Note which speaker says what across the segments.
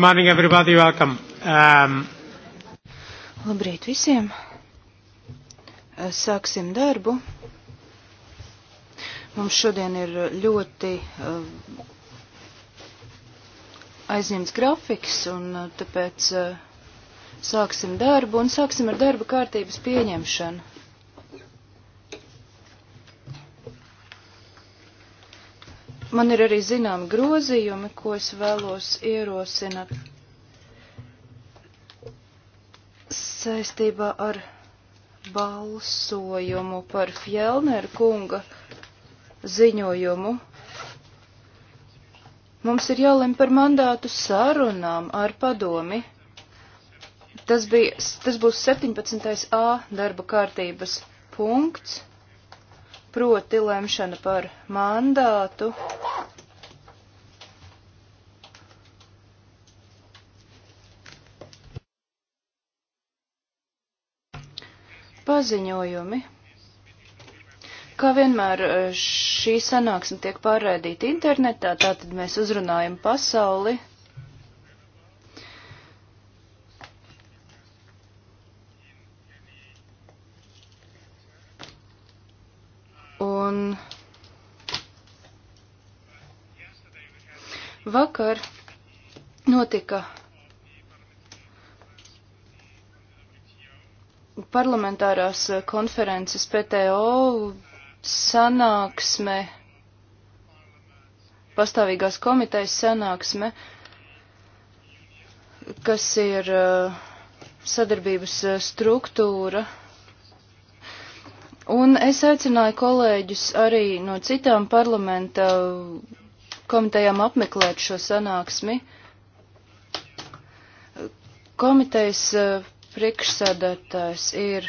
Speaker 1: morning, everybody. Welcome.
Speaker 2: Um... Labrīt visiem. Eh, sāksim darbu. Mums šodien ir ļoti uh, aizņemts grafiks, un uh, tāpēc uh, sāksim darbu, un sāksim ar darba kārtības pieņemšanu. Man ir arī zinām grozījumi, ko es vēlos ierosināt saistībā ar balsojumu par Fjellneru kunga ziņojumu. Mums ir jālem par mandātu sarunām ar padomi. Tas, bija, tas būs 17. A darba kārtības punkts, proti lemšana par mandātu paziņojumi. Kā vienmēr e, šī sanāksme tiek pārraidīta internetā, tātad mēs uzrunājam pasauli. Un vakar notika parlamentārās eh, konferences PTO sanāksme, pastāvīgās komitejas sanāksme, kas ir eh, sadarbības eh, struktūra. Un es aicināju kolēģus arī no citām parlamenta komitejām apmeklēt šo sanāksmi. Komitejas priekšsēdētājs ir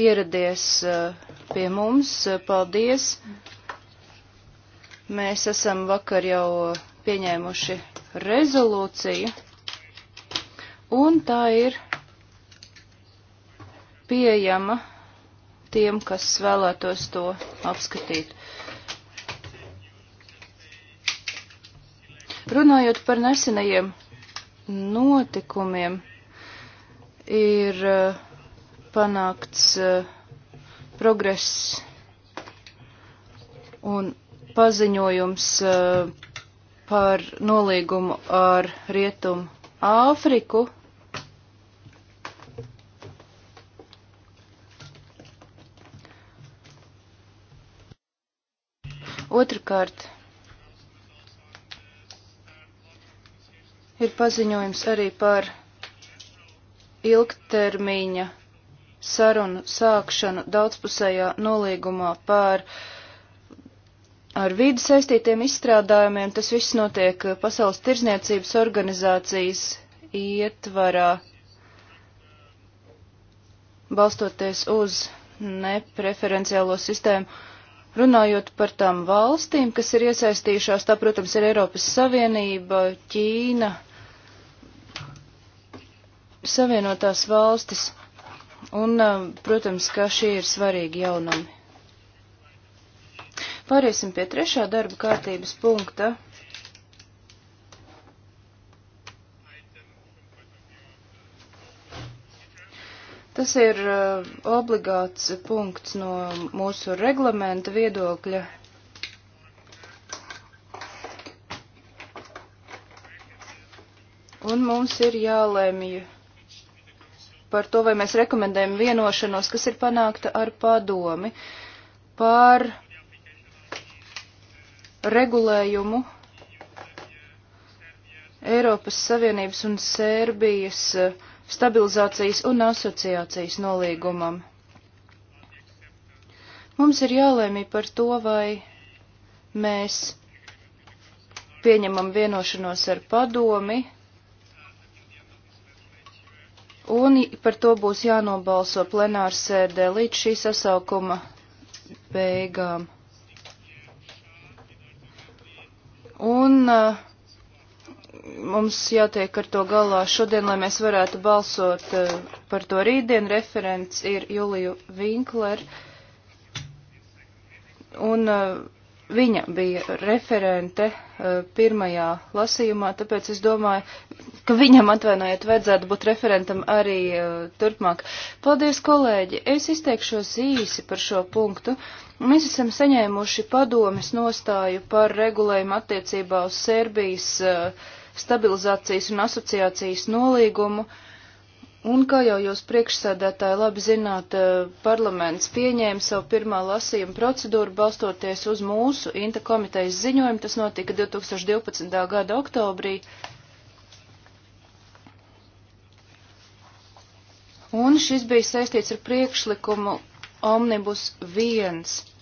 Speaker 2: ieradies uh, pie mums. Uh, paldies! Mēs esam vakar jau uh, pieņēmuši rezolūciju, un tā ir pieejama tiem, kas vēlētos to apskatīt. Runājot par nesenajiem notikumiem, ir eh, panākts eh, progress un paziņojums eh, par nolīgumu ar Rietumu Āfriku. Otrakārt, ir paziņojums arī par ilgtermiņa sarunu sākšanu daudzpusējā nolīgumā pār ar vīdu saistītiem izstrādājumiem. Tas viss notiek eh, Pasaules tirzniecības organizācijas ietvarā, balstoties uz nepreferenciālo sistēmu. Runājot par tām valstīm, kas ir iesaistījušās, tā, protams, ir Eiropas Savienība, Ķīna, Savienotās valstis. Un, um, protams, ka šie ir svarīgi jaunumi. Pāriesim pie trešā darba kārtības punkta. Tas ir uh, obligāts punkts no mūsu reglamenta viedokļa. Un mums ir jālēmija par to, vai mēs rekomendējam vienošanos, kas ir panākta ar padomi par regulējumu Eiropas Savienības un Sērbijas stabilizācijas un asociācijas nolīgumam. Mums ir jālēmī par to, vai mēs pieņemam vienošanos ar padomi un par to būs jānobalso plenārsēdē līdz šī sasaukuma beigām. Un uh, mums jātiek ar to galā šodien, lai mēs varētu balsot uh, par to rītdien. Referents ir Juliju Vinkler. Un uh, viņa bija referente eh, pirmajā lasījumā, tāpēc es domāju, ka viņam atvainojiet vajadzētu būt referentam arī eh, turpmāk. Paldies, kolēģi! Es izteikšos īsi par šo punktu. Mēs esam saņēmuši padomis nostāju par regulējumu attiecībā uz Serbijas eh, stabilizācijas un asociācijas nolīgumu. Uh, Un, kā jau jūs priekšsēdētāji labi zināt, eh, parlaments pieņēma savu pirmā lasījuma procedūru balstoties uz mūsu Inta komitejas ziņojumu. Tas notika 2012. gada oktobrī. Un šis bija saistīts ar priekšlikumu Omnibus 1.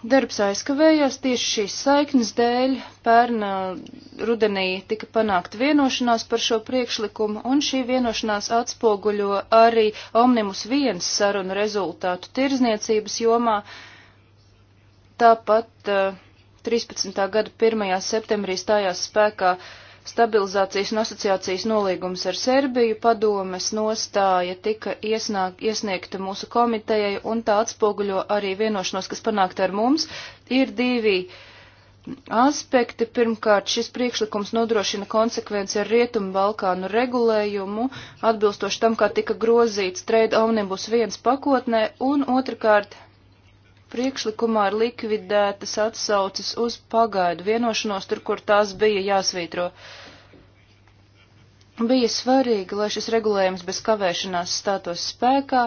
Speaker 2: Darbs aizkavējās tieši šīs saiknes dēļ, pērn uh, rudenī tika panākt vienošanās par šo priekšlikumu, un šī vienošanās atspoguļo arī Omnibus 1 sarunu rezultātu tirzniecības jomā. Tāpat uh, 13. gada 1. septembrī stājās spēkā uh, stabilizācijas un asociācijas nolīgums ar Serbiju padomes nostāja tika iesnāk, iesniegta mūsu komitejai un tā atspoguļo arī vienošanos, kas panākta ar mums. Ir divi aspekti. Pirmkārt, šis priekšlikums nodrošina konsekvenci ar Rietumu Balkānu regulējumu, atbilstoši tam, kā tika grozīts trade omnibus viens pakotnē, un otrkārt, priekšlikumā ir likvidētas atsauces uz pagaidu vienošanos, tur, kur tās bija jāsvītro. Uh, Bija svarīgi, lai šis regulējums bez kavēšanās stātos spēkā,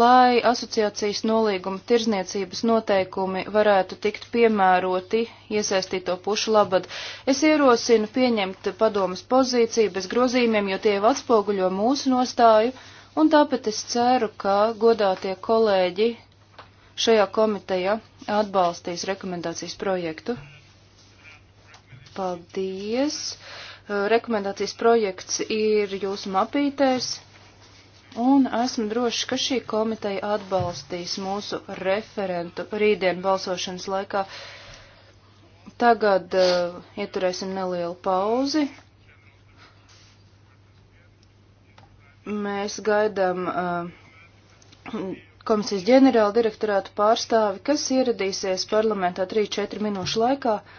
Speaker 2: lai asociācijas nolīguma tirzniecības noteikumi varētu tikt piemēroti iesaistīto pušu labad. Es ierosinu pieņemt padomas pozīciju bez grozījumiem, jo tie jau atspoguļo mūsu nostāju, un tāpēc es ceru, ka godātie kolēģi šajā komiteja atbalstīs rekomendācijas projektu. Paldies! rekomendācijas projekts ir jūsu mapītēs, un esmu droši, ka šī komiteja atbalstīs mūsu referentu rītdien balsošanas laikā. Tagad uh, ieturēsim nelielu pauzi. Mēs gaidām uh, komisijas ģenerāla direktorātu pārstāvi, kas ieradīsies parlamentā 3-4 minūšu laikā. Uh,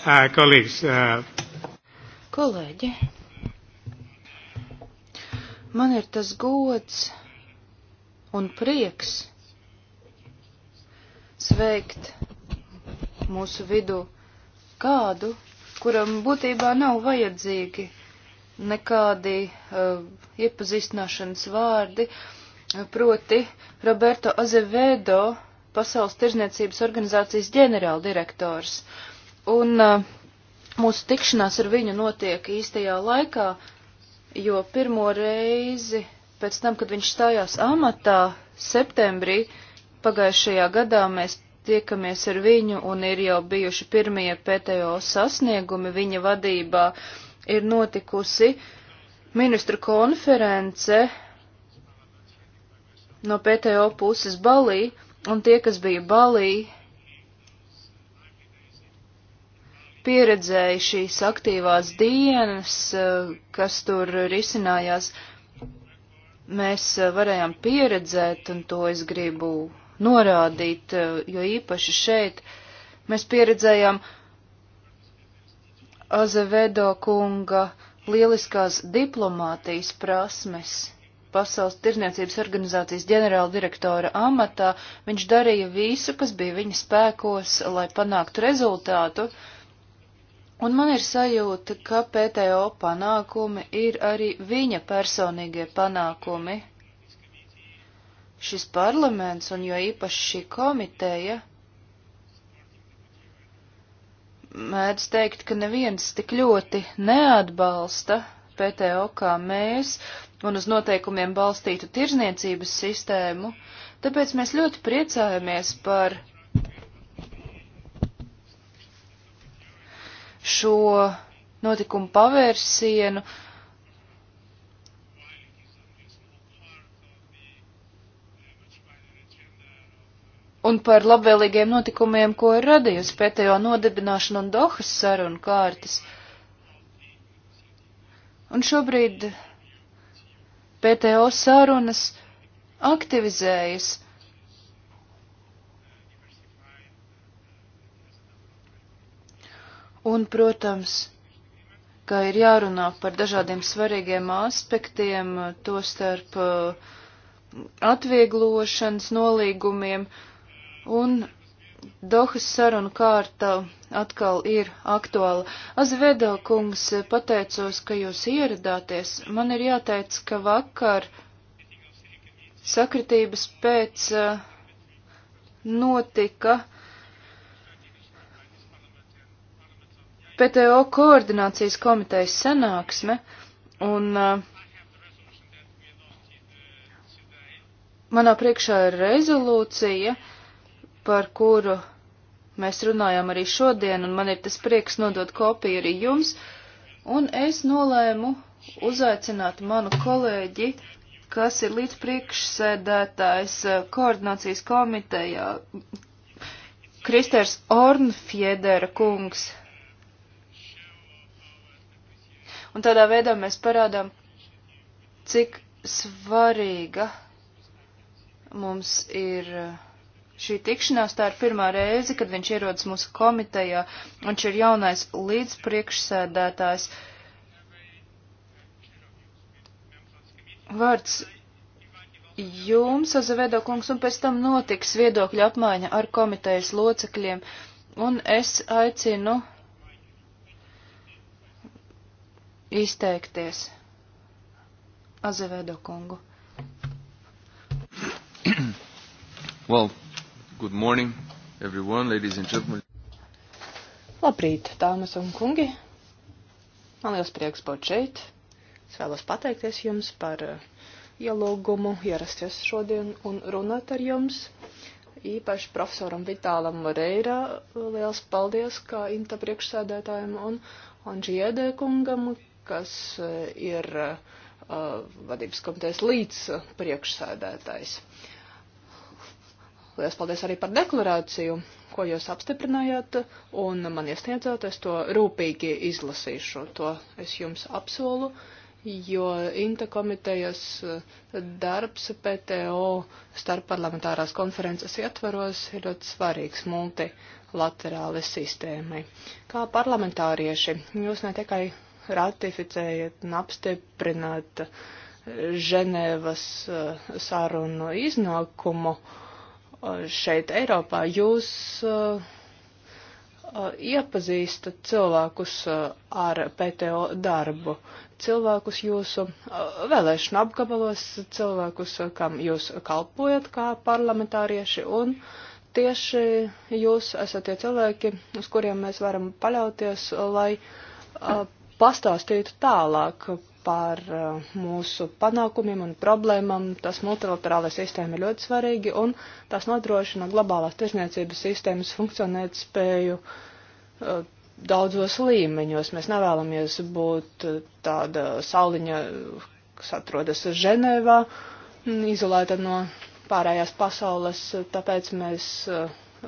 Speaker 1: Uh, colleagues, uh...
Speaker 2: Kolēģi, man ir tas gods un prieks sveikt mūsu vidu kādu, kuram būtībā nav vajadzīgi nekādi uh, iepazīstināšanas vārdi, proti Roberto Azevedo, Pasaules tirzniecības organizācijas ģenerāldirektors. Un uh, mūsu tikšanās ar viņu notiek īstajā laikā, jo pirmo reizi pēc tam, kad viņš stājās amatā septembrī pagājušajā gadā, mēs tiekamies ar viņu un ir jau bijuši pirmie PTO sasniegumi viņa vadībā. Ir notikusi ministru konference no PTO puses Balī, un tie, kas bija Balī, pieredzēju šīs aktīvās dienas, eh, kas tur risinājās, mēs eh, varējām pieredzēt, un to es gribu norādīt, eh, jo īpaši šeit mēs pieredzējām Azevedo kunga lieliskās diplomātijas prasmes. Pasaules tirniecības organizācijas ģenerāla direktora amatā viņš darīja visu, kas bija viņa spēkos, lai panāktu rezultātu. Uh, Un man ir sajūta, ka PTO panākumi ir arī viņa personīgie panākumi. Šis parlaments un jo īpaši šī komiteja mēdz teikt, ka neviens tik ļoti neatbalsta PTO kā mēs un uz noteikumiem balstītu tirzniecības sistēmu, tāpēc mēs ļoti priecājamies par šo notikumu pavērsienu. Un par labvēlīgiem notikumiem, ko ir radījusi pēdējo nodibināšana un Dohas sarunu kārtas. Un šobrīd PTO sarunas aktivizējas Un, protams, ka ir jārunā par dažādiem svarīgiem aspektiem, to starp uh, atvieglošanas nolīgumiem, un Dohas saruna kārta atkal ir aktuāla. Azvedo kungs eh, pateicos, ka jūs ieradāties. Man ir jāteic, ka vakar sakritības pēc eh, notika uh, PTO koordinācijas komitejas sanāksme, un eh, manā priekšā ir rezolūcija, par kuru mēs runājam arī šodien, un man ir tas prieks nodot kopiju arī jums, un es nolēmu uzaicināt manu kolēģi, kas ir līdz priekšsēdētājs eh, koordinācijas komitejā, Kristers Ornfiedera kungs. un tādā veidā mēs parādām, cik svarīga mums ir uh, šī tikšanās. Tā ir pirmā reize, kad viņš ierodas mūsu komitejā, un viņš ir jaunais līdzpriekšsēdētājs. Vārds jums, Azavedo kungs, un pēc tam notiks viedokļa apmaiņa ar komitejas locekļiem, un es aicinu izteikties Azevedo kungu.
Speaker 1: well, good morning, everyone, ladies and gentlemen.
Speaker 3: Labrīt, dāmas un kungi. Man liels prieks būt šeit. Es vēlos pateikties jums par eh, ielūgumu ierasties šodien un runāt ar jums. Īpaši profesoram Vitālam Moreira liels paldies kā inta priekšsēdētājiem un Anžiedē kungam, kas eh, ir eh, vadības komitejas līdz priekšsēdētājs. Lielas paldies arī par deklarāciju, ko jūs apstiprinājāt un man iesniedzāt. Es to rūpīgi izlasīšu, to es jums apsolu, jo Inta komitejas eh, darbs PTO starpparlamentārās konferences ietvaros ir ļoti svarīgs multilaterāli sistēmai. Kā parlamentārieši, jūs ne tikai ratificējat un apstiprināt Ženēvas eh, sarunu iznākumu eh, šeit Eiropā, jūs eh, iepazīstat cilvēkus ar PTO darbu, cilvēkus jūsu vēlēšanu apgabalos, cilvēkus, kam jūs kalpojat kā parlamentārieši, un tieši jūs esat tie cilvēki, uz kuriem mēs varam paļauties, lai pastāstītu tālāk par eh, mūsu panākumiem un problēmām. Tas multilaterālais sistēma ir ļoti svarīgi un tas nodrošina globālās tirsniecības sistēmas funkcionēt spēju eh, daudzos līmeņos. Mēs nevēlamies būt eh, tāda sauliņa, kas atrodas Ženēvā, mm, izolēta no pārējās pasaules, tāpēc mēs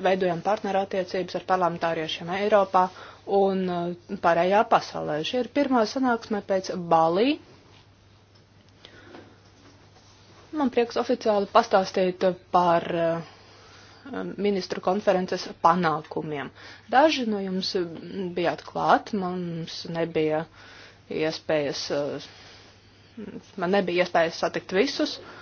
Speaker 3: veidojam partnerattiecības ar parlamentāriešiem Eiropā un uh, pārējā pasaulē. Šī ir pirmā sanāksme pēc Balī. Man prieks oficiāli pastāstīt par uh, ministru konferences panākumiem. Daži no jums bijāt klāt, mums nebija iespējas, uh, man nebija iespējas satikt visus. Uh,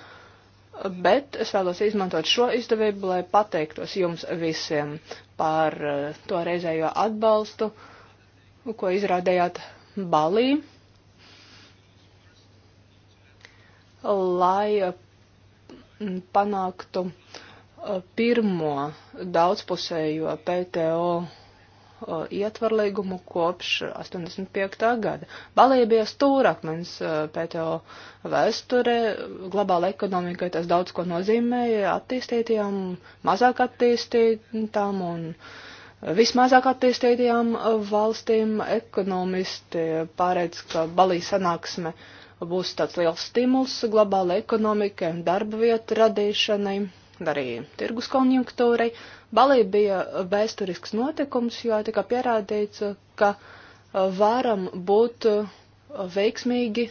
Speaker 3: bet es vēlos izmantot šo izdevību, lai pateiktos jums visiem par eh, to reizējo atbalstu, ko izrādējāt Balī, lai eh, panāktu eh, pirmo daudzpusējo PTO ietvarlīgumu kopš 85. gada. Balībijas stūrakmens PTO vēsture, globāla ekonomikai tas daudz ko nozīmēja attīstītajām, mazāk attīstītām un vismazāk attīstītajām valstīm ekonomisti pārēc, ka Balī sanāksme būs tāds liels stimuls globāla ekonomikai un darba vietu radīšanai arī tirgus konjunktūrai. Balī bija vēsturisks notikums, jo tika pierādīts, ka uh, varam būt uh, veiksmīgi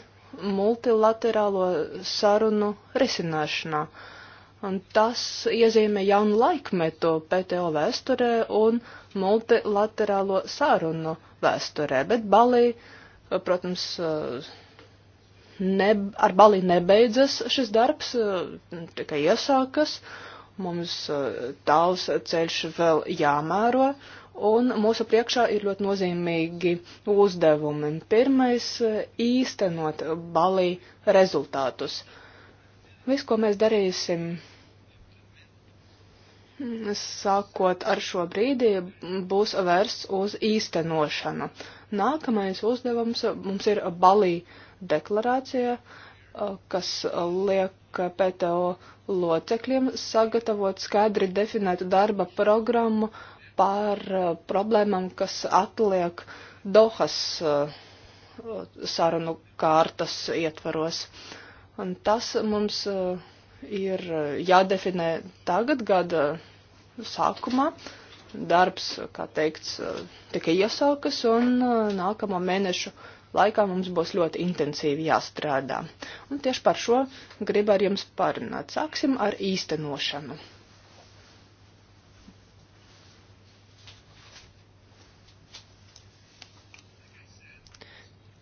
Speaker 3: multilaterālo sarunu risināšanā. Un tas iezīmē jaunu laikmetu PTO vēsturē un multilaterālo sarunu vēsturē, bet Balī, uh, protams, ne, ar Bali nebeidzas šis darbs, eh, tikai iesākas. Mums eh, tāls ceļš vēl jāmēro, un mūsu priekšā ir ļoti nozīmīgi uzdevumi. Pirmais eh, - īstenot Bali rezultātus. Viss, ko mēs darīsim sākot ar šo brīdi, būs vērsts uz īstenošanu. Uh, Nākamais uzdevums mums ir Balī deklarācija, kas liek PTO locekļiem sagatavot skaidri definētu darba programmu par problēmām, kas atliek Dohas sarunu kārtas ietvaros. Un tas mums ir jādefinē tagad gada sākumā. Uh, darbs, kā teikts, eh, tikai iesākas un eh, nākamo mēnešu laikā mums būs ļoti intensīvi jāstrādā. Un tieši par šo gribu ar jums parunāt. Sāksim ar īstenošanu.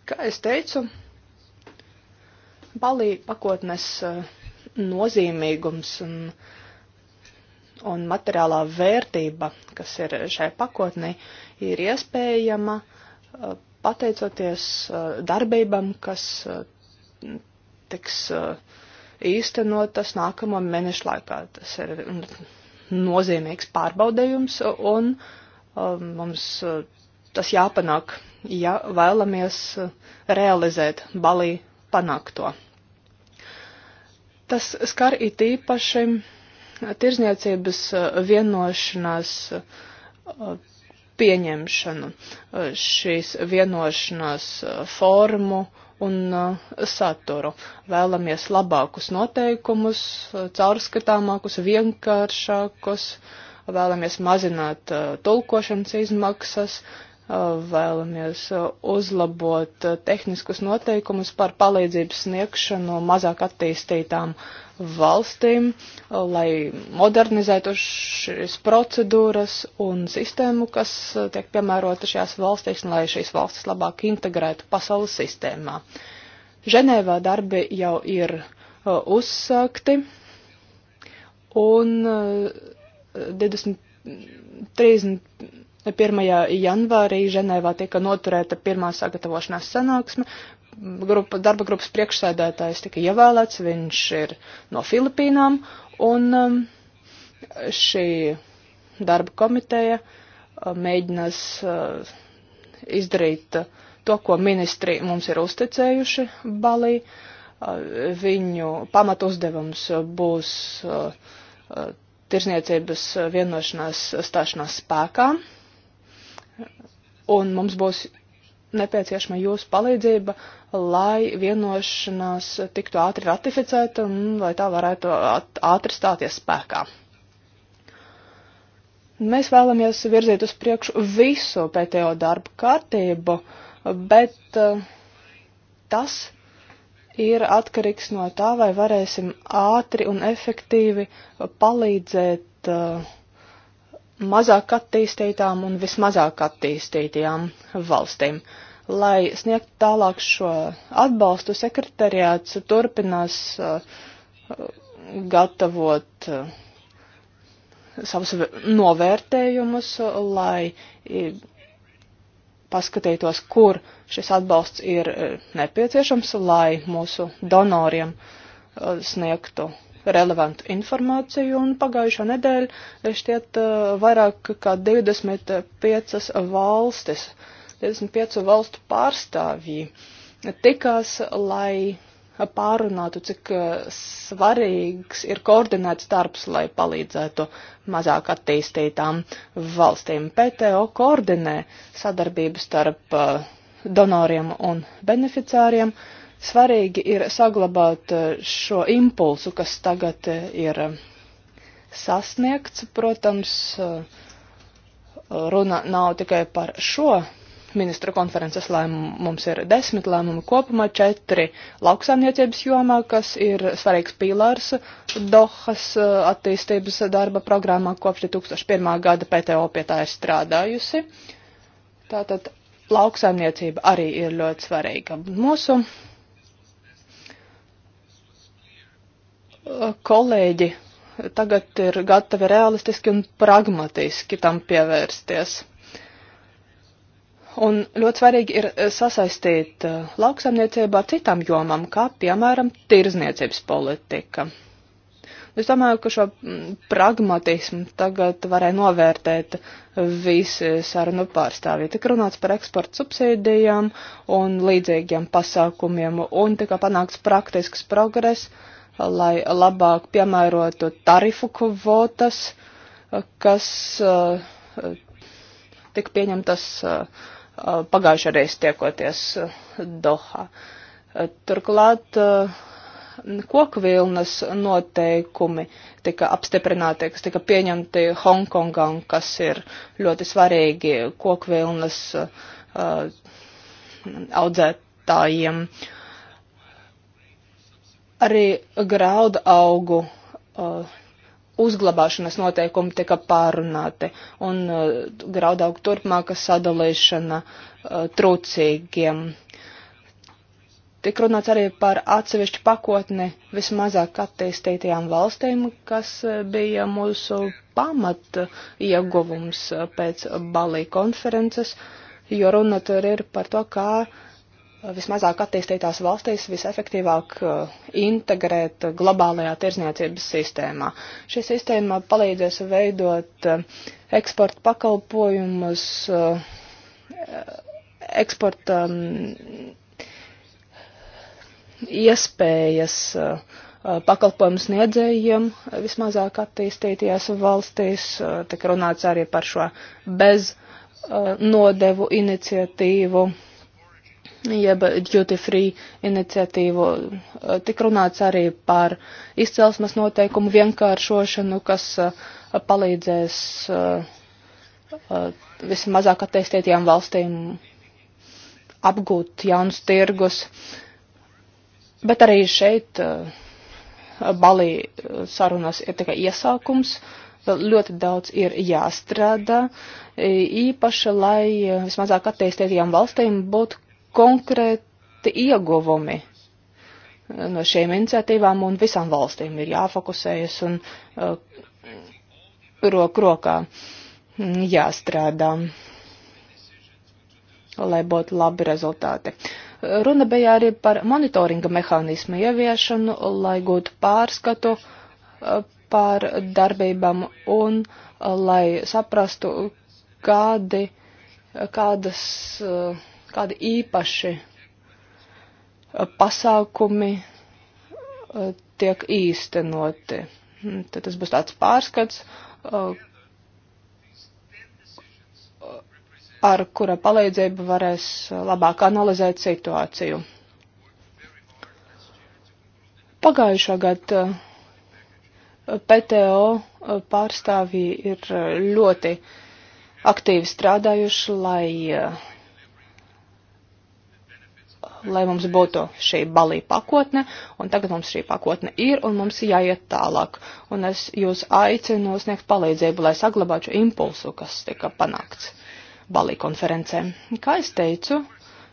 Speaker 3: Kā es teicu, balī pakotnes eh, nozīmīgums un uh, un materiālā vērtība, kas ir šai pakotnē, ir iespējama eh, pateicoties eh, darbībam, kas eh, tiks īstenotas nākamo mēnešu laikā. Tas ir nozīmīgs pārbaudējums un mums tas jāpanāk, ja vēlamies realizēt Balī panākto. Tas skar it īpaši tirzniecības uh, vienošanās uh, pieņemšanu, uh, šīs vienošanās formu un saturu. Vēlamies labākus noteikumus, caurskatāmākus, vienkāršākus, vēlamies mazināt tulkošanas izmaksas, vēlamies uzlabot tehniskus noteikumus par palīdzības sniegšanu mazāk attīstītām uh, valstīm, uh, lai modernizētu šīs procedūras un sistēmu, kas uh, tiek piemērota šajās valstīs, un lai šīs valstis labāk integrētu pasaules sistēmā. Ženēvā darbi jau ir uh, uzsākti, un uh, 20, 31. janvārī Ženēvā tika noturēta pirmā sagatavošanās sanāksme, grupa, darba grupas priekšsēdētājs tika ievēlēts, viņš ir no Filipīnām, un um, šī darba komiteja um, mēģinās uh, izdarīt uh, to, ko ministri mums ir uzticējuši Balī. Uh, viņu pamat uzdevums būs uh, uh, tirsniecības vienošanās stāšanās spēkā, un mums būs nepieciešama jūsu palīdzība, lai vienošanās tiktu ātri ratificēta un lai tā varētu ātri stāties spēkā. Mēs vēlamies virzīt uz priekšu visu pētējo darbu kārtību, bet eh, tas ir atkarīgs no tā, vai varēsim ātri un efektīvi palīdzēt eh, mazāk attīstītām un vismazāk attīstītajām valstīm. Uh, lai sniegtu tālāk šo atbalstu. Sekretariāts turpinās uh, gatavot uh, savus novērtējumus, lai uh, paskatītos, kur šis atbalsts ir nepieciešams, lai mūsu donoriem sniegtu relevantu informāciju, un pagājušā nedēļa šķiet vairāk kā 25 valstis 25 valstu pārstāvji tikās, lai pārunātu, cik uh, svarīgs ir koordinēts darbs, lai palīdzētu mazāk attīstītām valstīm. PTO koordinē sadarbību starp uh, donoriem un beneficāriem. Svarīgi ir saglabāt uh, šo impulsu, kas tagad ir sasniegts. Protams, runa nav tikai par šo ministru konferences lēmumu. Mums ir desmit lēmumi kopumā, četri lauksaimniecības jomā, kas ir svarīgs pīlārs Dohas uh, attīstības darba programmā kopš 2001. gada PTO pie tā ir strādājusi. Tātad lauksaimniecība arī ir ļoti svarīga. Mūsu uh, kolēģi tagad ir gatavi realistiski un pragmatiski tam pievērsties. Un ļoti svarīgi ir eh, sasaistīt eh, lauksamniecību ar citām jomām, kā piemēram tirzniecības politika. Es domāju, ka šo mm, pragmatismu tagad varēja novērtēt visi sarunu pārstāvji. Tik runāts par eksporta subsīdijām un līdzīgiem pasākumiem, un tika panākts praktisks progress, lai labāk piemērotu tarifu kvotas, kas eh, tika pieņemtas uh, Eh, pagājušajā reizē tiekoties eh, Dohā. Eh, turklāt kokvilnas noteikumi tika apstiprināti, kas tika pieņemti Hongkongā un kas ir ļoti svarīgi kokvilnas uh, audzētājiem. Arī graudu augu uh, uzglabāšanas noteikumi tika pārunāti un uh, graudaug turpmāka sadalīšana uh, trūcīgiem. Tik runāts arī par atsevišķu pakotni vismazāk attīstītajām valstīm, kas uh, bija mūsu pamat ieguvums uh, pēc Balī konferences, jo runa tur ir par to, kā uh, vismazāk attīstītās valstīs visefektīvāk uh, integrēt globālajā tirzniecības sistēmā. Šī sistēma palīdzēs veidot uh, eksporta pakalpojumus, uh, eksporta um, iespējas pakalpojumu sniedzējiem vismazāk attīstītajās valstīs. Tik runāts arī par šo beznodevu iniciatīvu jeb duty free iniciatīvu, eh, tik runāts arī par izcelsmes noteikumu vienkāršošanu, kas eh, palīdzēs eh, vismazāk attīstītajām valstīm apgūt jaunus tirgus. Bet arī šeit Balī sarunas ir tikai iesākums, vēl ļoti daudz ir jāstrādā, īpaši, lai vismazāk attīstītajām valstīm būtu konkrēti ieguvumi no šīm iniciatīvām, un visām valstīm ir jāfokusējas un uh, eh, roku rokā jāstrādā, lai būtu labi rezultāti. Runa bija arī par monitoringa mehānismu ieviešanu, lai gūtu pārskatu eh, par darbībām un eh, lai saprastu, kādi, kādas uh, kādi īpaši pasākumi tiek īstenoti. Hm, tad tas būs tāds pārskats, ar kura palīdzību varēs labāk analizēt situāciju. Pagājušā gada PTO pārstāvji ir ļoti aktīvi strādājuši, lai lai mums būtu šī balī pakotne, un tagad mums šī pakotne ir, un mums jāiet tālāk. Un es jūs aicinu sniegt palīdzību, lai saglabātu impulsu, kas tika panākts balī konferencē. Kā es teicu,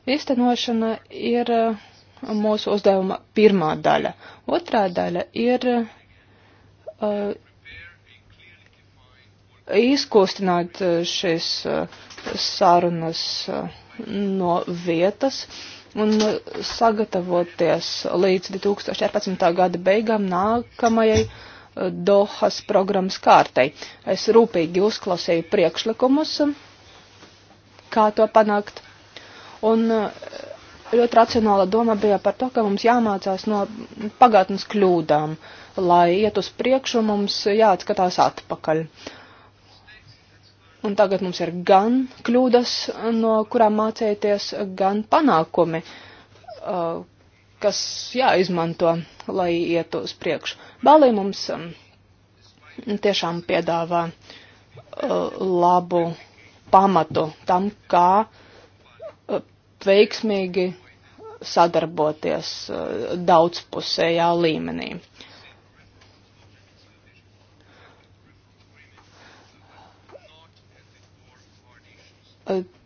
Speaker 3: īstenošana ir uh, mūsu uzdevuma pirmā daļa. Otrā daļa ir uh, izkustināt uh, šīs uh, sarunas uh, no vietas. Uh, un sagatavoties līdz 2014. gada beigām nākamajai eh, Dohas programmas kārtai. Es rūpīgi uzklausīju priekšlikumus, kā to panākt. Un eh, ļoti racionāla doma bija par to, ka mums jāmācās no pagātnes kļūdām, lai iet uz priekšu, mums jāatskatās atpakaļ. Uh, Un tagad mums ir gan kļūdas, no kurām mācēties, gan panākumi, uh, kas jāizmanto, lai iet uz priekšu. Balī mums um, tiešām piedāvā uh, labu pamatu tam, kā uh, veiksmīgi sadarboties daudzpusējā līmenī.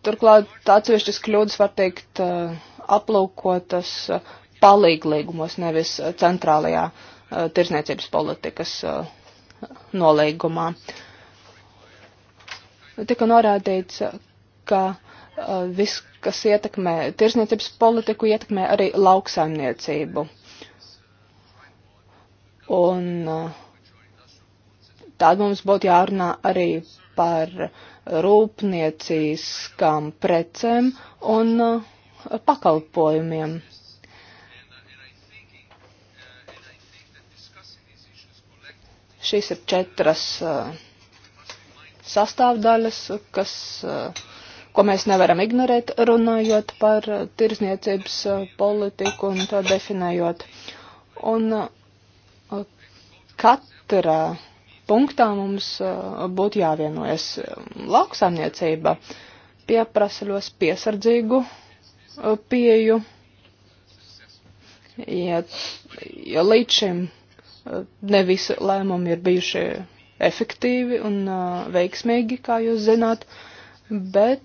Speaker 3: Turklāt atsevišķas kļūdas var teikt eh, aplūkotas eh, palīglīgumos, nevis eh, centrālajā tirsniecības politikas nolīgumā. Tika norādīts, ka viss, kas ietekmē tirsniecības politiku, ietekmē arī lauksaimniecību. Un tad mums būtu jārunā arī par uh, rūpnieciskām precēm un uh, pakalpojumiem. Šīs ir četras uh, sastāvdaļas, kas, uh, ko mēs nevaram ignorēt, runājot par tirzniecības politiku un to definējot. Un katra punktā mums eh, būtu jāvienojas. Lauksaimniecība pieprasa ļoti piesardzīgu eh, pieju, ja, ja līdz šim eh, nevis lēmumi ir bijuši efektīvi un veiksmīgi, kā jūs zināt, bet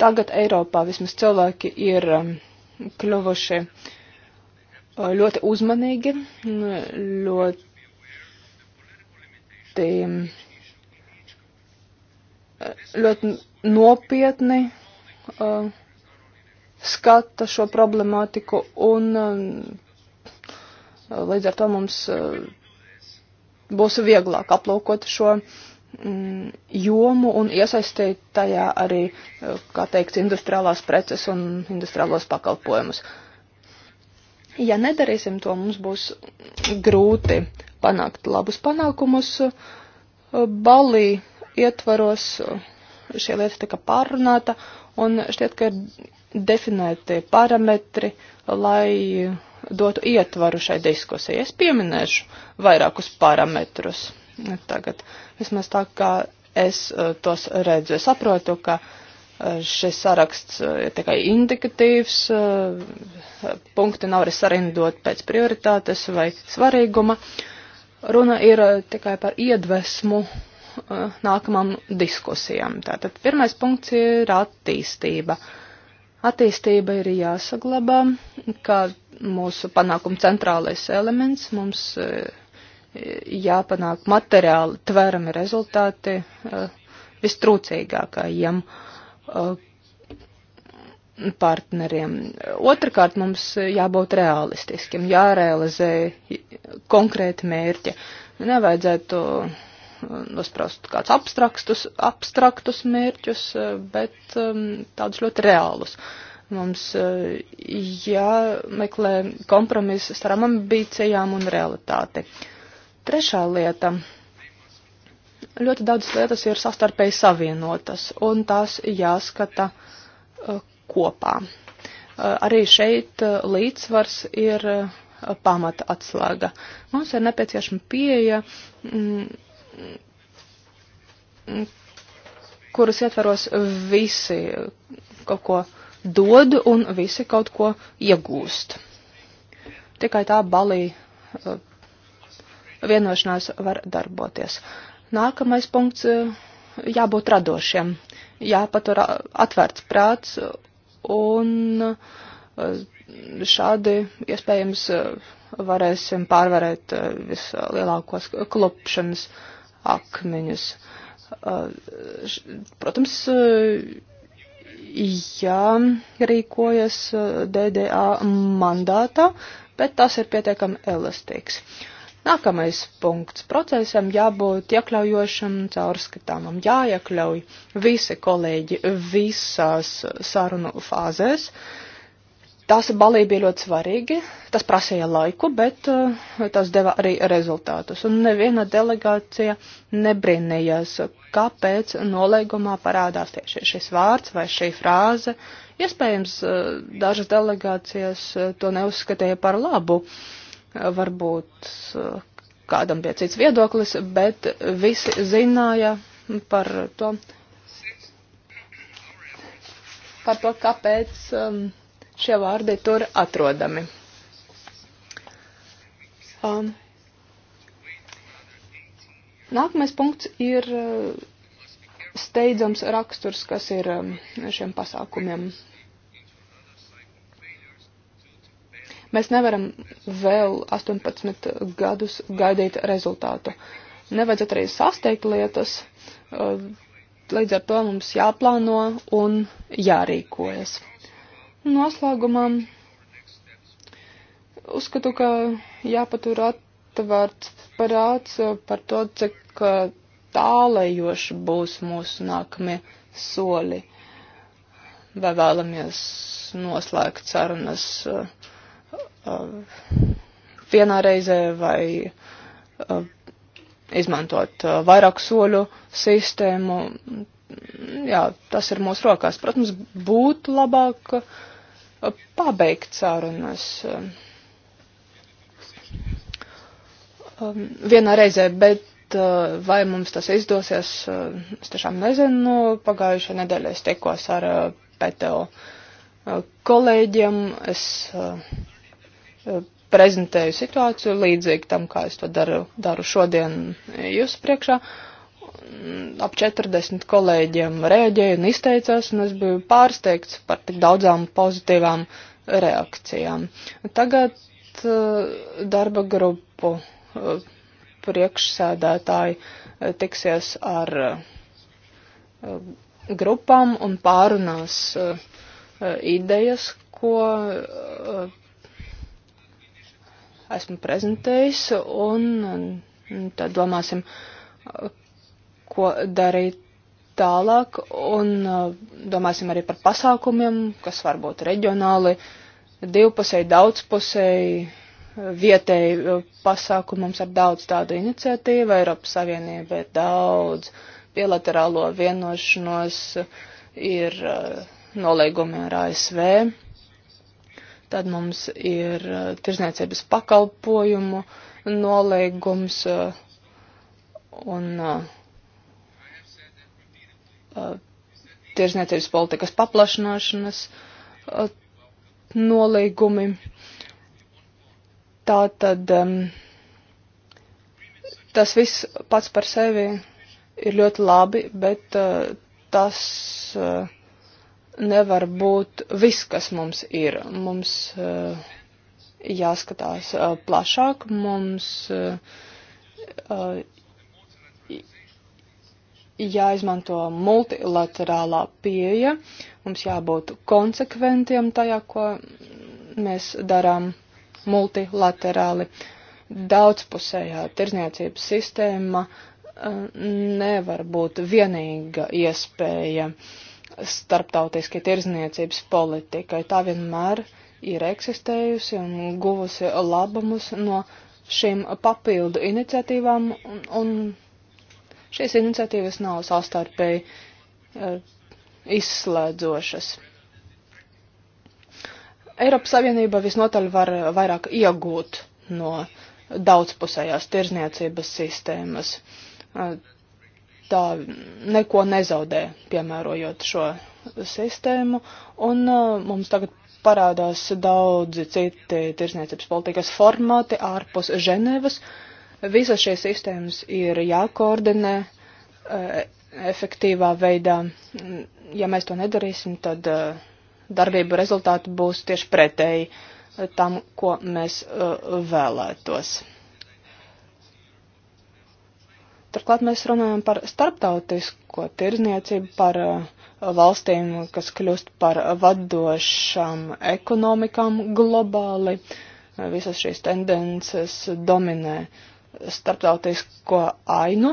Speaker 3: tagad Eiropā vismaz cilvēki ir kļuvuši uh, ļoti uzmanīgi, ļoti, ļoti nopietni uh, skata šo problemātiku un uh, līdz ar to mums uh, būs vieglāk aplaukot šo mm, jomu un iesaistīt tajā arī, kā teikt, industriālās preces un industriālos pakalpojumus. Uh, Ja nedarīsim to, mums būs grūti panākt labus panākumus. Balī ietvaros šī lieta tika pārunāta, un šķiet, ka ir definēti parametri, lai dotu ietvaru šai diskusijai. Es pieminēšu vairākus parametrus tagad, vismaz tā kā es eh, tos redzu. Es saprotu, ka uh, Eh, šis saraksts eh, ir tikai indikatīvs, eh, punkti nav arī sarindot pēc prioritātes vai svarīguma. Runa ir tikai par iedvesmu nākamām diskusijām. Tātad pirmais punkts ir attīstība. Attīstība ir jāsaglabā, kā mūsu panākuma centrālais elements. Mums jāpanāk materiāli tverami rezultāti vistrūcīgākajiem. Ja Uh, partneriem. Otrakārt mums jābūt realistiskiem, jārealizē konkrēti mērķi. Nevajadzētu uh, nospraust kāds abstraktus, abstraktus mērķus, uh, bet um, tādus ļoti reālus. Mums jāmeklē kompromiss starp ambīcijām un realitāti. Trešā lieta ļoti daudz lietas ir sastarpēji savienotas, un tās jāskata uh, kopā. Uh, arī šeit uh, līdzsvars ir pamata atslēga. Mums ir nepieciešama pieeja, mm, kuras ietveros visi kaut ko dod un visi kaut ko iegūst. Tikai tā balī vienošanās var darboties. Uh, Nākamais punkts eh, - jābūt radošiem, jāpatur atvērts prāts un eh, šādi iespējams eh, varēsim pārvarēt vislielākos klupšanas akmeņus. Protams, jārīkojas DDA mandātā, bet tas ir pietiekami elastīgs. Uh, Nākamais punkts. Procesam jābūt iekļaujošam, caurskatāmam, jāiekļauj visi kolēģi visās sarunu fāzēs. Tās balība bija ļoti svarīgi, tas prasīja laiku, bet uh, tas deva arī rezultātus. Un neviena delegācija nebrīnījās, kāpēc nolīgumā parādās tieši šis vārds vai šī frāze. Iespējams, uh, dažas delegācijas uh, to neuzskatīja par labu. Uh, varbūt eh, kādam bija cits viedoklis, bet visi zināja par to, par to kāpēc um, šie vārdi tur atrodami. Um, nākamais punkts ir eh, steidzams raksturs, kas ir um, šiem pasākumiem Mēs nevaram vēl 18 gadus gaidīt rezultātu. Nevajadzētu arī sasteigt lietas, uh, līdz ar to mums jāplāno un jārīkojas. Noslēgumā uzskatu, ka jāpatur atvērts parāds par to, cik uh, tālējoši būs mūsu nākamie soļi. Vai vēlamies noslēgt sarunas uh, Uh, vienā reizē vai uh, izmantot uh, vairāku soļu sistēmu. Jā, tas ir mūsu rokās. Protams, būtu labāk pabeigt sarunas um, vienā reizē, bet vai mums tas izdosies, es tiešām nezinu. Pagājušajā nedēļā es tikos ar PTO kolēģiem. Es uh, prezentēju situāciju līdzīgi tam, kā es to daru, daru šodien jūsu priekšā. Ap 40 kolēģiem reaģēju un izteicās, un es biju pārsteigts par tik daudzām pozitīvām reakcijām. Tagad eh, darba grupu eh, priekšsēdētāji eh, tiksies ar grupām un pārunās idejas, ko esmu prezentējis, un, un tad domāsim, ko darīt tālāk, un uh, domāsim arī par pasākumiem, kas var būt reģionāli, divpusēji, daudzpusēji, vietēji uh, pasākumi. Mums ir daudz tādu iniciatīvu, Eiropas Savienība ir daudz bilaterālo vienošanos, ir uh, nolīgumi ar ASV Tad mums ir uh, tirzniecības pakalpojumu nolīgums uh, un uh, tirzniecības politikas paplašināšanas nolīgumi. Tā tad um, tas viss pats par sevi ir ļoti labi, bet uh, tas uh, nevar būt viss, kas mums ir. Mums uh, jāskatās uh, plašāk, mums uh, jāizmanto multilaterālā pieeja, mums jābūt konsekventiem tajā, ko mēs darām multilaterāli. Daudzpusējā tirzniecības sistēma nevar būt vienīga iespēja uh, starptautiskai tirzniecības politikai. Tā vienmēr ir eksistējusi un guvusi labumus no šīm papildu iniciatīvām, un šīs iniciatīvas nav savstarpēji eh, izslēdzošas. Eiropas Savienība visnotaļ var vairāk iegūt no daudzpusējās tirzniecības sistēmas. Eh, tā neko nezaudē, piemērojot šo sistēmu, un uh, mums tagad parādās daudzi citi tirsniecības politikas formāti ārpus Ženevas. Visas šīs sistēmas ir jākoordinē uh, efektīvā veidā. Ja mēs to nedarīsim, tad uh, darbību rezultāti būs tieši pretēji tam, ko mēs vēlētos. Turklāt mēs runājam par starptautisko tirzniecību, par uh, valstīm, kas kļūst par vadošām ekonomikām globāli. Uh, visas šīs tendences dominē starptautisko ainu,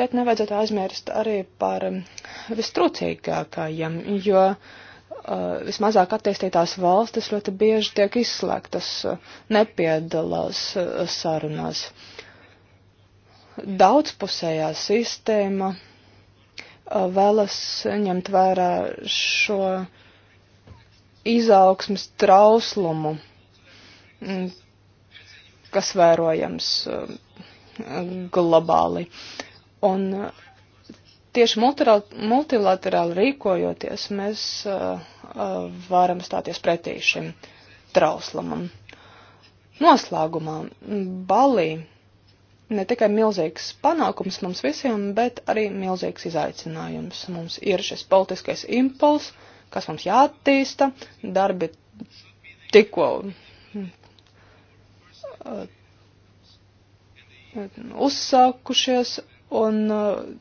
Speaker 3: bet nevajadzētu aizmirst arī par um, vistrūcīgākajiem, jo uh, vismazāk attīstītās valstis ļoti bieži tiek izslēgtas, nepiedalās sarunās. Uh, daudzpusējā sistēma vēlas ņemt vērā šo izaugsmas trauslumu, kas vērojams globāli. Un tieši multilaterāli rīkojoties, mēs varam stāties pretī šim trauslamam. Noslēgumā Balī ne tikai milzīgs panākums mums visiem, bet arī milzīgs izaicinājums. Mums ir šis politiskais impuls, kas mums jāattīsta, darbi tikko mm, uh, uzsākušies, un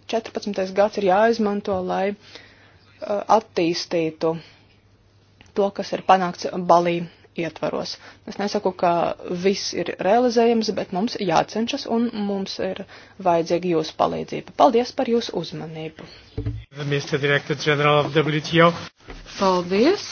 Speaker 3: 14. Uh, gads ir jāizmanto, lai uh, attīstītu to, kas ir panākts Balī ietvaros. Es nesaku, ka viss ir realizējams, bet mums jācenšas un mums ir vajadzīga jūsu palīdzība. Paldies par jūsu uzmanību.
Speaker 4: Paldies!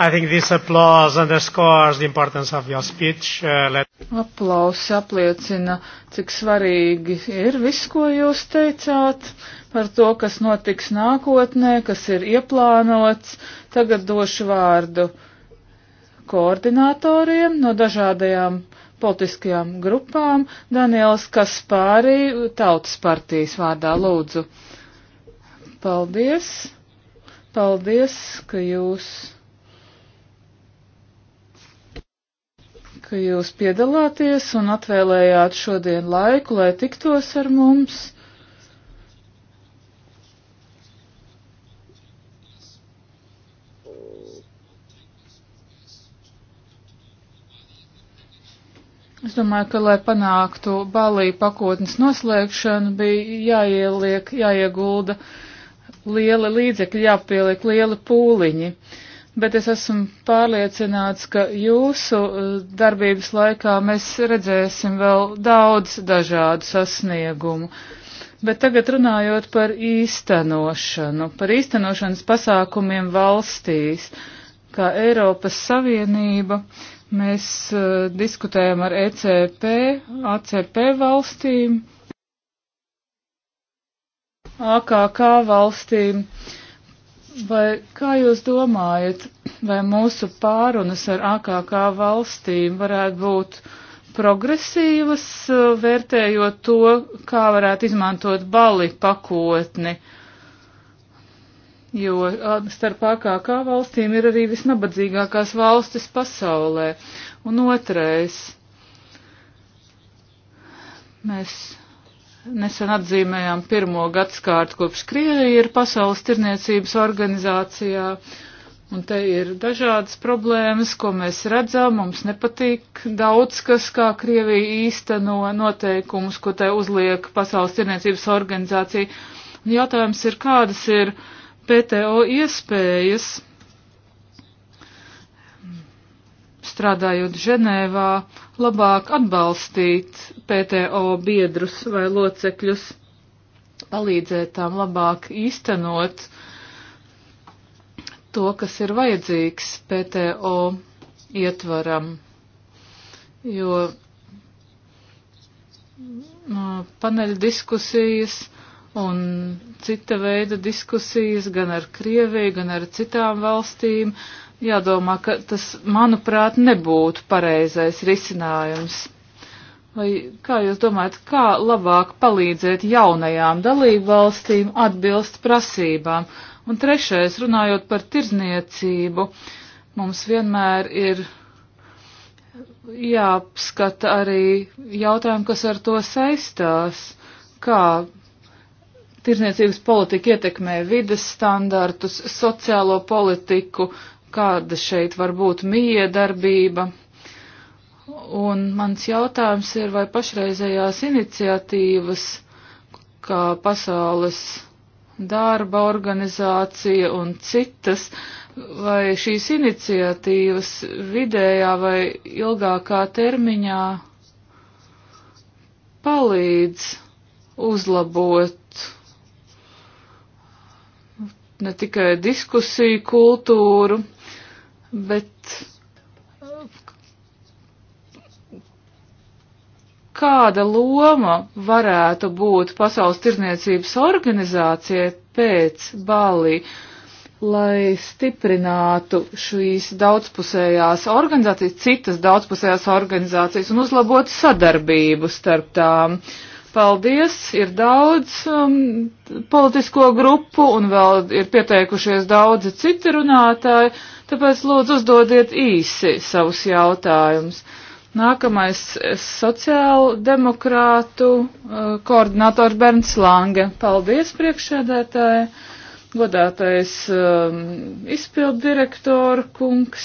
Speaker 1: I think this applause underscores the importance of your speech. Uh, let...
Speaker 4: Aplaus apliecina, cik svarīgi ir viss, ko jūs teicāt par to, kas notiks nākotnē, kas ir ieplānots. Tagad došu vārdu koordinatoriem no dažādajām politiskajām grupām. Daniels Kaspārī, Tautas partijas vārdā, lūdzu. Paldies. Paldies, ka jūs ka jūs piedalāties un atvēlējāt šodien laiku, lai tiktos ar mums. Es domāju, ka, lai panāktu balī pakotnes noslēgšanu, bija jāieliek, jāiegulda liela līdzekļa, jāpieliek liela pūliņi. Uh, bet es esmu pārliecināts, ka jūsu uh, darbības laikā mēs redzēsim vēl daudz dažādu sasniegumu. Bet tagad runājot par īstenošanu, par īstenošanas pasākumiem valstīs, kā Eiropas Savienība, mēs uh, diskutējam ar ECP, ACP valstīm, AKK valstīm. Uh, Vai kā jūs domājat, vai mūsu pārunas ar AKK valstīm varētu būt progresīvas, vērtējot to, kā varētu izmantot bali pakotni? Jo starp AKK valstīm ir arī visnabadzīgākās valstis pasaulē. Un otrais, mēs nesen atzīmējām pirmo gadskārtu kopš Krievija ir pasaules tirniecības organizācijā. Un te ir dažādas problēmas, ko mēs redzam, mums nepatīk daudz, kas kā Krievija īsteno noteikumus, ko tai uzliek pasaules tirniecības organizācija. Un jautājums ir, kādas ir PTO iespējas strādājot Ženēvā, labāk atbalstīt PTO biedrus vai locekļus, palīdzēt tām labāk īstenot to, kas ir vajadzīgs PTO ietvaram, jo nu, paneļa diskusijas un cita veida diskusijas gan ar Krieviju, gan ar citām valstīm jādomā, ka tas, manuprāt, nebūtu pareizais risinājums. Vai kā jūs domājat, kā labāk palīdzēt jaunajām dalībvalstīm atbilst prasībām? Un trešais, runājot par tirzniecību, mums vienmēr ir jāapskata arī jautājumi, kas ar to saistās, kā tirzniecības politika ietekmē vides standartus, sociālo politiku, kāda šeit var būt miedarbība. Un mans jautājums ir, vai pašreizējās iniciatīvas, kā Pasaules darba organizācija un citas, vai šīs iniciatīvas vidējā vai ilgākā termiņā palīdz uzlabot ne tikai diskusiju kultūru, Bet kāda loma varētu būt Pasaules tirniecības organizācijai pēc Bālī, lai stiprinātu šīs daudzpusējās organizācijas, citas daudzpusējās organizācijas un uzlabotu sadarbību starp tām? Paldies, ir daudz um, politisko grupu un vēl ir pieteikušies daudzi citi runātāji. Uh, Tāpēc lūdzu uzdodiet īsi savus jautājumus. Nākamais eh, sociāldemokrātu eh, koordinators Bernts Lange. Paldies priekšēdētāji, godātais um, eh, izpilddirektora kungs.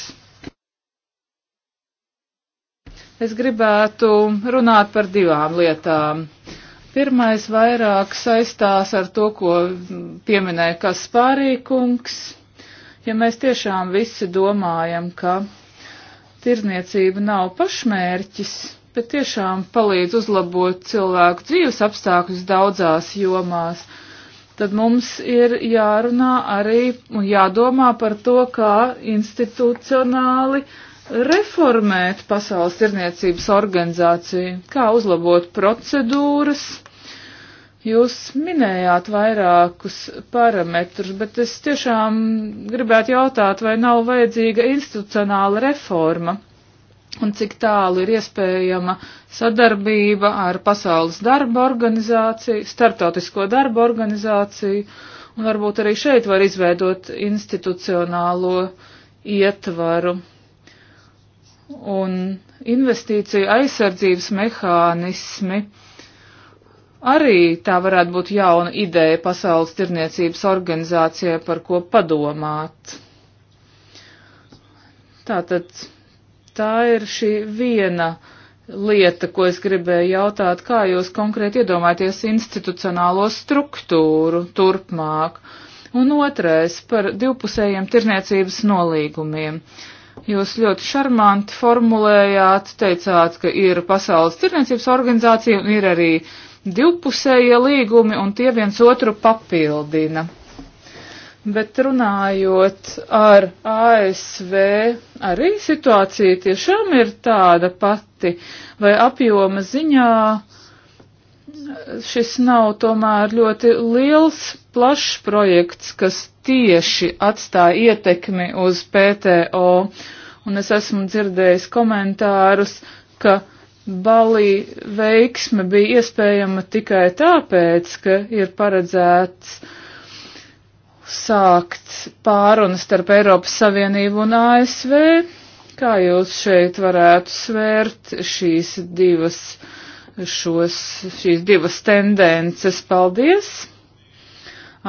Speaker 4: Es gribētu runāt par divām lietām. Pirmais vairāk saistās ar to, ko mm, pieminēja Kaspārī kungs Ja mēs tiešām visi domājam, ka tirzniecība nav pašmērķis, bet tiešām palīdz uzlabot cilvēku dzīves apstākļus daudzās jomās, tad mums ir jārunā arī un jādomā par to, kā institucionāli reformēt Pasaules tirniecības organizāciju, kā uzlabot procedūras Jūs minējāt vairākus parametrus, bet es tiešām gribētu jautāt, vai nav vajadzīga institucionāla reforma un cik tālu ir iespējama sadarbība ar Pasaules darba organizāciju, startautisko darba organizāciju, un varbūt arī šeit var izveidot institucionālo ietvaru. Un investīcija aizsardzības mehānismi Arī tā varētu būt jauna ideja pasaules tirniecības organizācijai, par ko padomāt. Tātad tā ir šī viena lieta, ko es gribēju jautāt, kā jūs konkrēti iedomājaties institucionālo struktūru turpmāk. Un otrais par divpusējiem tirniecības nolīgumiem. Jūs ļoti šarmanti formulējāt, teicāt, ka ir pasaules tirniecības organizācija un ir arī uh, divpusējie līgumi un tie viens otru papildina. Bet runājot ar ASV, arī situācija tiešām ir tāda pati, vai apjoma ziņā šis nav tomēr ļoti liels, plašs projekts, kas tieši atstāja ietekmi uz PTO. Un es esmu dzirdējis komentārus, ka Balī veiksme bija iespējama tikai tāpēc, ka ir paredzēts sākt pārunas starp Eiropas Savienību un ASV. Kā jūs šeit varētu svērt šīs divas, šos, šīs divas tendences? Paldies!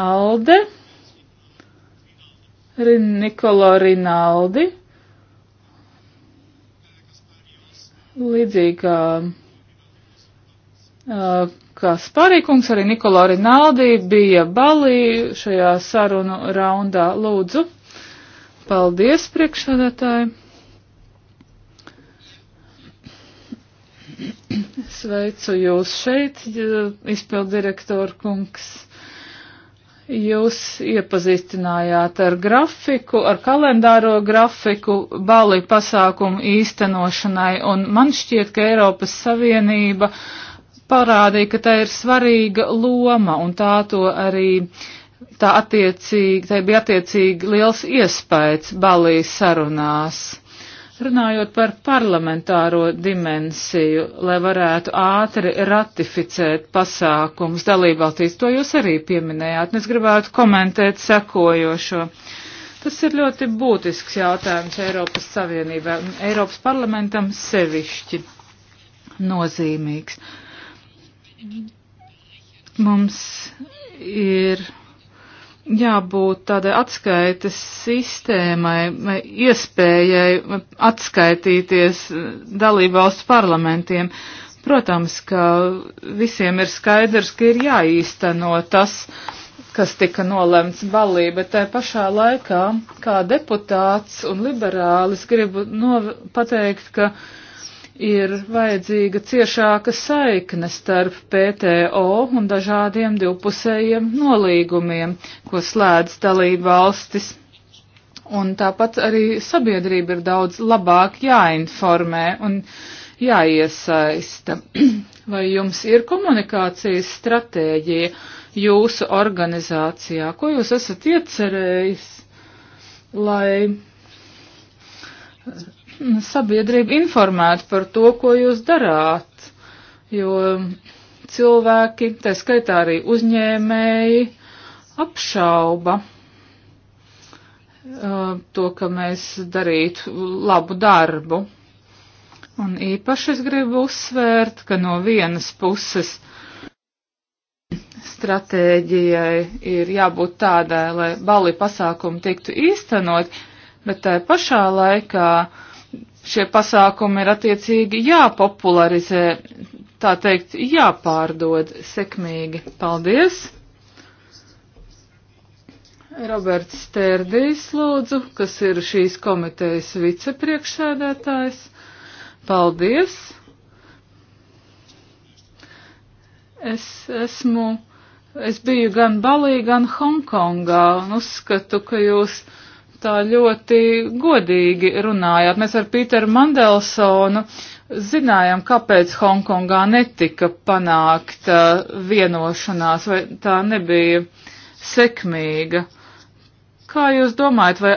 Speaker 4: Alde, Nikola Rinaldi. līdzīgi kā, kā Spārīkungs, arī Nikola Rinaldi bija Balī šajā sarunu raundā. Lūdzu, paldies priekšsādātāji. Sveicu jūs šeit, izpildirektor kungs. Jūs iepazīstinājāt ar grafiku, ar kalendāro grafiku bāli pasākumu īstenošanai, un man šķiet, ka Eiropas Savienība parādīja, ka tā ir svarīga loma, un tā to arī, tā attiecīgi, tai bija attiecīgi liels iespējas balī sarunās. Runājot par parlamentāro dimensiju, lai varētu ātri ratificēt pasākums dalībvalstīs, to jūs arī pieminējāt, un es gribētu komentēt sekojošo. Tas ir ļoti būtisks jautājums Eiropas Savienībai un Eiropas parlamentam sevišķi nozīmīgs. Mums ir jābūt tādai atskaites sistēmai, vai iespējai atskaitīties dalībvalstu parlamentiem. Protams, ka visiem ir skaidrs, ka ir jāīsteno tas, kas tika nolemts balī, bet tai pašā laikā, kā deputāts un liberālis, gribu pateikt, ka uh, ir vajadzīga ciešāka saikne starp PTO un dažādiem divpusējiem nolīgumiem, ko slēdz dalību valstis. Un tāpat arī sabiedrība ir daudz labāk jāinformē un jāiesaista. Vai jums ir komunikācijas stratēģija jūsu organizācijā? Ko jūs esat iecerējis, lai sabiedrību informētu par to, ko jūs darāt, jo cilvēki, tā skaitā arī uzņēmēji, apšauba uh, to, ka mēs darītu labu darbu. Un īpaši es gribu uzsvērt, ka no vienas puses stratēģijai ir jābūt tādai, lai bali pasākumi tiktu īstenot, bet tā pašā laikā uh, šie pasākumi ir attiecīgi jāpopularizē, tā teikt, jāpārdod sekmīgi. Paldies! Roberts Stērdīs lūdzu, kas ir šīs komitejas vicepriekšsēdētājs. Paldies! Es esmu, es biju gan Balī, gan Hongkongā un uzskatu, ka jūs tā ļoti godīgi runājāt. Mēs ar Pīteru Mandelsonu zinājām, kāpēc Hongkongā netika panākta vienošanās, vai tā nebija sekmīga. Kā jūs domājat, vai,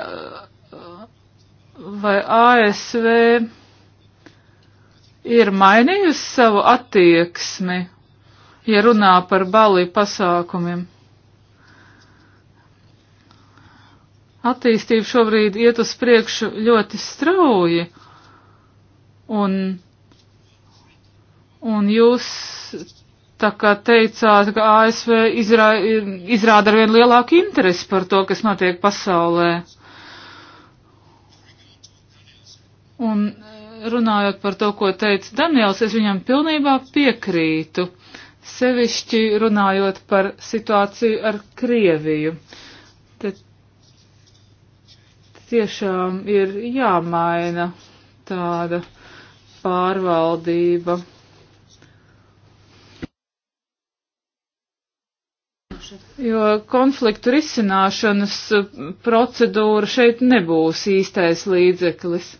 Speaker 4: vai ASV ir mainījusi savu attieksmi, ja runā par balī pasākumiem? attīstība šobrīd iet uz priekšu ļoti strauji, un, un jūs tā kā teicāt, ka ASV izrā, izrāda arvien lielāku interesi par to, kas notiek pasaulē. Un runājot par to, ko teica Daniels, es viņam pilnībā piekrītu, sevišķi runājot par situāciju ar Krieviju. Tad tiešām ir jāmaina tāda pārvaldība. Jo konfliktu risināšanas procedūra šeit nebūs īstais līdzeklis.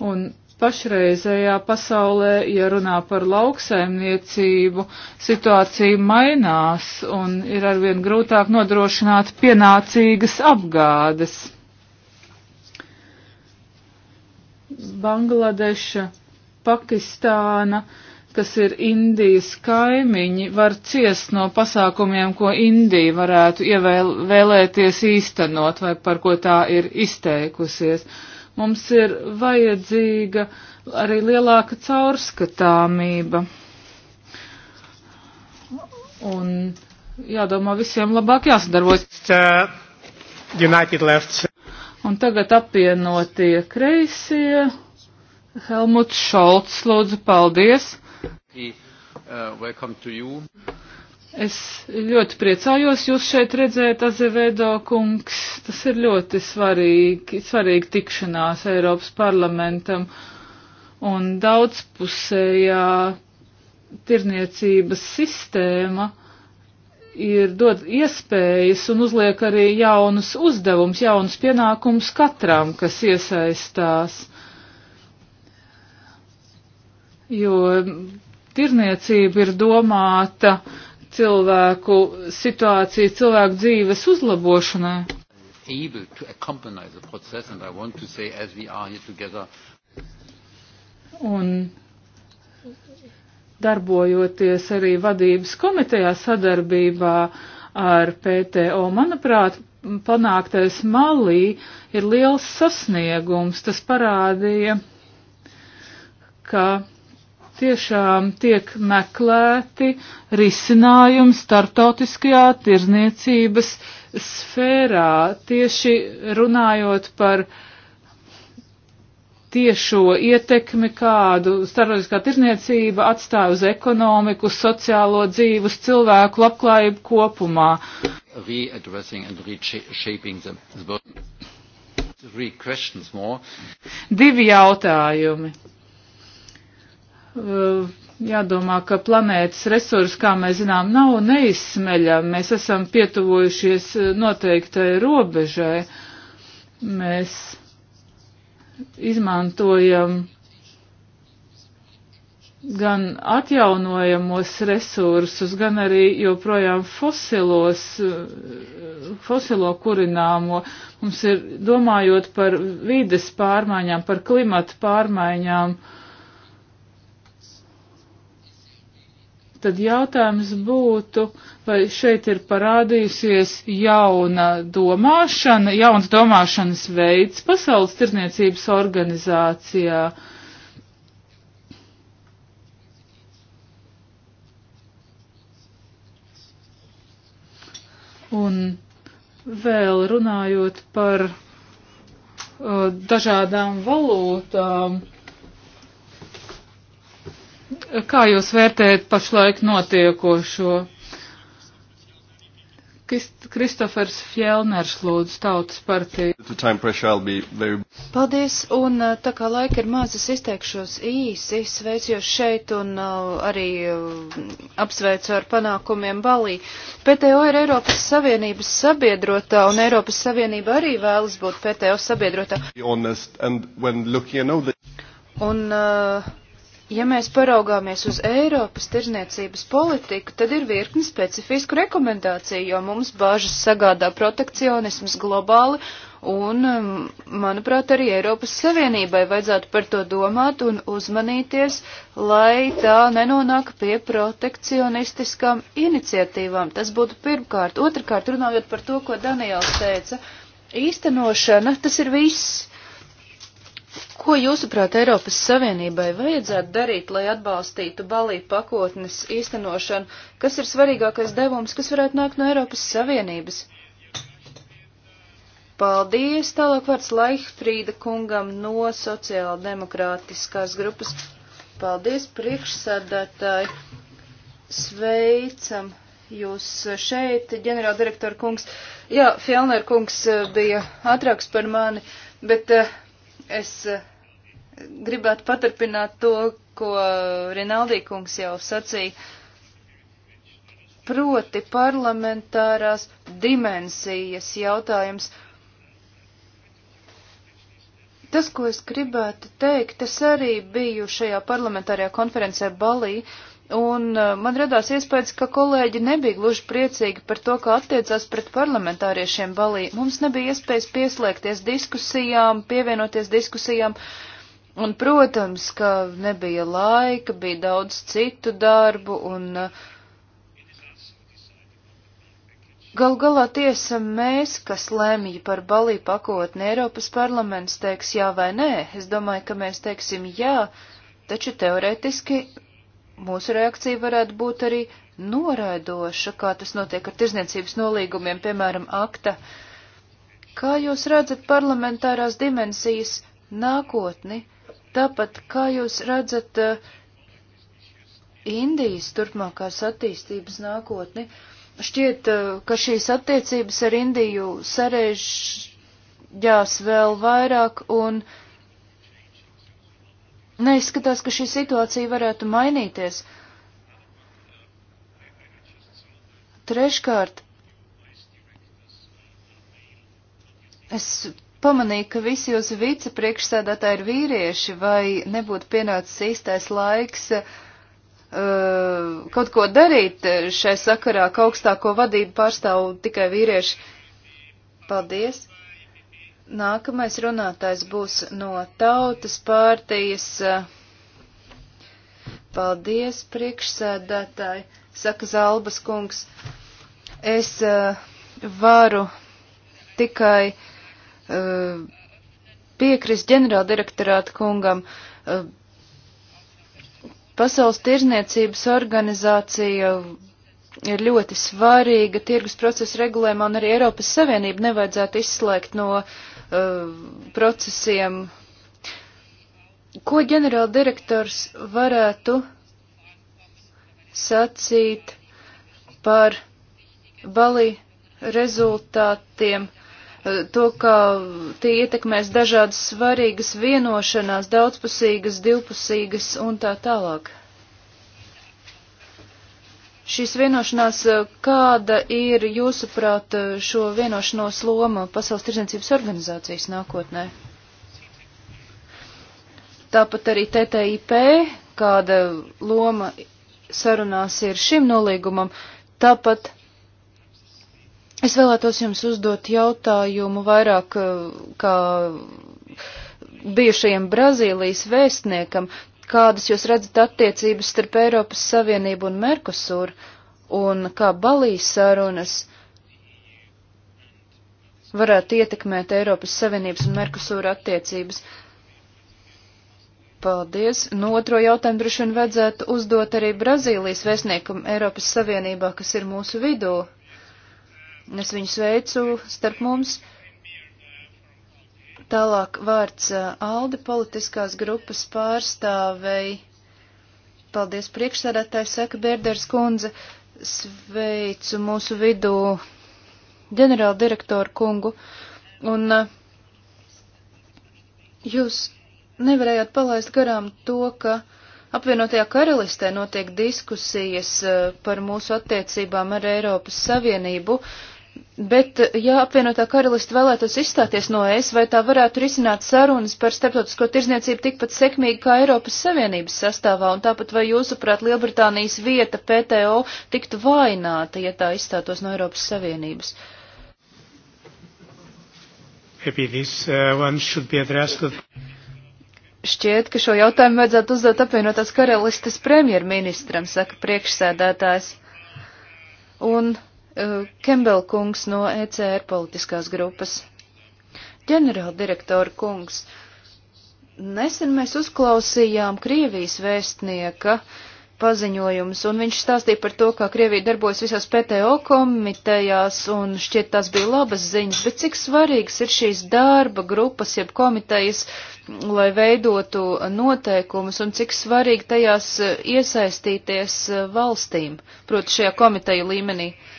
Speaker 4: Un pašreizējā pasaulē, ja runā par lauksaimniecību, situācija mainās un ir arvien grūtāk nodrošināt pienācīgas apgādes. Bangladeša, Pakistāna, kas ir Indijas kaimiņi, var ciest no pasākumiem, ko Indija varētu ievēlēties ievēl, īstenot vai par ko tā ir izteikusies. Mums ir vajadzīga arī lielāka caurskatāmība. Un jādomā visiem labāk jāsadarbojas. United Left Un tagad apvienotie kreisie. Helmuts Šolts, lūdzu, paldies.
Speaker 1: Uh,
Speaker 4: es ļoti priecājos jūs šeit redzēt, Azevedo kungs. Tas ir ļoti svarīgi, svarīgi tikšanās Eiropas parlamentam un daudzpusējā tirniecības sistēma ir dod iespējas un uzliek arī jaunus uzdevumus, jaunus pienākumus katram, kas iesaistās. Jo tirniecība ir domāta cilvēku situāciju, cilvēku dzīves uzlabošanai.
Speaker 1: Process, together...
Speaker 4: Un darbojoties arī vadības komitejā sadarbībā ar PTO. Manuprāt, panāktais Malī ir liels sasniegums. Tas parādīja, ka tiešām tiek meklēti risinājumi startautiskajā tirzniecības sfērā, tieši runājot par tiešo ietekmi, kādu starptautiskā tirzniecība atstāja uz ekonomiku, sociālo dzīvi, uz cilvēku labklājību kopumā. Divi jautājumi. Uh, jādomā, ka planētas resursi, kā mēs zinām, nav neizsmeļami. Mēs esam pietuvojušies uh, noteiktai robežai. Mēs izmantojam gan atjaunojamos resursus, gan arī joprojām fosilos, fosilo kurināmo. Mums ir domājot par vides pārmaiņām, par klimatu pārmaiņām. Uh, tad jautājums būtu, vai šeit ir parādījusies jauna domāšana, jauns domāšanas veids Pasaules tirdzniecības organizācijā. Un vēl runājot par uh, dažādām valūtām. Uh, kā jūs vērtējat pašlaik notiekošo? Kristofers Fjellners lūdzu tautas partiju. Very...
Speaker 2: Paldies, un uh, tā kā laika ir maz, es izteikšos īsi, sveicos šeit un uh, arī uh, apsveicu ar panākumiem Balī. PTO ir Eiropas Savienības sabiedrotā, un Eiropas Savienība arī vēlas būt PTO sabiedrotā.
Speaker 1: Honest, and...
Speaker 2: Un uh, Ja mēs paraugāmies uz Eiropas tirzniecības politiku, tad ir virkni specifisku rekomendāciju, jo mums bāžas sagādā protekcionisms globāli, un, um, manuprāt, arī Eiropas Savienībai vajadzētu par to domāt un uzmanīties, lai tā nenonāk pie protekcionistiskām iniciatīvām. Tas būtu pirmkārt. Otrakārt, runājot par to, ko Daniels teica, īstenošana, tas ir viss Ko jūsuprāt Eiropas Savienībai vajadzētu darīt, lai atbalstītu balī pakotnes īstenošanu? Kas ir svarīgākais devums, kas varētu nākt no Eiropas Savienības? Paldies, tālāk vārds Laihfrīda kungam no sociāla demokrātiskās grupas. Paldies, priekšsādātāji. Sveicam jūs šeit, ģenerāldirektora kungs. Jā, Fjellner kungs eh, bija atrāks par mani, bet uh, Es eh, gribētu paturpināt to, ko Rinaldī kungs jau sacīja, proti parlamentārās dimensijas jautājums. Tas, ko es gribētu teikt, es arī biju šajā parlamentārajā konferencē Balī, uh, Un eh, man radās iespējas, ka kolēģi nebija gluži priecīgi par to, kā attiecās pret parlamentāriešiem Balī. Mums nebija iespējas pieslēgties diskusijām, pievienoties diskusijām. Un, protams, ka nebija laika, bija daudz citu darbu un eh, gal galā tiesa mēs, kas lemj par Balī pakotni, Eiropas parlaments teiks jā vai nē. Es domāju, ka mēs teiksim jā, taču teoretiski mūsu reakcija varētu būt arī noraidoša, kā tas notiek ar tirzniecības nolīgumiem, piemēram, akta. Kā jūs redzat parlamentārās dimensijas nākotni, tāpat kā jūs redzat uh, Indijas turpmākās attīstības nākotni, šķiet, uh, ka šīs attiecības ar Indiju sarežģās vēl vairāk un uh, Neizskatās, ka šī situācija varētu mainīties. Treškārt, es pamanīju, ka visi jūsu vicepriekšsēdētāji ir vīrieši, vai nebūtu pienācis īstais laiks uh, kaut ko darīt šai sakarā, ka augstāko vadību pārstāv tikai vīrieši. Paldies! Nākamais runātājs būs no tautas pārtījas. Paldies, priekšsēdētāji, saka Zalbas kungs. Es uh, varu tikai uh, piekrist ģenerāldirektorāta kungam. Uh, Pasaules tirzniecības organizācija ir ļoti svarīga tirgus procesu regulējumā, un arī Eiropas Savienību nevajadzētu izslēgt no uh, Uh, procesiem. Ko ģenerāldirektors varētu sacīt par Bali rezultātiem, uh, to, kā tie ietekmēs dažādas svarīgas vienošanās, daudzpusīgas, divpusīgas un tā tālāk šīs vienošanās, eh, kāda ir jūsuprāt eh, šo vienošanos loma Pasaules tirdzniecības organizācijas nākotnē? Tāpat arī TTIP, kāda loma sarunās ir šim nolīgumam. Tāpat es vēlētos jums uzdot jautājumu vairāk eh, kā bijušajam Brazīlijas vēstniekam, kādas jūs redzat attiecības starp Eiropas Savienību un Merkusur, un kā Balijas sarunas varētu ietekmēt Eiropas Savienības un Merkusūra attiecības. Paldies. Nu, otro jautājumu droši vien vajadzētu uzdot arī Brazīlijas vēstniekam Eiropas Savienībā, kas ir mūsu vidū. Es viņu sveicu starp mums. Uh, Tālāk vārds Alde politiskās grupas pārstāvei. Paldies priekšsēdētāji, saka Bērders kundze. Sveicu mūsu vidū ģenerāla direktoru kungu. Un jūs nevarējāt palaist garām to, ka apvienotajā karalistē notiek diskusijas par mūsu attiecībām ar Eiropas Savienību. Uh, Bet, ja apvienotā karalista vēlētos izstāties no ES, vai tā varētu risināt sarunas par starptautisko tirzniecību tikpat sekmīgi kā Eiropas Savienības sastāvā, un tāpat vai jūsuprāt Lielbritānijas vieta PTO tiktu vaināta, ja tā izstātos no Eiropas Savienības?
Speaker 1: This, uh,
Speaker 2: Šķiet, ka šo jautājumu vajadzētu uzdot apvienotās karalistes premjerministram, saka priekšsēdētājs. Un Eh, Kembel kungs no ECR politiskās grupas. Ģenerāldirektora kungs, nesen mēs uzklausījām Krievijas vēstnieka paziņojumus, un viņš stāstīja par to, kā Krievija darbojas visās PTO komitejās, un šķiet tās bija labas ziņas, bet cik svarīgs ir šīs darba grupas, jeb komitejas, lai veidotu noteikumus, un cik svarīgi tajās eh, iesaistīties eh, valstīm, proti šajā komiteju līmenī. Uh,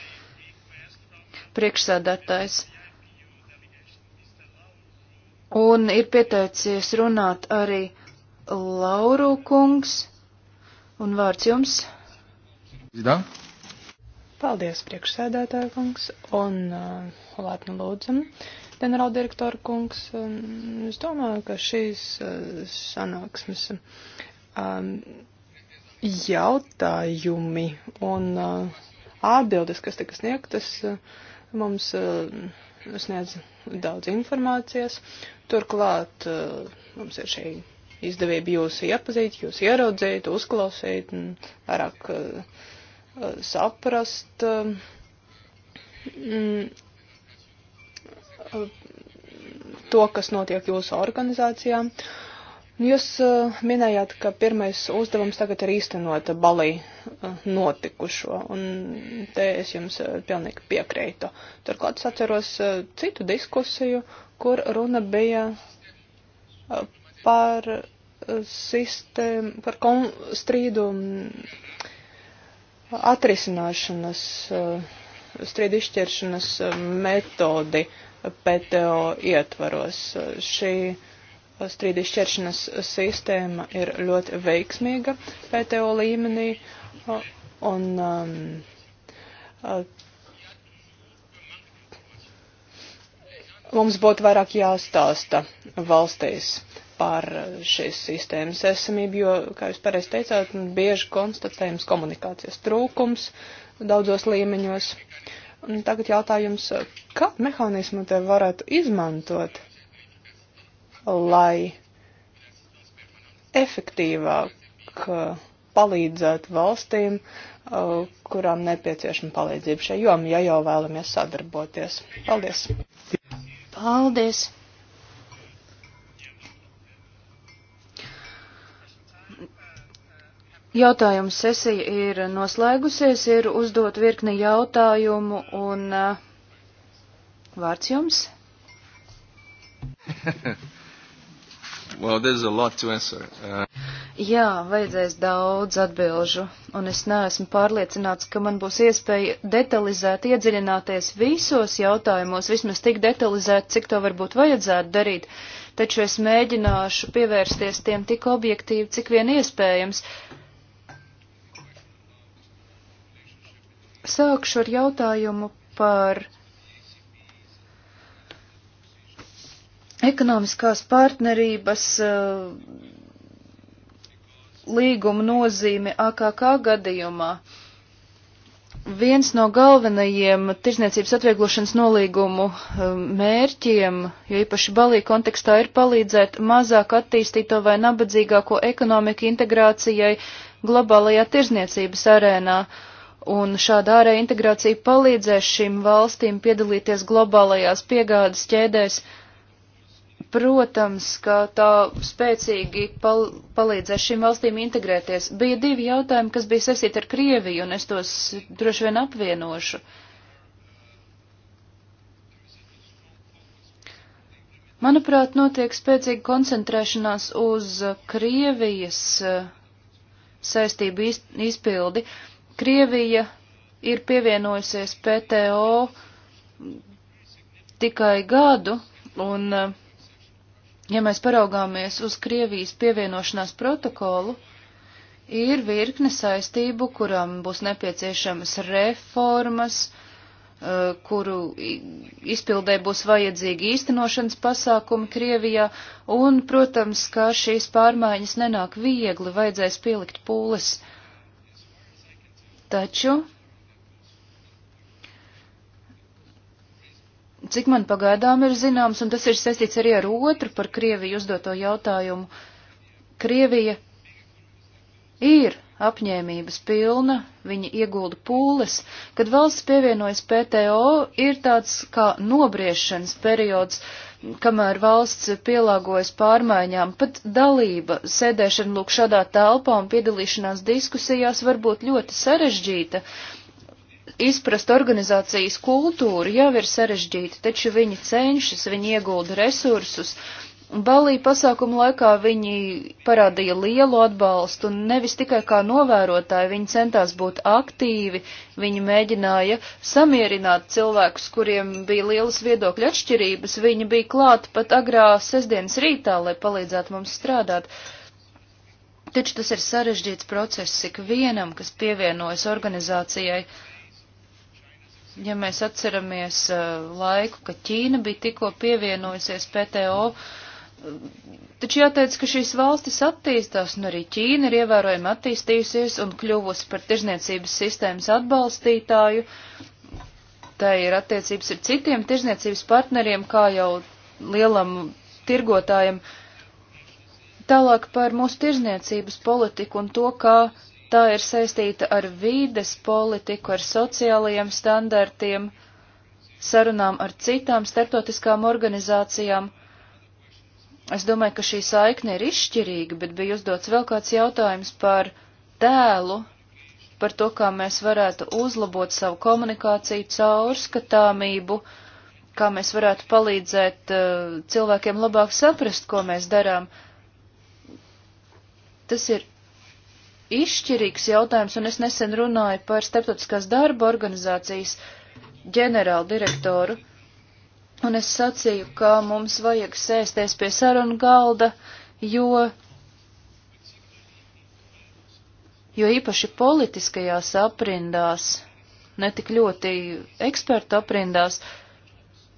Speaker 2: priekšsēdētājs. Un ir pieteicies runāt arī Lauru kungs. Un vārds jums. Zidā. Paldies,
Speaker 3: priekšsēdētāja kungs, un uh, lētni lūdzam, ģenerāldirektora kungs. Um, es domāju, ka šīs uh, sanāksmes um, jautājumi un uh, atbildes, kas tika sniegtas, uh, mums eh, sniedz daudz informācijas. Turklāt eh, mums ir šī izdevība jūs iepazīt, jūs ieraudzīt, uzklausīt un vairāk eh, saprast. Mm, to, kas notiek jūsu organizācijām. Uh, Jūs eh, minējāt, ka pirmais uzdevums tagad ir īstenot balī eh, notikušo, un te es jums eh, pilnīgi piekrītu. Turklāt es atceros citu diskusiju, kur runa bija par sistēmu, par strīdu mm, atrisināšanas, strīdu izšķiršanas metodi PTO ietvaros. Šī strīdu izšķiršanas sistēma ir ļoti veiksmīga PTO līmenī, un um, mums būtu vairāk jāstāsta valstīs par šīs sistēmas esamību, jo, kā jūs pareizi teicāt, bieži konstatējums komunikācijas trūkums daudzos līmeņos. Un tagad jautājums, kādu mehānismu te varētu izmantot? Uh, lai efektīvāk uh, palīdzētu valstīm, uh, kurām nepieciešama palīdzība šai jomā, ja jau vēlamies sadarboties. Paldies!
Speaker 2: Paldies! Jautājumu sesija ir noslēgusies, ir uzdot virkni jautājumu un uh, vārds jums.
Speaker 1: Well, there's a lot to answer. Uh...
Speaker 2: Jā, vajadzēs daudz atbilžu, un es neesmu pārliecināts, ka man būs iespēja detalizēt iedziļināties visos jautājumos, vismaz tik detalizēt, cik to varbūt vajadzētu darīt, taču es mēģināšu pievērsties tiem tik objektīvi, cik vien iespējams. Sākšu ar jautājumu par Ekonomiskās partnerības eh, līguma nozīme AKK gadījumā viens no galvenajiem tirsniecības atvieglošanas nolīgumu eh, mērķiem, jo īpaši Balī kontekstā, ir palīdzēt mazāk attīstīto vai nabadzīgāko ekonomiku integrācijai globālajā tirsniecības arēnā. Un šāda ārēja integrācija palīdzēs šīm valstīm piedalīties globālajās piegādes ķēdēs Protams, ka tā spēcīgi pal palīdzēs šīm valstīm integrēties. Bija divi jautājumi, kas bija saistīti ar Krieviju, un es tos droši vien apvienošu. Manuprāt, notiek spēcīga koncentrēšanās uz Krievijas eh, saistību izpildi. Krievija ir pievienojusies PTO tikai gadu, un uh, ja mēs paraugāmies uz Krievijas pievienošanās protokolu, ir virkne saistību, kurām būs nepieciešamas reformas, eh, kuru izpildē būs vajadzīgi īstenošanas pasākumi Krievijā, un, protams, ka šīs pārmaiņas nenāk viegli, vajadzēs pielikt pūles. Taču cik man pagaidām ir zināms, un tas ir saistīts arī ar otru par Krieviju uzdoto jautājumu, Krievija ir apņēmības pilna, viņi iegulda pūles, kad valsts pievienojas PTO, ir tāds kā nobriešanas periods, kamēr valsts pielāgojas pārmaiņām, pat dalība, sēdēšana lūk šādā telpā un piedalīšanās diskusijās var būt ļoti sarežģīta, Izprast organizācijas kultūru jau ir sarežģīti, taču viņi cenšas, viņi iegulda resursus. Balī pasākumu laikā viņi parādīja lielu atbalstu, un nevis tikai kā novērotāji, viņi centās būt aktīvi, viņi mēģināja samierināt cilvēkus, kuriem bija lielas viedokļa atšķirības, viņi bija klāt pat agrā sestdienas rītā, lai palīdzētu mums strādāt. Taču tas ir sarežģīts process ikvienam, kas pievienojas organizācijai. Uh, ja mēs atceramies uh, laiku, ka Ķīna bija tikko pievienojusies PTO, uh, taču jāteic, ka šīs valstis attīstās, un arī Ķīna ir ievērojami attīstījusies un kļuvusi par tirzniecības sistēmas atbalstītāju. Tā ir attiecības ar citiem tirzniecības partneriem, kā jau lielam tirgotājam. Tālāk par mūsu tirzniecības politiku un to, kā Tā ir saistīta ar vīdes politiku, ar sociālajiem standartiem, sarunām ar citām starptautiskām organizācijām. Es domāju, ka šī saikne ir izšķirīga, bet bija uzdots vēl kāds jautājums par tēlu, par to, kā mēs varētu uzlabot savu komunikāciju caurskatāmību, kā mēs varētu palīdzēt uh, cilvēkiem labāk saprast, ko mēs darām. Tas ir izšķirīgs jautājums, un es nesen runāju par starptautiskās darba organizācijas ģenerālu direktoru, un es sacīju, ka mums vajag sēsties pie sarunu galda, jo, jo īpaši politiskajās aprindās, ne tik ļoti ekspertu aprindās,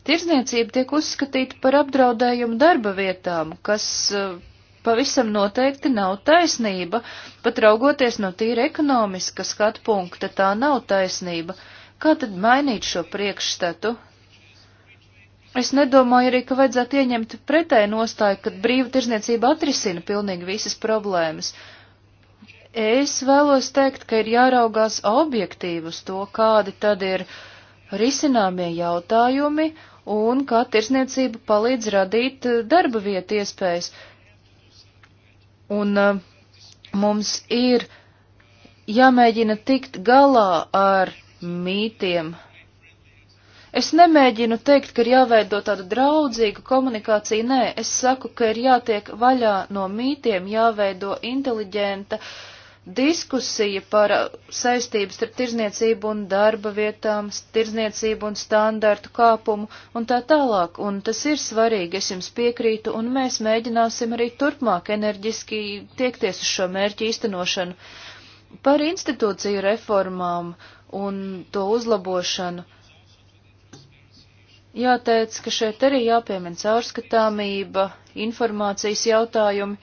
Speaker 2: Tirzniecība tiek uzskatīta par apdraudējumu darba vietām, kas uh, pavisam noteikti nav taisnība, pat raugoties no tīra ekonomiska skatu punkta, tā nav taisnība. Kā tad mainīt šo priekšstatu? Es nedomāju arī, ka vajadzētu ieņemt pretēju nostāju, kad brīva tirzniecība atrisina pilnīgi visas problēmas. Es vēlos teikt, ka ir jāraugās objektīvi uz to, kādi tad ir risināmie jautājumi un kā tirzniecība palīdz radīt darba vietu iespējas. Un uh, mums ir jāmēģina tikt galā ar mītiem. Es nemēģinu teikt, ka ir jāveido tāda draudzīga komunikācija, nē, es saku, ka ir jātiek vaļā no mītiem, jāveido inteliģenta uh, diskusija par uh, saistības starp tirzniecību un darba vietām, tirzniecību un standartu kāpumu un tā tālāk, un tas ir svarīgi, es jums piekrītu, un mēs mēģināsim arī turpmāk enerģiski tiekties uz šo mērķu īstenošanu. Par institūciju reformām un to uzlabošanu. Jāteic, ka šeit arī jāpiemina caurskatāmība, informācijas jautājumi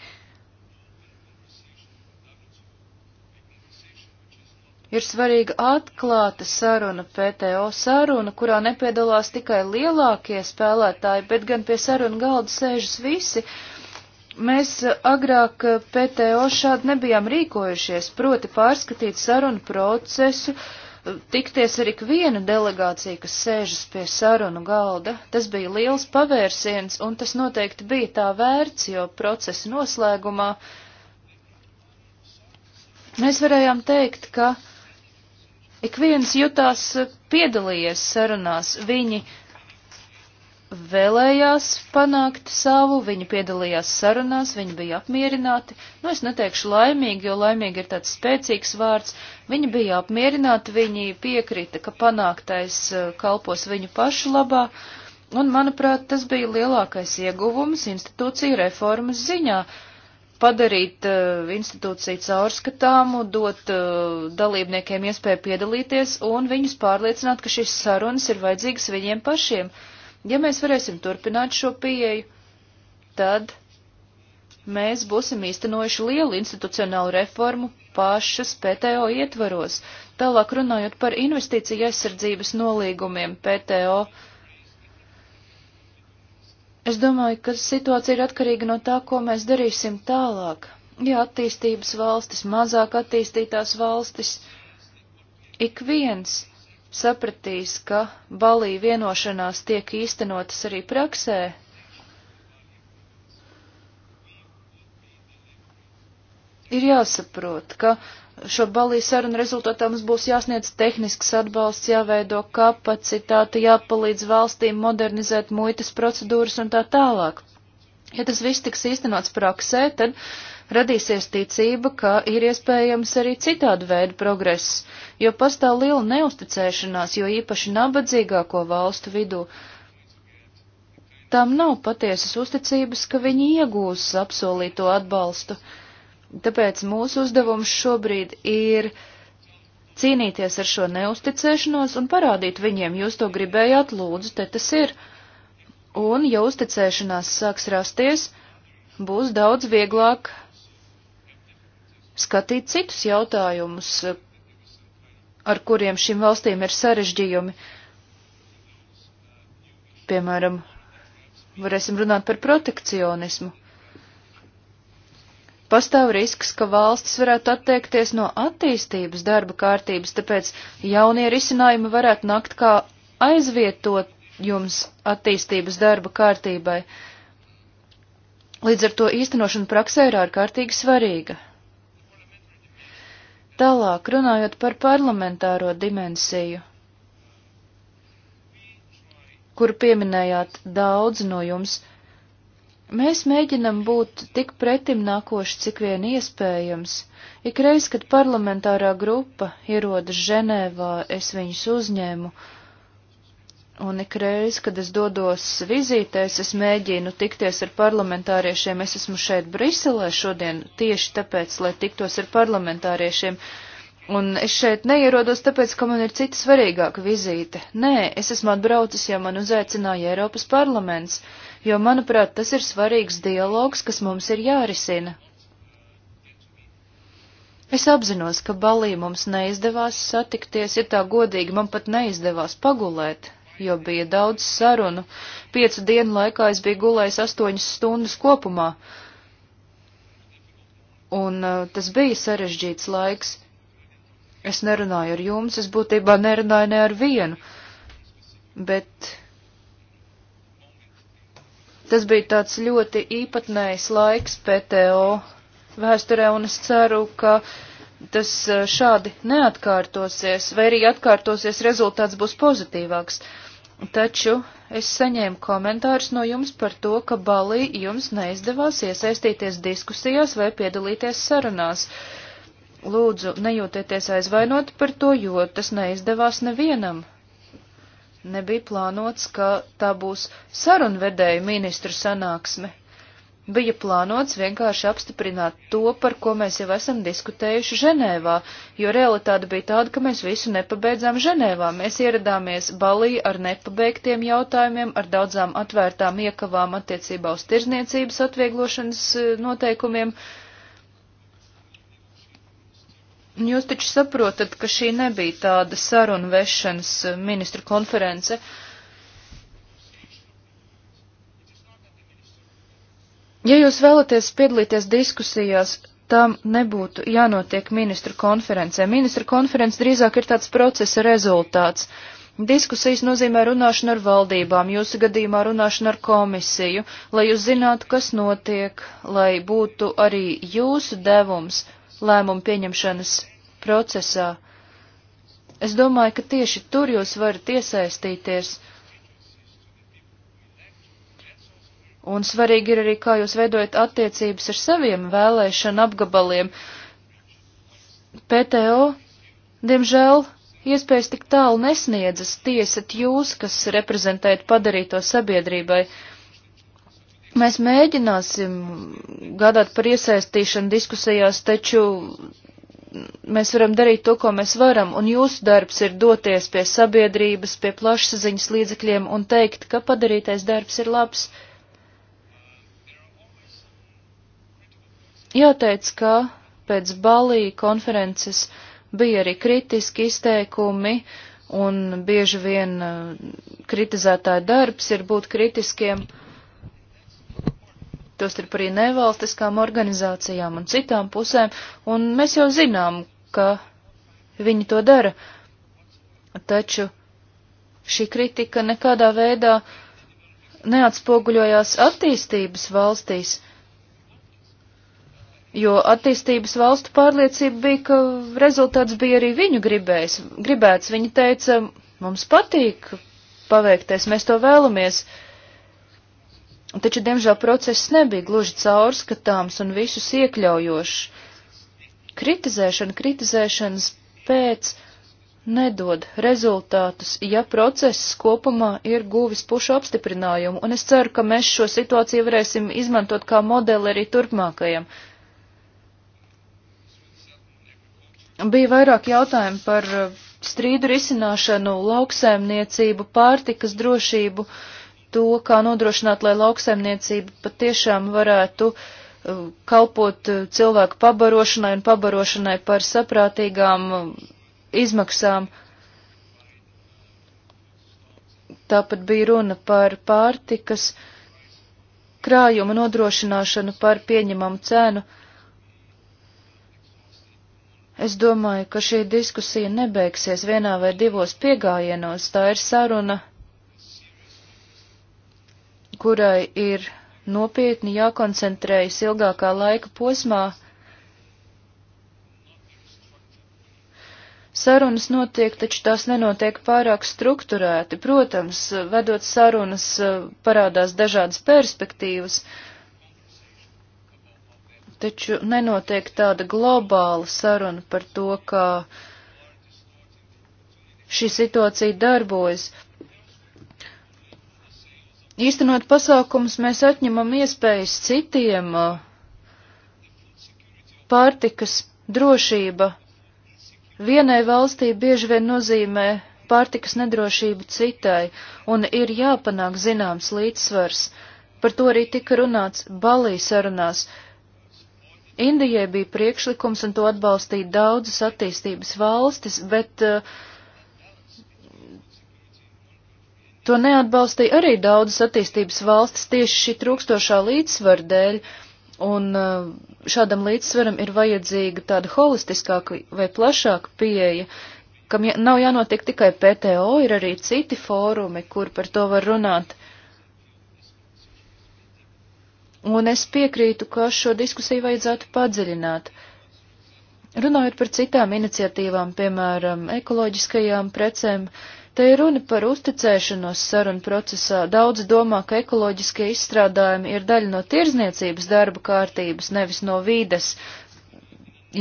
Speaker 2: Ir svarīga atklāta saruna, PTO saruna, kurā nepiedalās tikai lielākie spēlētāji, bet gan pie saruna galda sēžas visi. Mēs agrāk eh, PTO šādi nebijām rīkojušies, proti pārskatīt sarunu procesu, eh, tikties ar ikvienu delegāciju, kas sēžas pie sarunu galda. Tas bija liels pavērsiens, un tas noteikti bija tā vērts, jo procesa noslēgumā mēs varējām teikt, ka Ik viens jutās piedalījies sarunās. Viņi vēlējās panākt savu, viņi piedalījās sarunās, viņi bija apmierināti. Nu, es neteikšu laimīgi, jo laimīgi ir tāds spēcīgs vārds. Viņi bija apmierināti, viņi piekrita, ka panāktais eh, kalpos viņu pašu labā. Un, manuprāt, tas bija lielākais ieguvums institūcija reformas ziņā. Uh, padarīt uh, institūciju caurskatāmu, dot uh, dalībniekiem iespēju piedalīties un viņus pārliecināt, ka šīs sarunas ir vajadzīgas viņiem pašiem. Ja mēs varēsim turpināt šo pieeju, tad mēs būsim īstenojuši lielu institucionālu reformu pašas PTO ietvaros. Tālāk runājot par investīciju aizsardzības nolīgumiem PTO. Uh, Es domāju, ka situācija ir atkarīga no tā, ko mēs darīsim tālāk. Ja attīstības valstis, mazāk attīstītās valstis, ik viens sapratīs, ka Balī vienošanās tiek īstenotas arī praksē, ir jāsaprot, ka šo balijas sarunu rezultātā mums būs jāsniedz tehnisks atbalsts, jāveido kapacitāte, jāpalīdz valstīm modernizēt muitas procedūras un tā tālāk. Ja tas viss tiks īstenots praksē, tad radīsies ticība, ka ir iespējams arī citādu veidu progress, jo pastāv liela neusticēšanās, jo īpaši nabadzīgāko valstu vidū. Tām nav patiesas uzticības, ka viņi iegūs apsolīto atbalstu. Uh, Tāpēc mūsu uzdevums šobrīd ir cīnīties ar šo neusticēšanos un parādīt viņiem, jūs to gribējāt, lūdzu, te tas ir. Un, ja uzticēšanās sāks rasties, būs daudz vieglāk skatīt citus jautājumus, ar kuriem šīm valstīm ir sarežģījumi. Piemēram, varēsim runāt par protekcionismu. Pastāv risks, ka valstis varētu attiekties no attīstības darba kārtības, tāpēc jaunie risinājumi varētu nākt kā aizvietot jums attīstības darba kārtībai. Līdz ar to īstenošana praksē ir ārkārtīgi svarīga. Tālāk runājot par parlamentāro dimensiju, kuru pieminējāt daudz no jums, Mēs mēģinam būt tik pretim nākoši, cik vien iespējams. Ikreiz, kad parlamentārā grupa ierodas Ženēvā, es viņus uzņēmu, un ikreiz, kad es dodos vizītēs, es mēģinu tikties ar parlamentāriešiem. Es esmu šeit Briselē šodien tieši tāpēc, lai tiktos ar parlamentāriešiem. Un es šeit neierodos tāpēc, ka man ir cita svarīgāka vizīte. Nē, es esmu atbraucis, jo man uzaicināja Eiropas parlaments jo, manuprāt, tas ir svarīgs dialogs, kas mums ir jārisina. Es apzinos, ka Balī mums neizdevās satikties, ja tā godīgi man pat neizdevās pagulēt, jo bija daudz sarunu. Piecu dienu laikā es biju gulējis astoņas stundas kopumā, un uh, tas bija sarežģīts laiks. Es nerunāju ar jums, es būtībā nerunāju ne ar vienu, bet Tas bija tāds ļoti īpatnējs laiks PTO vēsturē, un es ceru, ka tas eh, šādi neatkārtosies, vai arī atkārtosies, rezultāts būs pozitīvāks. Taču es saņēmu komentārus no jums par to, ka Balī jums neizdevās iesaistīties diskusijās vai piedalīties sarunās. Lūdzu, nejūtieties aizvainoti par to, jo tas neizdevās nevienam Nebija plānots, ka tā būs sarunvedēju ministru sanāksme. Bija plānots vienkārši apstiprināt to, par ko mēs jau esam diskutējuši Ženēvā, jo realitāte bija tāda, ka mēs visu nepabeidzām Ženēvā. Mēs ieradāmies Balī ar nepabeigtiem jautājumiem, ar daudzām atvērtām iekavām attiecībā uz tirzniecības atvieglošanas eh, noteikumiem. Uh, Jūs taču saprotat, ka šī nebija tāda sarunu vešanas eh, ministru konference. Ja jūs vēlaties piedalīties diskusijās, tam nebūtu jānotiek ministru konferencē. Ministru konference drīzāk ir tāds procesa rezultāts. Diskusijas nozīmē runāšanu ar valdībām, jūsu gadījumā runāšanu ar komisiju, lai jūs zinātu, kas notiek, lai būtu arī jūsu devums lēmumu pieņemšanas procesā. Es domāju, ka tieši tur jūs varat iesaistīties. Un svarīgi ir arī, kā jūs veidojat attiecības ar saviem vēlēšanu apgabaliem. PTO, diemžēl, iespējas tik tālu nesniedzas tiesat jūs, kas reprezentējat padarīto sabiedrībai. Uh, Mēs mēģināsim gādāt par iesaistīšanu diskusijās, taču mēs varam darīt to, ko mēs varam, un jūsu darbs ir doties pie sabiedrības, pie plašsaziņas līdzekļiem un teikt, ka padarītais darbs ir labs. Jāteic, ka pēc Balī konferences bija arī kritiski izteikumi, un bieži vien uh, kritizētāja darbs ir būt kritiskiem. Uh, tostarp arī nevalstiskām organizācijām un citām pusēm, un mēs jau zinām, ka viņi to dara. Taču šī kritika nekādā veidā neatspoguļojās attīstības valstīs, jo attīstības valstu pārliecība bija, ka rezultāts bija arī viņu gribējs, gribēts. Viņi teica, mums patīk paveikties, mēs to vēlamies. Uh, taču, diemžēl, process nebija gluži caurskatāms un visus iekļaujošs. Kritizēšana kritizēšanas pēc nedod rezultātus, ja process kopumā ir guvis pušu apstiprinājumu, un es ceru, ka mēs šo situāciju varēsim izmantot kā modeli arī turpmākajam. Bija vairāk jautājumu par uh, strīdu risināšanu, lauksēmniecību, pārtikas drošību. Uh, to, kā nodrošināt, lai lauksaimniecība patiešām varētu uh, kalpot uh, cilvēku pabarošanai un pabarošanai par saprātīgām uh, izmaksām. Tāpat bija runa par pārtikas krājuma nodrošināšanu par pieņemamu cenu. Es domāju, ka šī diskusija nebeigsies vienā vai divos piegājienos. Tā ir saruna kurai ir nopietni jākoncentrējas ilgākā laika posmā. Sarunas notiek, taču tās nenotiek pārāk strukturēti. Protams, vedot sarunas, eh, parādās dažādas perspektīvas, taču nenotiek tāda globāla saruna par to, kā šī situācija darbojas īstenot pasākumus, mēs atņemam iespējas citiem pārtikas drošība. Vienai valstī bieži vien nozīmē pārtikas nedrošību citai, un ir jāpanāk zināms līdzsvars. Par to arī tika runāts Balī sarunās. Indijai bija priekšlikums, un to atbalstīja daudzas attīstības valstis, bet uh, To neatbalstīja arī daudzas attīstības valstis tieši šī trūkstošā līdzsvara dēļ, un uh, šādam līdzsvaram ir vajadzīga tāda holistiskāka vai plašāka pieeja, kam ja, nav jānotiek tikai PTO, ir arī citi fórumi, kur par to var runāt. Un es piekrītu, ka šo diskusiju vajadzētu padziļināt. Runājot par citām iniciatīvām, piemēram, ekoloģiskajām precēm, uh, Te ir runa par uzticēšanos sarunu procesā. Daudz domā, ka ekoloģiskie izstrādājumi ir daļa no tirzniecības darba kārtības, nevis no vīdes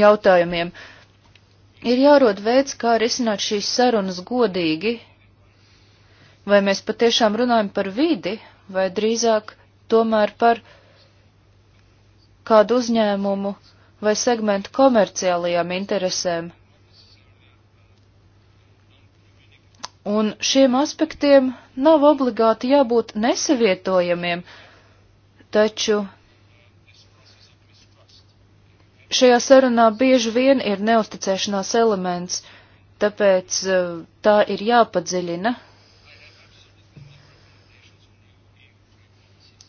Speaker 2: jautājumiem. Ir jārod veids, kā risināt šīs sarunas godīgi. Vai mēs patiešām runājam par vidi, vai drīzāk tomēr par kādu uzņēmumu vai segmentu komerciālajām interesēm? un šiem aspektiem nav obligāti jābūt nesavietojamiem, taču šajā sarunā bieži vien ir neusticēšanās elements, tāpēc e, tā ir jāpadziļina.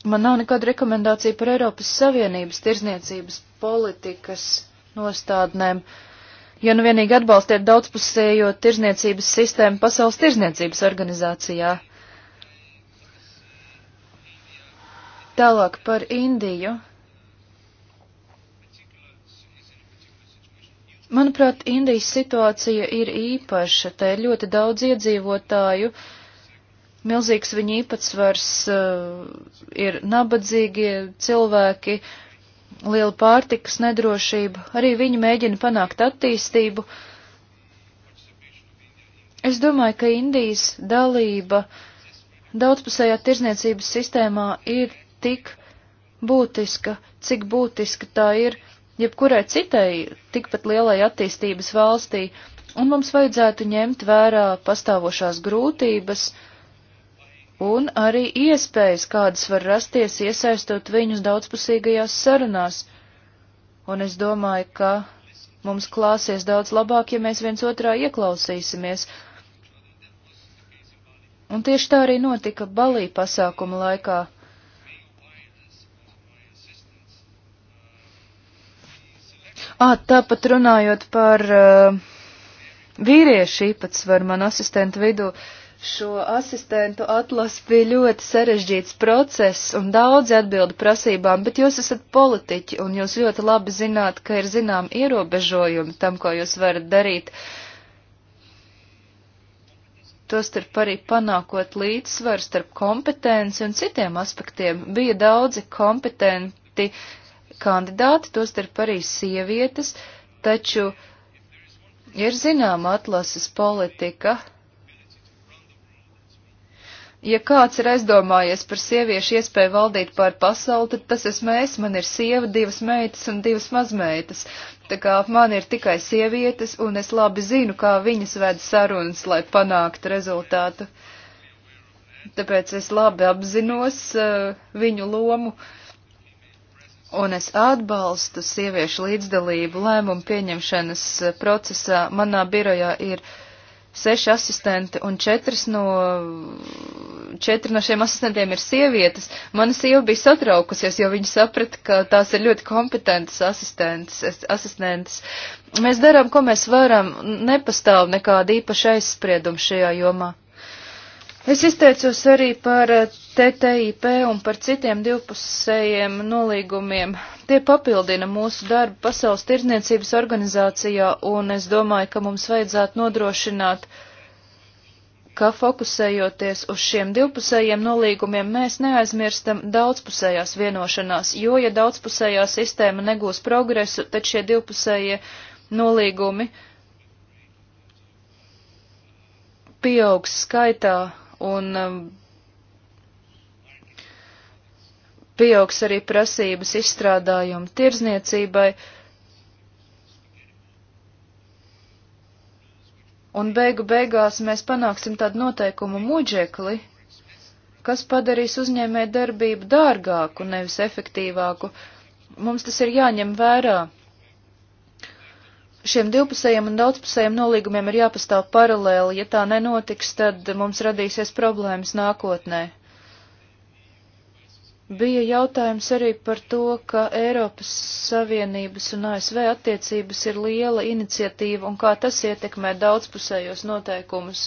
Speaker 2: Man nav nekāda rekomendācija par Eiropas Savienības tirzniecības politikas nostādnēm. Uh, ja nu vienīgi atbalstiet daudzpusējo tirzniecības sistēmu Pasaules tirzniecības organizācijā. Tālāk par Indiju. Manuprāt, Indijas situācija ir īpaša. Tā ir ļoti daudz iedzīvotāju, milzīgs viņa īpatsvars uh, ir nabadzīgie cilvēki, uh, liela pārtikas nedrošība, arī viņi mēģina panākt attīstību. Es domāju, ka Indijas dalība daudzpusējā tirzniecības sistēmā ir tik būtiska, cik būtiska tā ir jebkurai citai tikpat lielai attīstības valstī, un mums vajadzētu ņemt vērā pastāvošās grūtības, uh, un arī iespējas, kādas var rasties, iesaistot viņus daudzpusīgajās sarunās. Un es domāju, ka mums klāsies daudz labāk, ja mēs viens otrā ieklausīsimies. Un tieši tā arī notika Balī pasākuma laikā. Ā, tāpat runājot par uh, vīriešu īpatsvaru man asistenta vidū, uh, Šo asistentu atlas bija ļoti sarežģīts process un daudzi atbildu prasībām, bet jūs esat politiķi un jūs ļoti labi zināt, ka ir zinām ierobežojumi tam, ko jūs varat darīt. Tostarp arī panākot līdzsvaru starp kompetenci un citiem aspektiem. Bija daudzi kompetenti kandidāti, tostarp arī sievietes, taču ir zināma atlases politika Ja kāds ir aizdomājies par sieviešu iespēju valdīt pār pasauli, tad tas esmu es, man ir sieva, divas meitas un divas mazmeitas. Tā kā man ir tikai sievietes, un es labi zinu, kā viņas ved sarunas, lai panāktu rezultātu. Tāpēc es labi apzinos uh, viņu lomu, un es atbalstu sieviešu līdzdalību lēmumu pieņemšanas uh, procesā. Manā birojā ir uh, seši asistenti, un četras no, četri no šiem asistentiem ir sievietes. Mana sieva bija satraukusies, jo viņa saprata, ka tās ir ļoti kompetentas asistentes. asistentes. Mēs darām, ko mēs varam, nepastāv nekāda īpaša aizsprieduma šajā jomā. Es izteicos arī par eh, TTIP un par citiem divpusējiem nolīgumiem. Tie papildina mūsu darbu Pasaules tirzniecības organizācijā, un es domāju, ka mums vajadzētu nodrošināt, ka fokusējoties uz šiem divpusējiem nolīgumiem, mēs neaizmirstam daudzpusējās vienošanās, jo, ja daudzpusējā sistēma negūs progresu, tad šie divpusējie nolīgumi pieaugs skaitā un um, pieaugs arī prasības izstrādājumu tirzniecībai. Un beigu beigās mēs panāksim tādu noteikumu muģekli, kas padarīs uzņēmē darbību dārgāku, nevis efektīvāku. Mums tas ir jāņem vērā. Šiem divpusējiem un daudzpusējiem nolīgumiem ir jāpastāv paralēli, ja tā nenotiks, tad mums radīsies problēmas nākotnē. Bija jautājums arī par to, ka Eiropas Savienības un ASV attiecības ir liela iniciatīva un kā tas ietekmē daudzpusējos noteikumus.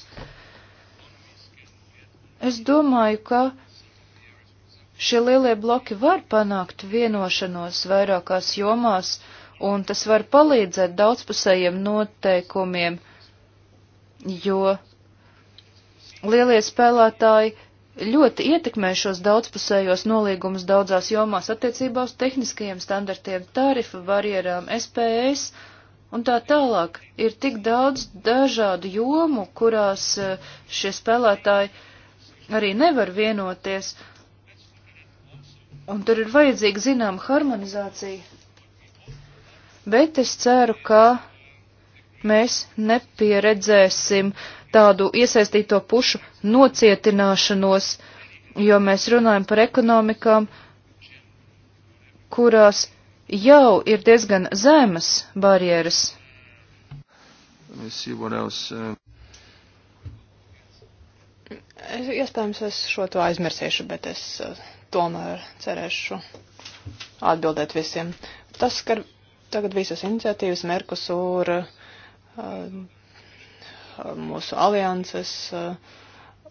Speaker 2: Es domāju, ka šie lielie bloki var panākt vienošanos vairākās jomās, uh, un tas var palīdzēt daudzpusējiem noteikumiem, jo lielie spēlētāji ļoti ietekmē šos daudzpusējos nolīgumus daudzās jomās attiecībā uz tehniskajiem standartiem, tarifu barjerām, SPS un tā tālāk. Ir tik daudz dažādu jomu, kurās eh, šie spēlētāji arī nevar vienoties, un tur ir vajadzīga zinām harmonizācija bet es ceru, ka mēs nepieredzēsim tādu iesaistīto pušu nocietināšanos, jo mēs runājam par ekonomikām, kurās jau ir diezgan zemas barjeras.
Speaker 1: Uh?
Speaker 3: Es, iespējams, es šo to aizmirsīšu, bet es uh, tomēr cerēšu atbildēt visiem. Tas skar tagad visas iniciatīvas, Merkusūra, uh, um, mūsu alianses, uh,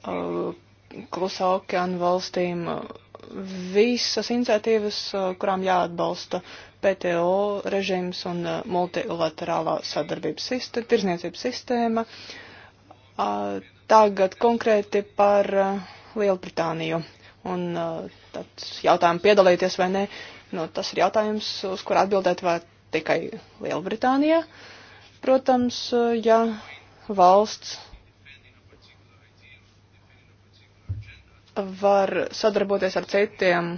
Speaker 3: uh, klusā okeāna valstīm, visas iniciatīvas, kurām jāatbalsta PTO režīms un multilaterālā sadarbības sistēma, tirzniecības sistēma. Tagad konkrēti par Lielbritāniju un tāds jautājums piedalīties vai nē, nu, tas ir jautājums, uz kur atbildēt var tikai Lielbritānijā. Protams, ja valsts var sadarboties ar citiem,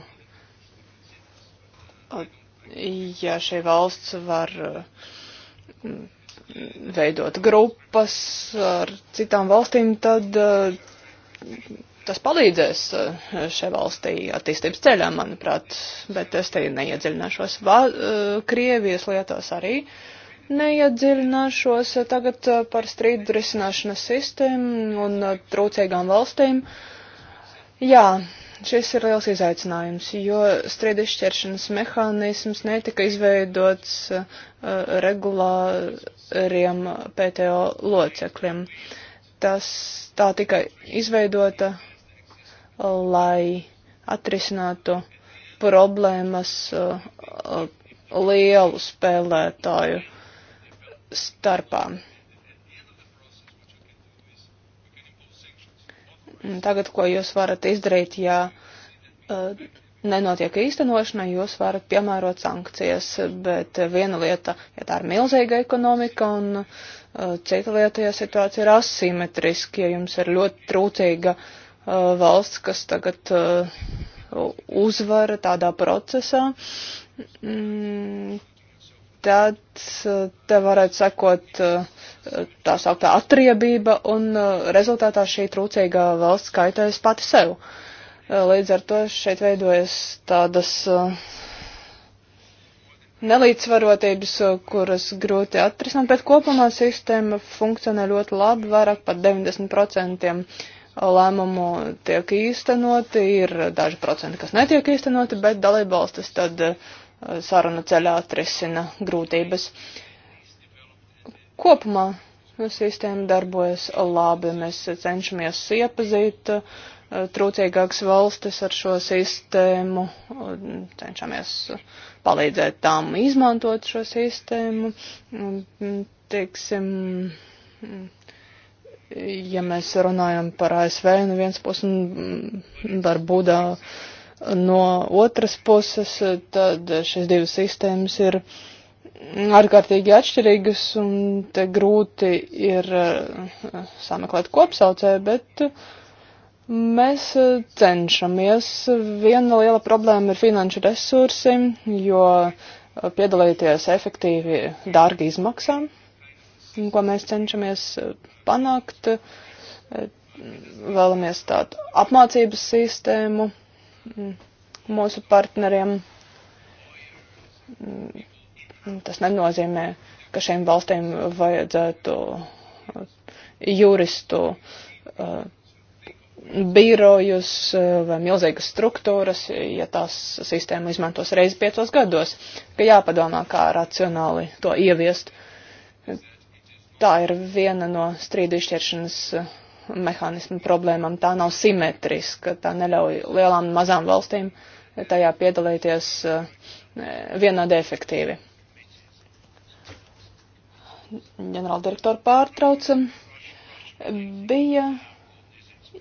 Speaker 3: ja šī valsts var mm, veidot grupas ar citām valstīm, tad tas palīdzēs eh, šai valstī attīstības ceļā, manuprāt, bet es te neiedziļināšos. Va, eh, Krievijas lietās arī neiedziļināšos eh, tagad par strīdu risināšanas sistēmu un trūcīgām valstīm. Jā, šis ir liels izaicinājums, jo strīdu izšķiršanas mehānisms netika izveidots uh, regulāriem PTO locekļiem. Tas tā tika izveidota lai atrisinātu problēmas uh, uh, lielu spēlētāju starpā. Tagad, ko jūs varat izdarīt, ja uh, nenotiek īstenošana, jūs varat piemērot sankcijas, bet viena lieta, ja tā ir milzīga ekonomika, un uh, cita lieta, ja situācija ir asimetriska, ja jums ir ļoti trūcīga uh, Uh, valsts, kas tagad uh, uzvara tādā procesā, mm, tad uh, te varētu sekot tā sauktā atriebība un rezultātā šī trūcīgā valsts kaitēs pati sev. Līdz ar to šeit veidojas tādas nelīdzsvarotības, kuras grūti atrisināt, bet kopumā sistēma funkcionē ļoti labi, vairāk par 90% lēmumu tiek īstenoti, ir daži procenti, kas netiek īstenoti, bet dalībvalstis tad eh, saruna ceļā atrisina grūtības. Kopumā sistēma darbojas labi, mēs cenšamies iepazīt eh, trūcīgākas valstis ar šo sistēmu, cenšamies palīdzēt tām izmantot šo sistēmu, teiksim, ja mēs runājam par ASV no vienas puses un Barbudā mm, no otras puses, tad šīs divas sistēmas ir ārkārtīgi atšķirīgas un te grūti ir eh, sameklēt kopsaucē, bet mēs eh, cenšamies. Viena liela problēma ir finanšu resursi, jo eh, piedalīties efektīvi dārgi izmaksām ko mēs cenšamies eh, panākt. Eh, vēlamies tādu apmācības sistēmu mm, mūsu partneriem. Mm, tas nenozīmē, ka šīm valstīm vajadzētu eh, juristu birojus vai milzīgas struktūras, ja tās sistēma izmantos reizi piecos gados, ka jāpadomā, kā racionāli to ieviest. Tā ir viena no strīdu izšķiršanas uh, mehānismu problēmām. Tā nav simetriska, tā neļauj lielām un mazām valstīm uh, tajā piedalīties uh, vienādi efektīvi. Ģenerāldirektora pārtrauca. Bija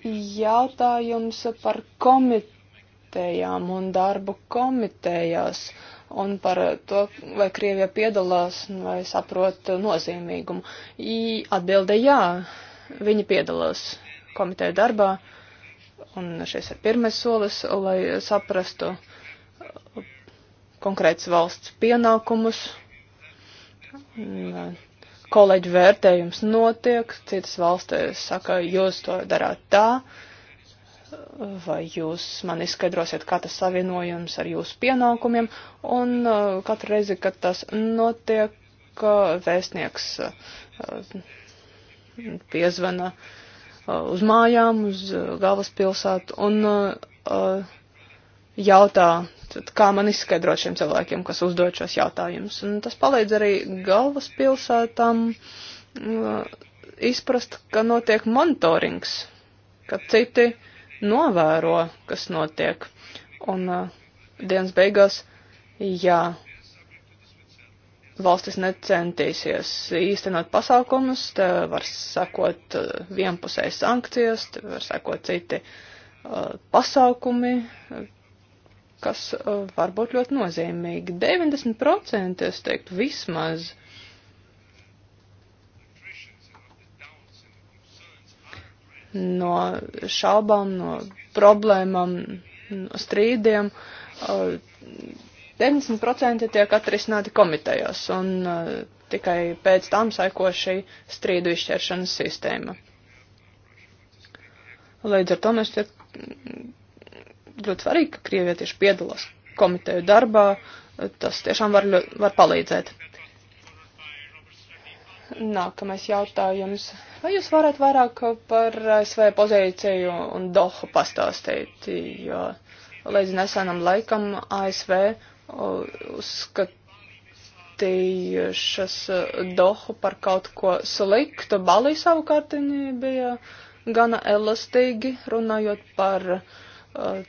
Speaker 3: jautājums par komitejām un darbu komitejās. Uh, un par to, vai Krievija piedalās, vai saprot nozīmīgumu. I atbilde jā, viņi piedalās komiteja darbā, un šis ir pirmais solis, lai saprastu konkrēts valsts pienākumus. Kolēģi vērtējums notiek, citas valstīs saka, jūs to darāt tā, uh, vai jūs man izskaidrosiet, kā tas savienojums ar jūsu pienākumiem, un uh, katru reizi, kad tas notiek, vēstnieks uh, piezvana uh, uz mājām, uz galvaspilsētu, un jautā, kā man izskaidrot šiem cilvēkiem, kas uzdod šos jautājumus. Un tas palīdz arī galvaspilsētām izprast, ka notiek monitorings, ka citi uh, novēro, kas notiek. Un uh, dienas beigās, jā, valstis necentīsies īstenot pasākumus, te var sekot uh, vienpusēji sankcijas, te var sekot citi uh, pasākumi, kas uh, var būt ļoti nozīmīgi. 90% es teiktu vismaz uh, no šaubām, no problēmām, no strīdiem. 90% tiek atrisināti komitejos, un tikai pēc tam saiko šī strīdu izšķiršanas sistēma. Līdz ar to mēs šķiet ļoti svarīgi, ka krievieši piedalās komiteju darbā, tas tiešām var, var palīdzēt. Nākamais jautājums. Vai jūs varat vairāk par ASV pozīciju un Dohu pastāstīt? Jo līdz nesenam laikam ASV uzskatījušas Dohu par kaut ko sliktu. Balī savukārt viņi bija gana elastīgi runājot par uh,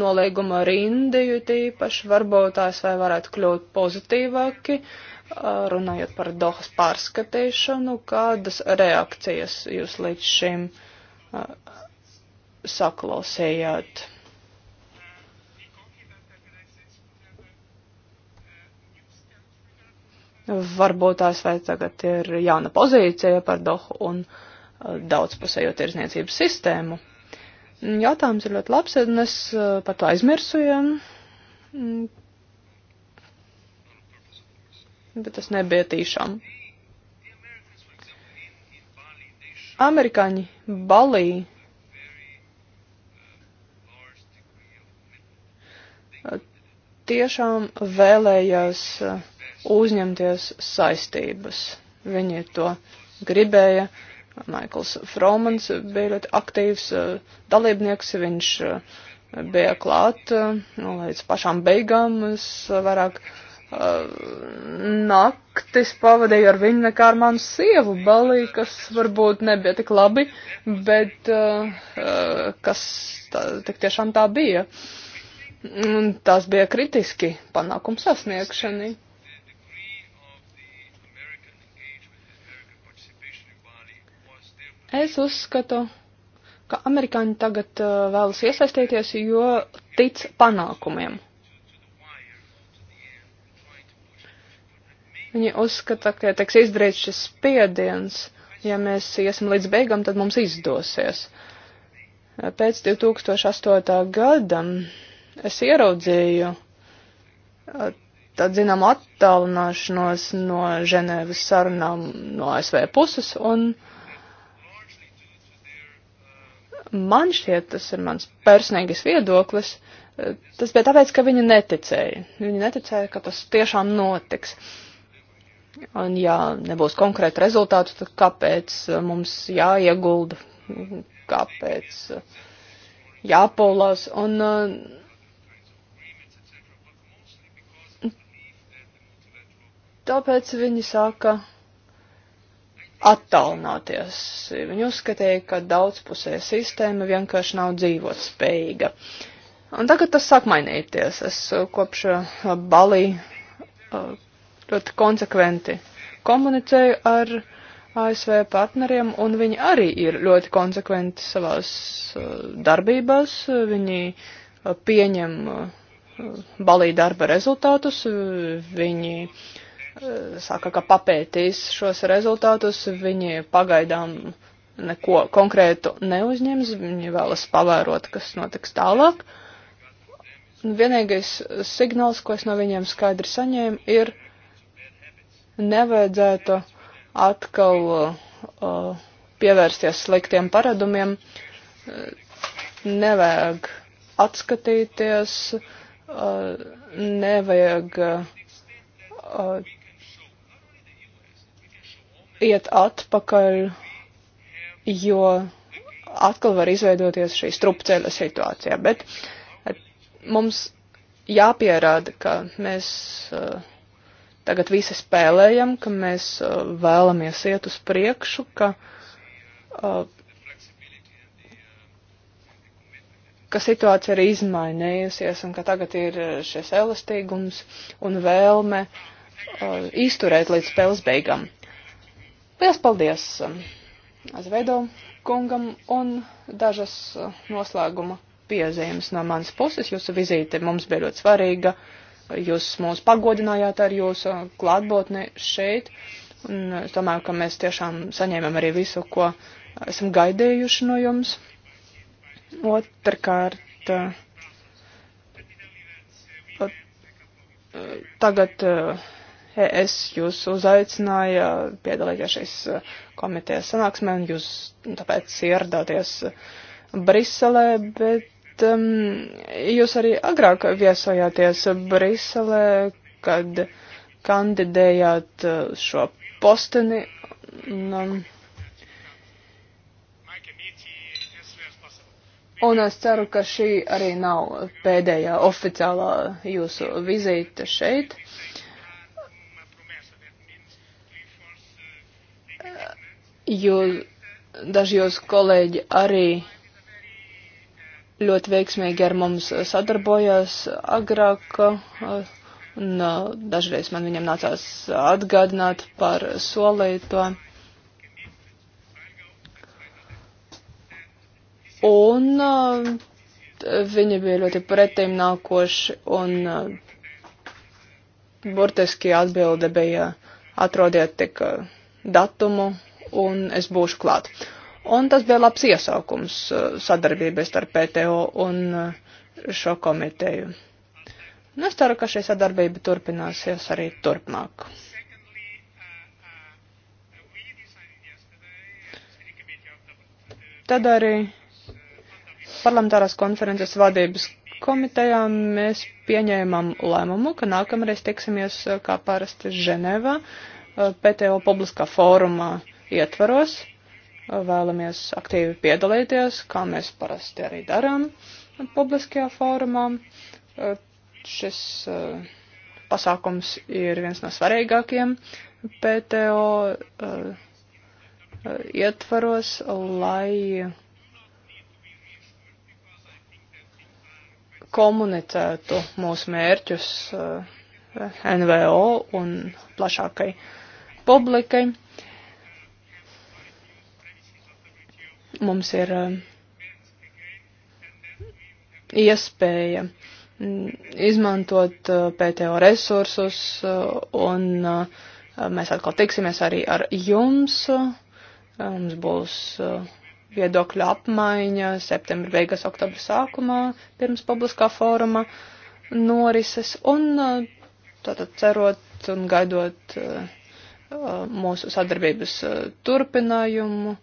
Speaker 3: nolīgumu ar Indiju tīpaši. Varbūt ASV varētu kļūt pozitīvāki. Uh, runājot par Dohas pārskatīšanu, kādas reakcijas jūs līdz šim saklausījāt? Varbūt ASV tagad ir jauna pozīcija par Dohu un daudzpusējo tirzniecības sistēmu. Jautājums ir ļoti labs, un es par to aizmirsu, ja bet tas nebija tīšām. Amerikāņi Balī tiešām vēlējās uh, uzņemties saistības. Viņi to gribēja. Maikls Fromans bija ļoti aktīvs uh, dalībnieks, viņš uh, bija klāt nu, līdz pašām beigām. Es vairāk uh, naktis pavadīju ar viņu nekā ar manu sievu balī, kas varbūt nebija tik labi, bet uh, kas tā, tik tiešām tā bija. Un tas bija kritiski panākums sasniegšanai. Es uzskatu, ka amerikāņi tagad uh, vēlas iesaistīties, jo tic panākumiem. Viņi uzskata, ka ja tiks izdarīts šis spiediens, ja mēs iesim līdz beigām, tad mums izdosies. Pēc 2008. gada es ieraudzīju tādu zinām attālināšanos no Ženēvas sarunām no ASV puses, un man šķiet, tas ir mans personīgais viedoklis, tas bija tāpēc, ka viņi neticēja. Viņi neticēja, ka tas tiešām notiks. Uh, Un ja nebūs konkrēta rezultātu, tad kāpēc uh, mums jāiegulda, kāpēc uh, jāpolās. Un uh, tāpēc viņi sāka attālināties. Viņi uzskatīja, ka daudzpusēja sistēma vienkārši nav dzīvot spējīga. Un tagad tas sāk mainīties. Es kopš Balī ļoti konsekventi. Komunicēju ar ASV partneriem, un viņi arī ir ļoti konsekventi savās uh, darbībās. Viņi uh, pieņem uh, balī darba rezultātus, viņi saka, ka papētīs šos rezultātus, viņi pagaidām neko konkrētu neuzņems, viņi vēlas pavērot, kas notiks tālāk. Vienīgais signāls, ko es no viņiem skaidri saņēmu, ir, uh, nevajadzētu atkal uh, pievērsties sliktiem paradumiem. Uh, nevajag atskatīties, uh, nevajag uh, iet atpakaļ, jo atkal var izveidoties šī strupceļa situācija. Bet uh, mums jāpierāda, ka mēs. Uh, tagad visi spēlējam, ka mēs uh, vēlamies iet uz priekšu, ka, uh, ka situācija ir izmainījusies un ka tagad ir uh, šis elastīgums un vēlme izturēt līdz spēles beigām. Lielas paldies um, Azvedo kungam un dažas noslēguma piezīmes no manas puses. Jūsu vizīte mums bija ļoti svarīga. Uh, jūs mūs pagodinājāt ar jūsu klātbūtni šeit. Un es domāju, ka mēs tiešām saņēmām arī visu, ko esam gaidījuši no jums. Otrkārt, tagad eh, es jūs uzaicināju piedalīties šīs eh, komitejas sanāksmē, un jūs tāpēc ieradāties Briselē, bet um, jūs arī agrāk viesojāties Briselē, kad kandidējāt uh, šo posteni. Un, um, un es ceru, ka šī arī nav pēdējā oficiālā jūsu vizīte šeit. Jo daži jūsu kolēģi arī ļoti veiksmīgi ar mums sadarbojās agrāk, un uh, dažreiz man viņam nācās atgādināt par solīto. Un uh, viņi bija ļoti pretīm nākoši, un uh, burtiski atbilde bija atrodiet tik datumu, un es būšu klāt. Uh, Un tas bija labs iesaukums uh, sadarbībai starp PTO un uh, šo komiteju. Un nu, es ceru, ka šī sadarbība turpināsies arī turpmāk. Tad arī parlamentārās konferences vadības komitejā mēs pieņēmām lēmumu, ka nākamreiz tiksimies uh, kā parasti Ženevā PTO publiskā fórumā ietvaros vēlamies aktīvi piedalīties, kā mēs parasti arī darām publiskajā fórumā. Šis pasākums ir viens no svarīgākajiem PTO ietvaros, lai komunicētu mūsu mērķus NVO un plašākai publikai. Uh, mums ir eh, iespēja mm, izmantot eh, PTO resursus, eh, un mēs atkal tiksimies arī ar jums. Mums būs viedokļu apmaiņa septembra beigas, oktobra sākumā pirms publiskā fóruma norises, un tātad cerot un gaidot mūsu sadarbības turpinājumu.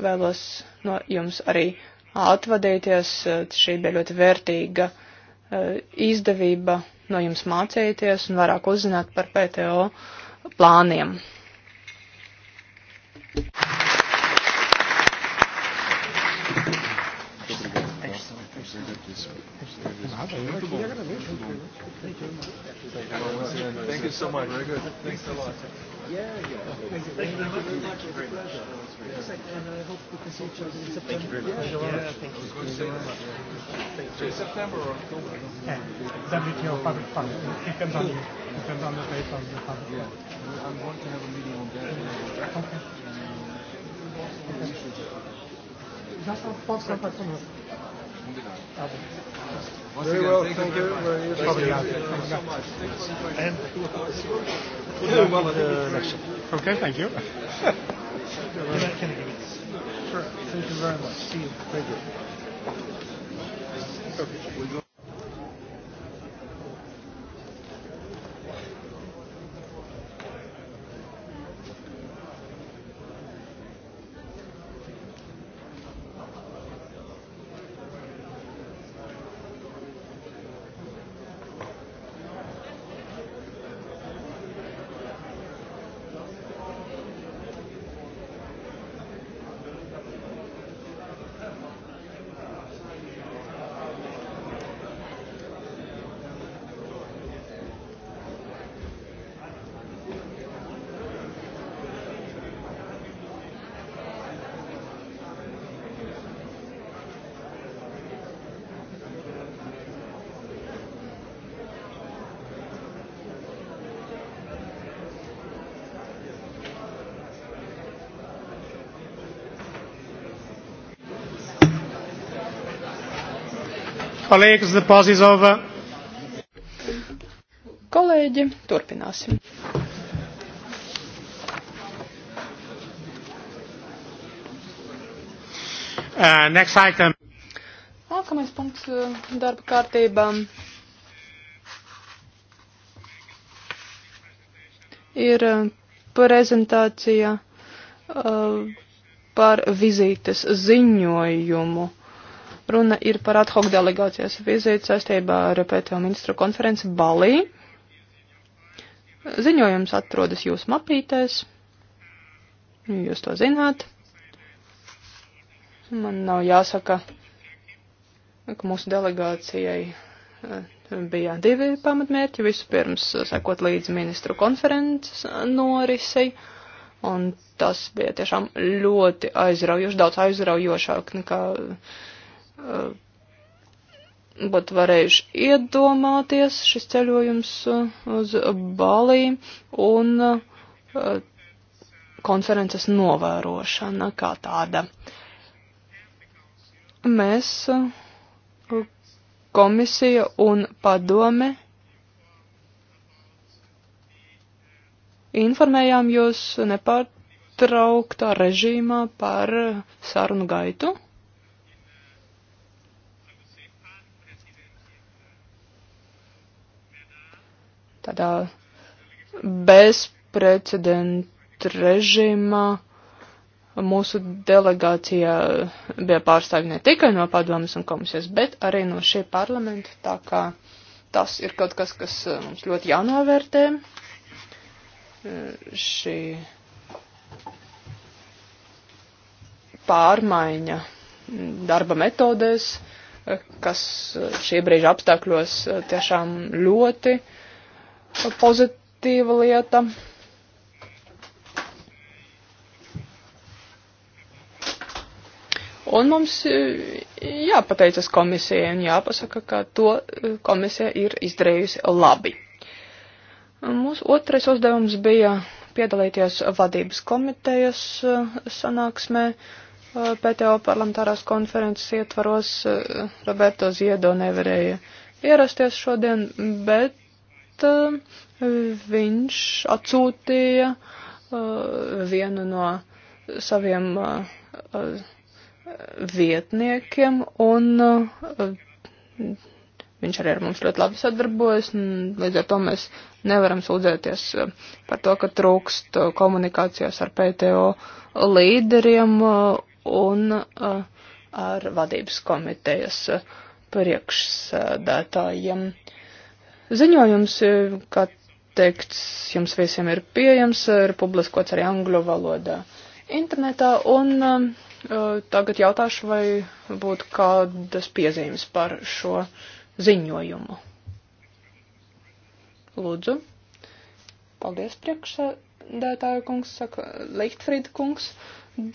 Speaker 3: Vēlos no jums arī atvadīties. Šī bija ļoti vērtīga eh, izdevība no jums mācīties un vairāk uzzināt par PTO plāniem.
Speaker 1: Thank you. Thank you so much. Very good. Thanks a lot. Yeah, yeah. Thank you very much. It's a pleasure. And I hope we can see each other in September. Thank you very much. Yeah, thank you. I was going to say that. September or October? Yeah. That'll be your public fund. It depends on you. Depends on the date of the public fund.
Speaker 2: Yeah.
Speaker 1: I'm going to have a meeting on that. Okay. Okay. Já só posso contar conosco. Combinado. Tá bom. Once very again, well, thank, thank you very much. Obrigado. And do well at the election. Okay, thank you. can I, can I give it? Sure. Thank you very much. See you. Thank you. Okay. colleagues, the pause is over.
Speaker 3: Kolēģi, turpināsim.
Speaker 1: Uh, next item.
Speaker 3: Nākamais punkts uh, darba kārtībā ir uh, prezentācija uh, par vizītes ziņojumu Runa ir par ad hoc delegācijas vizīti saistībā ar PTO ministru konferenci Balī. Ziņojums atrodas jūsu mapītēs. Jūs to zināt. Man nav jāsaka, ka mūsu delegācijai eh, bija divi pamatmērķi. Vispirms eh, sekot līdz ministru konferences eh, norisei, un tas bija tiešām ļoti aizraujoši, daudz aizraujošāk nekā uh, Uh, būtu varējuši iedomāties šis ceļojums uh, uz Balī un uh, konferences novērošana kā tāda. Mēs, komisija un padome, informējām jūs nepārtrauktā režīmā par sarunu gaitu. tādā bezprecedenta režīmā. Mūsu delegācijā bija pārstāvji ne tikai no padomas un komisijas, bet arī no šī parlamenta, tā kā tas ir kaut kas, kas eh, mums ļoti jānovērtē. Eh, šī pārmaiņa darba metodēs, eh, kas šī brīža apstākļos tiešām ļoti uh,
Speaker 4: pozitīva
Speaker 3: lieta. Un mums e, jāpateicas komisijai un jāpasaka, ka to e, komisija ir izdarījusi labi. Mūsu otrais uzdevums bija piedalīties vadības komitejas e, sanāksmē PTO parlamentārās konferences ietvaros. Roberto Ziedo nevarēja ierasties šodien, bet Eh, viņš atsūtīja eh, vienu no saviem eh, vietniekiem, un viņš arī ar mums ļoti labi sadarbojas, un līdz ar to mēs nevaram sūdzēties par to, ka trūkst komunikācijās ar PTO līderiem un ar vadības komitejas priekšsēdētājiem. Ziņojums, e, kā teikts, jums visiem ir pieejams, e, ir publiskots arī angļu valodā internetā, un uh, tagad jautāšu, vai būtu kādas piezīmes par šo ziņojumu. Lūdzu. Paldies, priekšsēdētāju kungs, saka Leichtfried kungs.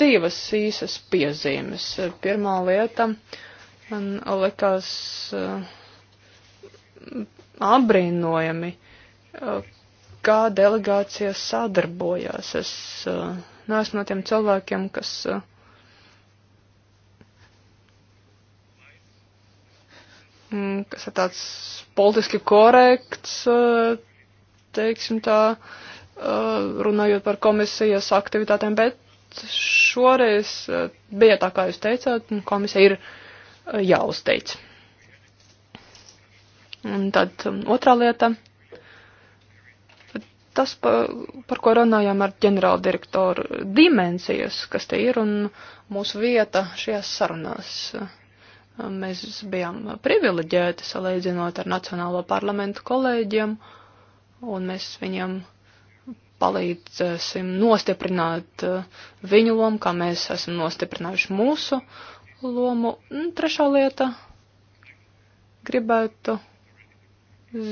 Speaker 3: Divas īsas piezīmes. Pirmā lieta man likās. Uh, apbrīnojami, eh, kā delegācija sadarbojās. Es eh, neesmu no tiem cilvēkiem, kas. Eh, mm, kas ir tāds politiski korekts, teiksim tā, runājot par komisijas aktivitātēm, bet šoreiz bija tā, kā jūs teicāt, un komisija ir jāuzteic. Un tad um, otrā lieta tas, pa, par ko runājām ar ģenerāla direktoru, dimensijas, kas te ir un mūsu vieta šajās sarunās. Mēs bijām privileģēti salīdzinot ar Nacionālo parlamentu kolēģiem, un mēs viņiem palīdzēsim nostiprināt uh, viņu lomu, kā mēs esam nostiprinājuši mūsu lomu. Un trešā lieta gribētu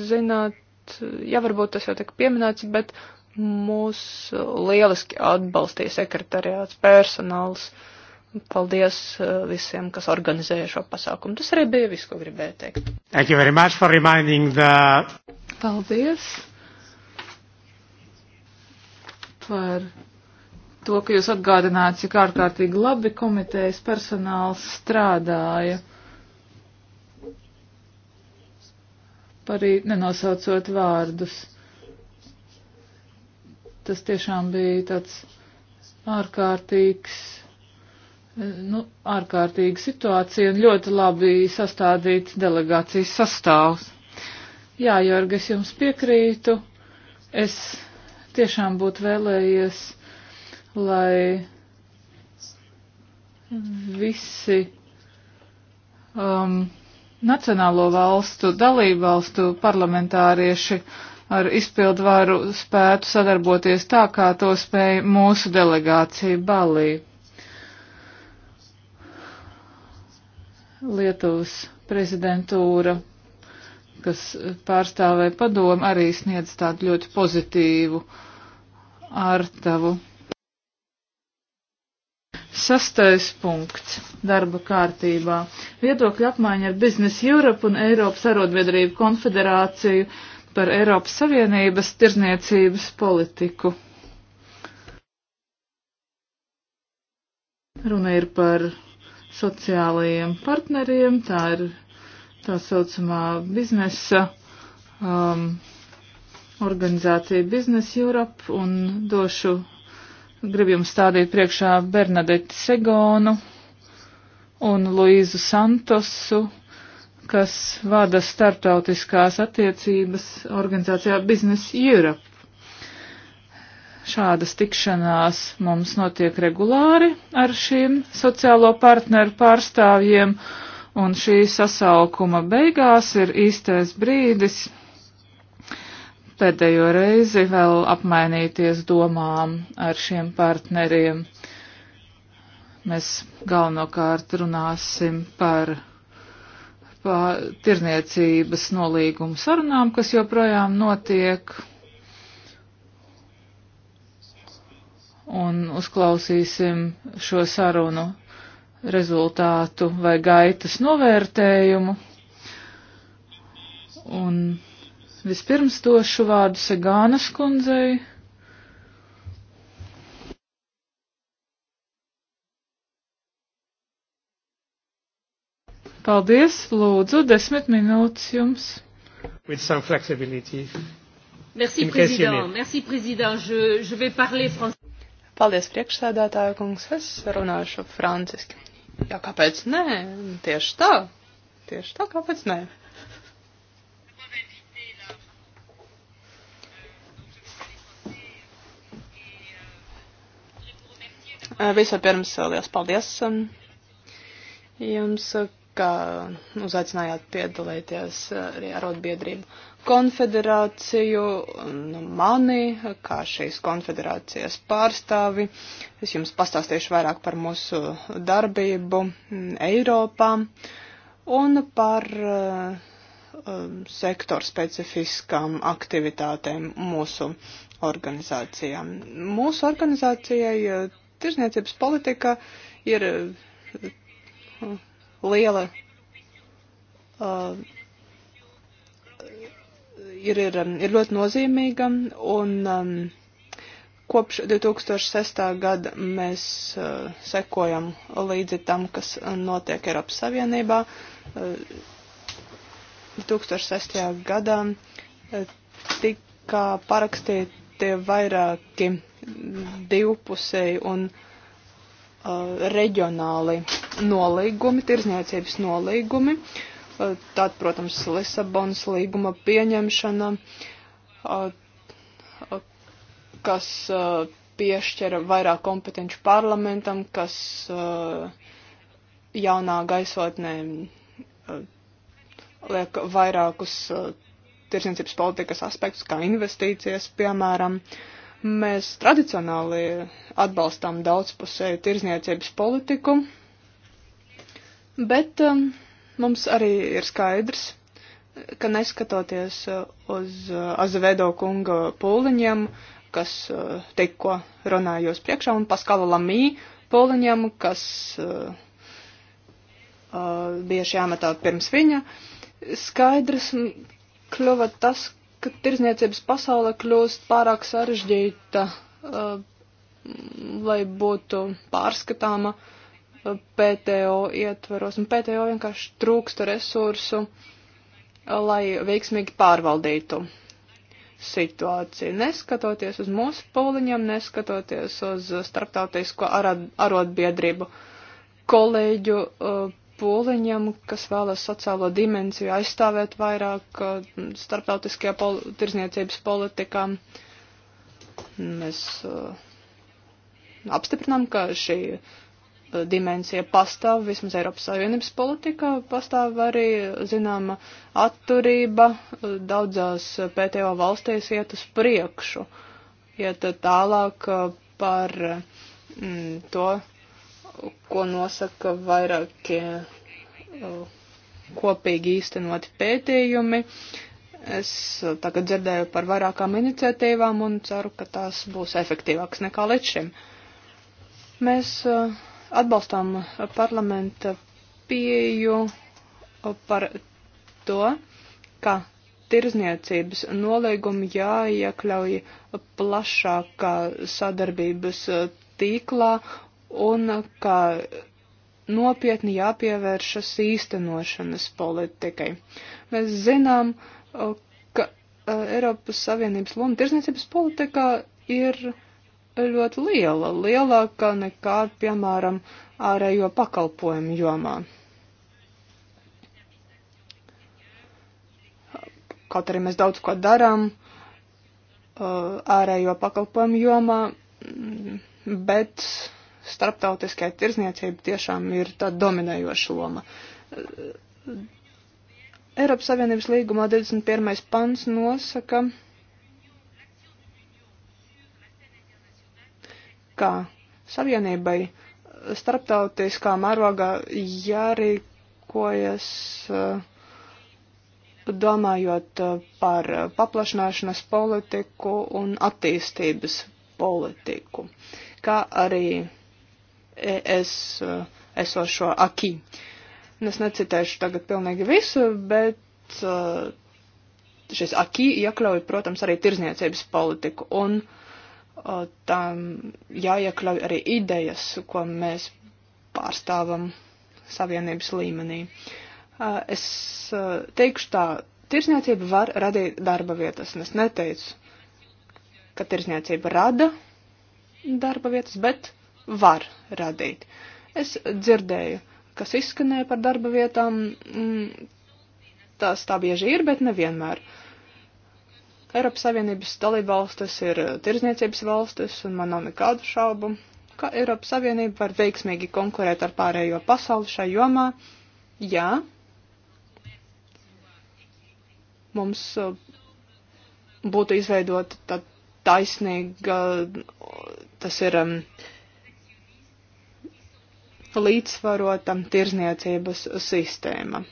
Speaker 3: zināt, ja varbūt tas jau tika pieminēts, bet mūs lieliski atbalstīja sekretariāts personāls. Paldies eh, visiem, kas organizēja šo pasākumu. Tas arī bija viss, ko
Speaker 4: gribēju teikt.
Speaker 1: Thank you very much for reminding the...
Speaker 4: Paldies par to, ka jūs atgādināt, cik ārkārtīgi labi komitejas personāls strādāja. arī nenosaucot vārdus. Tas tiešām bija tāds ārkārtīgs, nu, ārkārtīga situācija un ļoti labi sastādīts delegācijas sastāvs. Jā, Jorg, es jums piekrītu. Es tiešām būtu vēlējies, lai visi um, Nacionālo valstu, dalībvalstu parlamentārieši ar izpildvaru spētu sadarboties tā, kā to spēja mūsu delegācija Balī. Lietuvas prezidentūra, kas pārstāvēja padomu, arī sniedz tādu ļoti pozitīvu ārtavu. Ar Sastais punkts darba kārtībā. Viedokļa apmaiņa ar Business Europe un Eiropas arodbiedrību konfederāciju par Eiropas Savienības tirzniecības politiku. Runa ir par sociālajiem partneriem, tā ir tā saucamā biznesa um, organizācija Business Europe un došu Gribu jums stādīt priekšā Bernadeti Segonu un Luīzu Santosu, kas vada starptautiskās attiecības organizācijā Business Europe. Šādas tikšanās mums notiek regulāri ar šīm sociālo partneru pārstāvjiem, un šī sasaukuma beigās ir īstais brīdis pēdējo reizi vēl apmainīties domām ar šiem partneriem. Mēs galvenokārt runāsim par, par tirniecības nolīgumu sarunām, kas joprojām notiek. Un uzklausīsim šo sarunu rezultātu vai gaitas novērtējumu. Un Vispirms došu vārdu Segānas kundzei. Paldies, lūdzu, desmit minūtes jums. With some
Speaker 1: flexibility.
Speaker 4: Merci,
Speaker 3: président.
Speaker 2: Merci, président. Je, je vais parler français.
Speaker 3: Paldies, priekšsēdētāja kungs. Es runāšu franciski. Jā, kāpēc nē? Tieši tā. Tieši tā, kāpēc nē? Eh, Vispirms eh, liels paldies um, jums, eh, ka uzaicinājāt piedalīties arī arotbiedrību konfederāciju, nu, mani, kā šīs konfederācijas pārstāvi. Es jums pastāstīšu vairāk par mūsu darbību mm, Eiropā un par uh, sektoru specifiskām aktivitātēm mūsu organizācijām. Mūsu organizācijai tirzniecības politika ir uh, liela. Uh, ir, ir, um, ir ļoti nozīmīga, un um, kopš 2006. gada mēs uh, sekojam līdzi tam, kas notiek Eiropas Savienībā. Uh, 2006. gadā uh, tika parakstīti vairāki divpusēji un uh, reģionāli nolīgumi, tirzniecības nolīgumi. Uh, tad, protams, Lisabonas līguma pieņemšana, uh, uh, kas uh, piešķira vairāk kompetenci parlamentam, kas uh, jaunā gaisotnē uh, liek vairākus uh, tirsniecības politikas aspektus, kā investīcijas, piemēram. Uh, Mēs tradicionāli atbalstām daudzpusēju tirzniecības politiku, bet um, mums arī ir skaidrs, ka neskatoties uh, uz uh, Azevedo kunga pūliņiem, kas uh, tikko runājos priekšā, un Paskala Lamī pūliņiem, kas uh, uh, bija šajā metā pirms viņa, skaidrs kļuva tas, ka tirzniecības pasaule kļūst pārāk sarežģīta, eh, lai būtu pārskatāma eh, PTO ietveros, un PTO vienkārši trūksta resursu, eh, lai veiksmīgi pārvaldītu situāciju. Neskatoties uz mūsu poliņiem, neskatoties uz starptautisko arotbiedrību kolēģu uh, pūliņam, kas vēlas sociālo dimensiju aizstāvēt vairāk mm, starptautiskajā pol tirzniecības politikā. Mēs uh, apstiprinām, ka šī eh, dimensija pastāv vismaz Eiropas Savienības politikā, pastāv arī eh, zināma atturība daudzās PTO valstīs iet uz priekšu, iet tālāk par mm, to ko nosaka vairākie kopīgi īstenoti pētījumi. Es tagad dzirdēju par vairākām iniciatīvām un ceru, ka tās būs efektīvākas nekā līdz šim. Mēs atbalstām parlamenta pieju par to, ka tirzniecības nolīgumi jāiekļauj plašākā sadarbības tīklā un ka nopietni jāpievēršas īstenošanas politikai. Mēs zinām, ka Eiropas Savienības loma tirzniecības politikā ir ļoti liela, lielāka nekā, piemēram, ārējo pakalpojumu jomā. Kaut arī mēs daudz ko darām ārējo pakalpojumu jomā, bet starptautiskai tirzniecība tiešām ir tā dominējoša loma. Eiropas Savienības līgumā 21. pants nosaka, ka Savienībai starptautiskā mērogā jārīkojas domājot par paplašināšanas politiku un attīstības politiku, kā arī es eh, esošo akī. Es necitēšu tagad pilnīgi visu, bet eh, šis akī iekļauj, protams, arī tirzniecības politiku un eh, tam jāiekļauj arī idejas, ko mēs pārstāvam savienības līmenī. Es teikšu tā, tirzniecība var radīt darba vietas, un es neteicu, ka tirzniecība rada darba vietas, bet var radīt. Es dzirdēju, kas izskanēja par darba vietām, mm, tas tā bieži ir, bet nevienmēr. Eiropas Savienības dalībvalstis ir eh, tirzniecības valstis, un man nav nekādu šaubu, ka Eiropas Savienība var veiksmīgi konkurēt ar pārējo pasauli šai jomā. Jā, mums eh, būtu izveidota tā taisnīga, tas ir mm, līdzsvarota tirzniecības sistēma.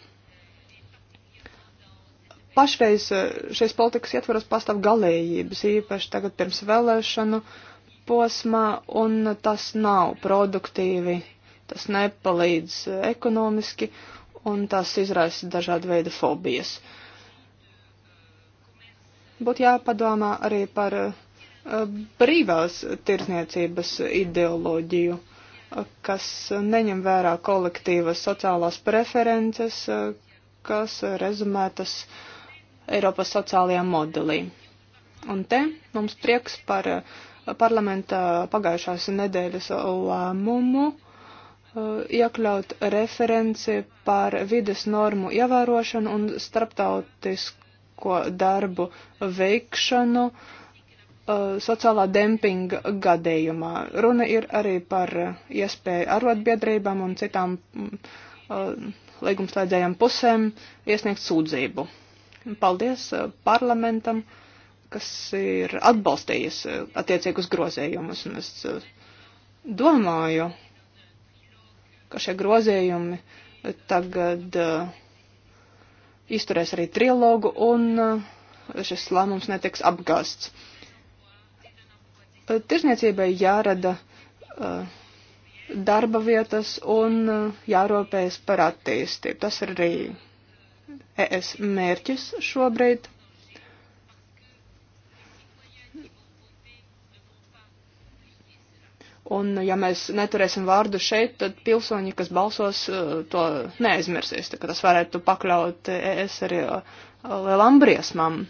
Speaker 3: Pašreiz eh, šais politikas ietvaros pastāv galējības, īpaši tagad pirms vēlēšanu posmā, un tas nav produktīvi, tas nepalīdz eh, ekonomiski, un tas izraisa dažādu veidu fobijas. Būtu jāpadomā arī par eh, brīvās tirzniecības ideoloģiju kas neņem vērā kolektīvas sociālās preferences, kas rezumētas Eiropas sociālajā modelī. Un te mums prieks par parlamenta pagājušās nedēļas lēmumu uh, iekļaut referenci par vides normu ievērošanu un starptautisko darbu veikšanu uh, Uh, sociālā dempinga gadījumā. Runa ir arī par uh, iespēju arotbiedrībām un citām mm, uh, līgumslēdzējām pusēm iesniegt sūdzību. Paldies uh, parlamentam, kas ir atbalstījis attiecīgus grozējumus. Un es domāju, ka šie grozējumi tagad uh, izturēs arī trilogu un uh, šis lēmums netiks apgāsts. Tirzniecībai jārada eh, darba vietas un eh, jārūpējas par attīstību. Tas ir arī ES mērķis šobrīd. Un, ja mēs neturēsim vārdu šeit, tad pilsoņi, kas balsos, eh, to neaizmirsīs. Tā, tas varētu pakļaut ES arī lielām briesmām.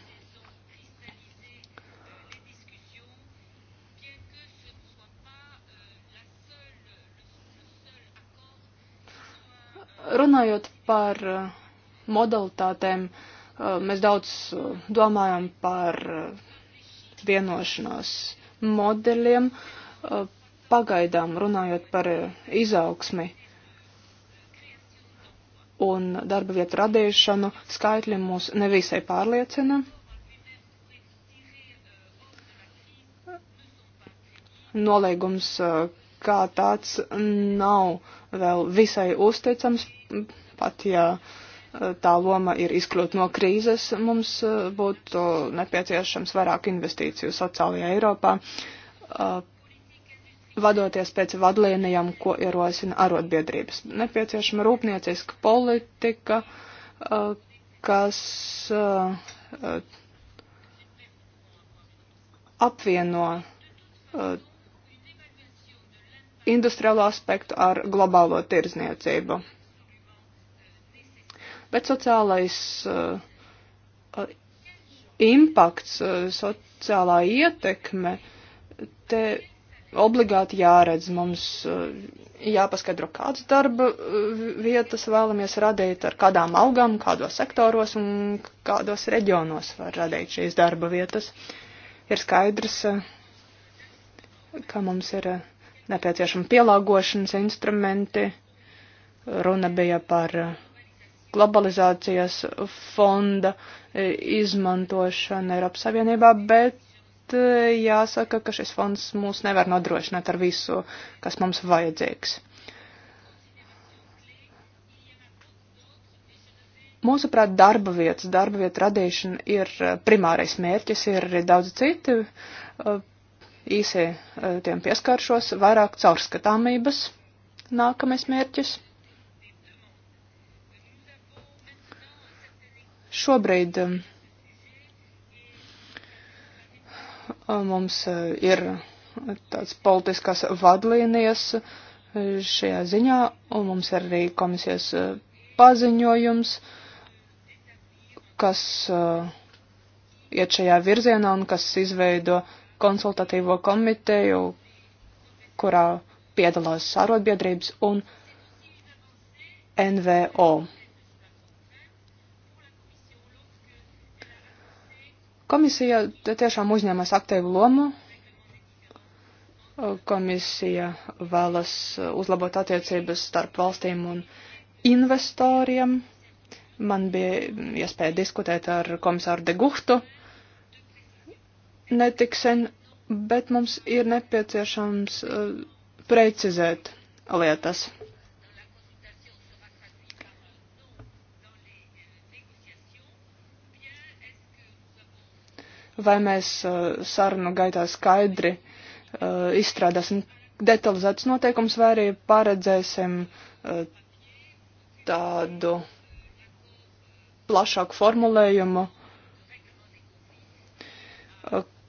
Speaker 3: Runājot par eh, modalitātēm, eh, mēs daudz eh, domājam par vienošanos modeļiem. Pagaidām runājot par izaugsmi un darba vietu radīšanu, skaitļi mūs nevisai pārliecina. Nolīgums kā tāds nav vēl visai uzticams pat ja eh, tā loma ir izkļūt no krīzes, mums eh, būtu nepieciešams vairāk investīciju sociālajā Eiropā, eh, vadoties pēc vadlīnijām, ko ierosina arotbiedrības. Nepieciešama rūpnieciska politika, kas apvieno industriālo aspektu ar globālo tirzniecību bet sociālais uh, uh, impakts, uh, sociālā ietekme te obligāti jāredz. Mums uh, jāpaskaidro, kādas darba uh, vietas vēlamies radīt, ar kādām algām, kādos sektoros un kādos reģionos var radīt šīs darba vietas. Ir skaidrs, uh, ka mums ir nepieciešami pielāgošanas instrumenti. Runa bija par uh, globalizācijas fonda e, izmantošana Eiropas Savienībā, bet e, jāsaka, ka šis fonds mūs nevar nodrošināt ar visu, kas mums vajadzīgs. Mūsuprāt, darba vietas, darba vieta radīšana ir primārais mērķis, ir arī daudz citi, e, īsi tiem pieskāršos, vairāk caurskatāmības nākamais mērķis. Šobrīd um, mums uh, ir tāds politiskās vadlīnijas uh, šajā ziņā, un mums ir arī komisijas uh, paziņojums, kas iet šajā virzienā un kas izveido konsultatīvo komiteju, kurā piedalās arotbiedrības un NVO. Komisija tiešām uzņēmas aktīvu lomu. Komisija vēlas uzlabot attiecības starp valstīm un investoriem. Man bija iespēja diskutēt ar komisāru Deguhtu netiksen, bet mums ir nepieciešams eh, precizēt lietas. vai mēs uh, sarunu gaitā skaidri uh, izstrādāsim detalizētus noteikumus, vai arī paredzēsim uh, tādu plašāku formulējumu,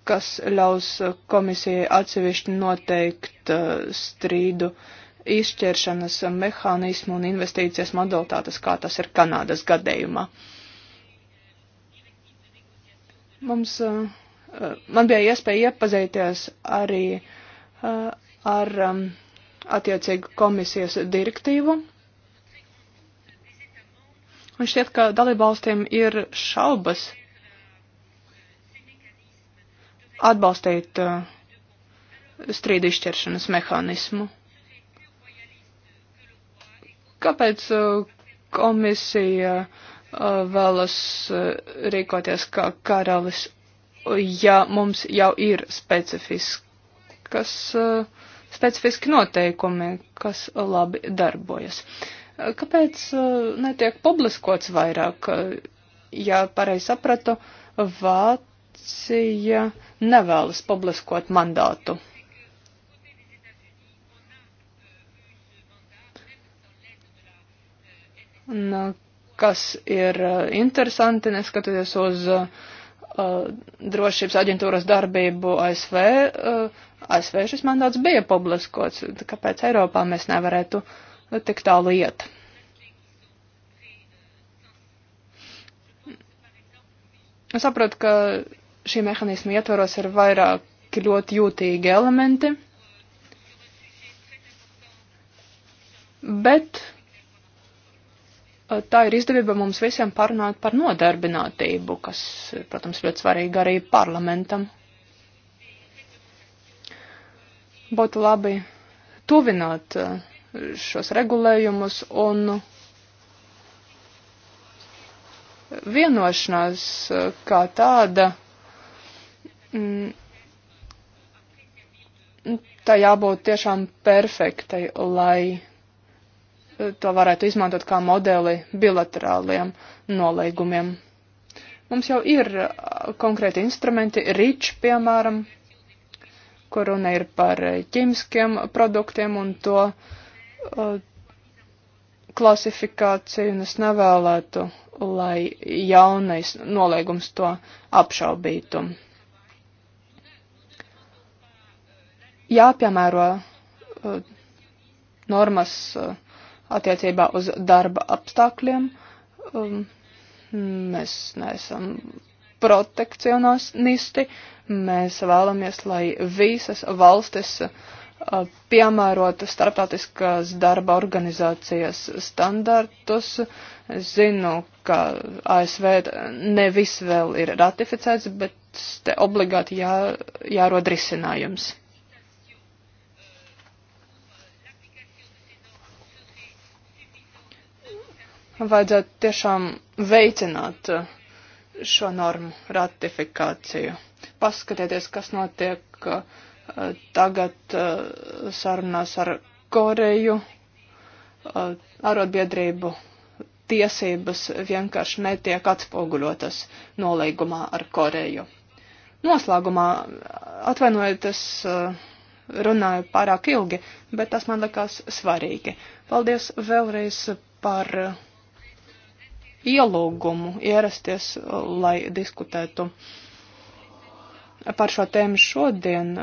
Speaker 3: kas ļaus komisijai atsevišķi noteikt strīdu izšķiršanas mehānismu un investīcijas modalitātes, kā tas ir Kanādas gadījumā. Uh, Mums, uh, uh, man bija iespēja iepazīties arī uh, ar um, attiecīgu komisijas direktīvu. Un šķiet, ka dalībvalstīm ir šaubas atbalstīt strīdu izšķiršanas mehānismu. Kāpēc komisija uh, vēlas eh, rīkoties kā karalis, ja mums jau ir specifiskas, eh, specifiski noteikumi, kas labi darbojas. Eh, kāpēc netiek publiskots vairāk? Ja pareizi sapratu, Vācija nevēlas publiskot mandātu. Un kas ir uh, interesanti, neskatoties uz uh, uh drošības aģentūras darbību ASV. Uh, ASV šis mandāts bija publiskots, kāpēc Eiropā mēs nevarētu tik tālu iet. Es saprotu, ka šī mehānisma ietvaros ir vairāki ļoti jūtīgi elementi, bet tā ir izdevība mums visiem parunāt par nodarbinātību, kas, protams, ļoti svarīga arī parlamentam. Būtu labi tuvināt šos regulējumus un vienošanās kā tāda, mm, tā jābūt tiešām perfektai, lai to varētu izmantot kā modeli bilaterāliem nolīgumiem. Mums jau ir uh, konkrēti instrumenti, rīč, piemēram, kur runa ir par ķīmiskiem produktiem un to uh, klasifikāciju, un es nevēlētu, lai jaunais nolīgums to apšaubītu. Jāpiemēro uh, normas uh, attiecībā uz darba apstākļiem. Um, mēs neesam protekcionisti, mēs vēlamies, lai visas valstis uh, piemērota starptautiskās darba organizācijas standartus. Es zinu, ka ASV nevis vēl ir ratificēts, bet te obligāti jā, jārod risinājums. vajadzētu tiešām veicināt uh, šo normu ratifikāciju. Paskatieties, kas notiek uh, tagad uh, sarunās ar Koreju. Arotbiedrību tiesības vienkārši netiek atspoguļotas nolīgumā ar Koreju. Noslēgumā atvainojiet, es runāju pārāk ilgi, bet tas man likās svarīgi. Paldies vēlreiz par ielūgumu ierasties, lai diskutētu par šo tēmu šodien.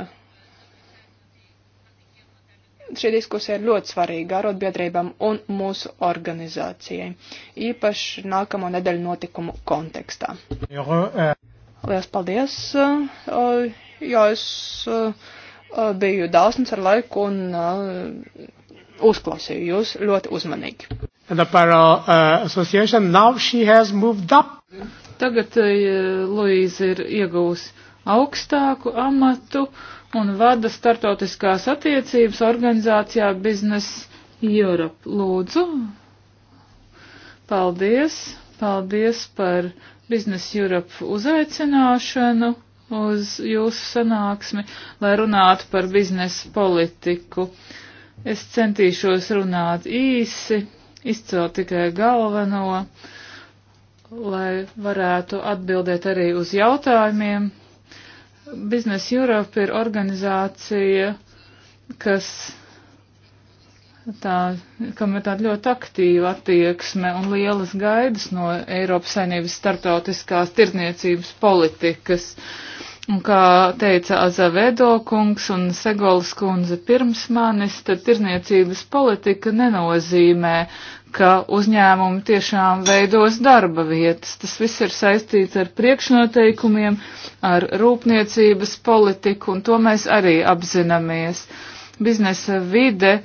Speaker 3: Šī diskusija ir ļoti svarīga arotbiedrībām un mūsu organizācijai, īpaši nākamo nedēļu notikumu kontekstā. Lielas paldies! Jā, es biju dāsns ar laiku un uzklausīju jūs ļoti uzmanīgi
Speaker 1: and Apparel uh, Association. Now she has moved
Speaker 4: up. Tagad uh, Luīza ir iegūsi augstāku amatu un vada startautiskās attiecības organizācijā Business Europe. Lūdzu, paldies, paldies par Business Europe uzaicināšanu uz jūsu sanāksmi, lai runātu par biznesa politiku. Es centīšos runāt īsi izcelt tikai galveno, lai varētu atbildēt arī uz jautājumiem. Biznes Europe ir organizācija, kas tā, kam ir tāda ļoti aktīva attieksme un lielas gaidas no Eiropas saimnības startautiskās tirdzniecības politikas. Uh, Un kā teica Azavedo kungs un Segolas kundze pirms manis, tad tirniecības politika nenozīmē, ka uzņēmumi tiešām veidos darba vietas. Tas viss ir saistīts ar priekšnoteikumiem, ar rūpniecības politiku, un to mēs arī apzināmies. Biznesa vide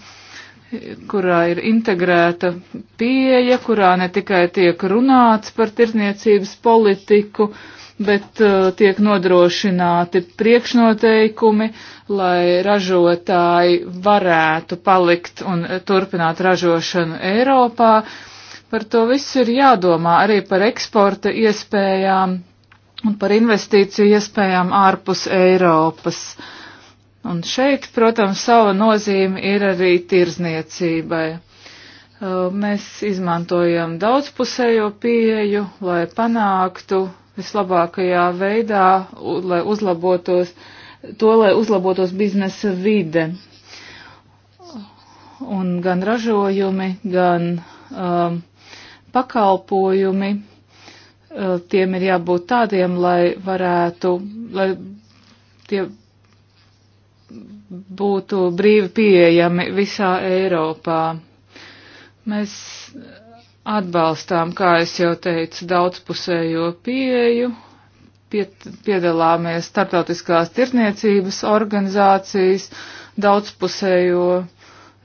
Speaker 4: kurā ir integrēta pieeja, kurā ne tikai tiek runāts par tirniecības politiku, uh, bet uh, tiek nodrošināti priekšnoteikumi, lai ražotāji varētu palikt un turpināt ražošanu Eiropā. Par to viss ir jādomā arī par eksporta iespējām un par investīciju iespējām ārpus Eiropas. Un šeit, protams, sava nozīme ir arī tirzniecībai. Uh, mēs izmantojam daudzpusējo pieeju, lai panāktu vislabākajā veidā, lai uzlabotos, to, lai uzlabotos biznesa vide. Un gan ražojumi, gan um, pakalpojumi, uh, tiem ir jābūt tādiem, lai varētu, lai tie būtu brīvi pieejami visā Eiropā. Mēs Atbalstām, kā es jau teicu, daudzpusējo pieeju, piedalāmies starptautiskās tirniecības organizācijas daudzpusējo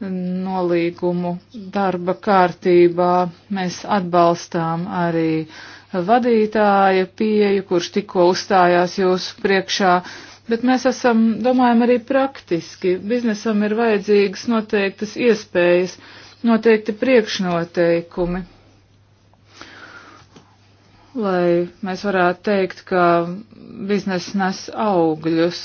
Speaker 4: nolīgumu darba kārtībā. Mēs atbalstām arī vadītāja pieju, kurš tikko uzstājās jūsu priekšā, bet mēs esam, domājam, arī praktiski. Biznesam ir vajadzīgas noteiktas iespējas noteikti priekšnoteikumi, lai mēs varētu teikt, ka biznesa nes augļus.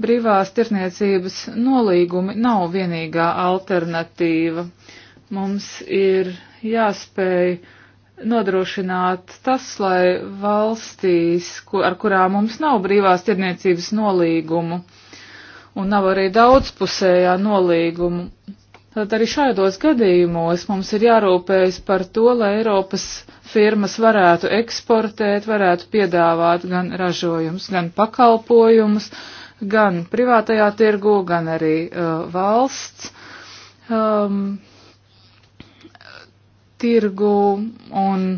Speaker 4: Brīvās tirniecības nolīgumi nav vienīgā alternatīva. Mums ir jāspēj nodrošināt tas, lai valstīs, kur, ar kurām mums nav brīvās tirniecības nolīgumu un nav arī daudzpusējā nolīgumu, Tad arī šādos gadījumos mums ir jārūpējas par to, lai Eiropas firmas varētu eksportēt, varētu piedāvāt gan ražojumus, gan pakalpojumus, gan privātajā tirgu, gan arī uh, valsts um, tirgu un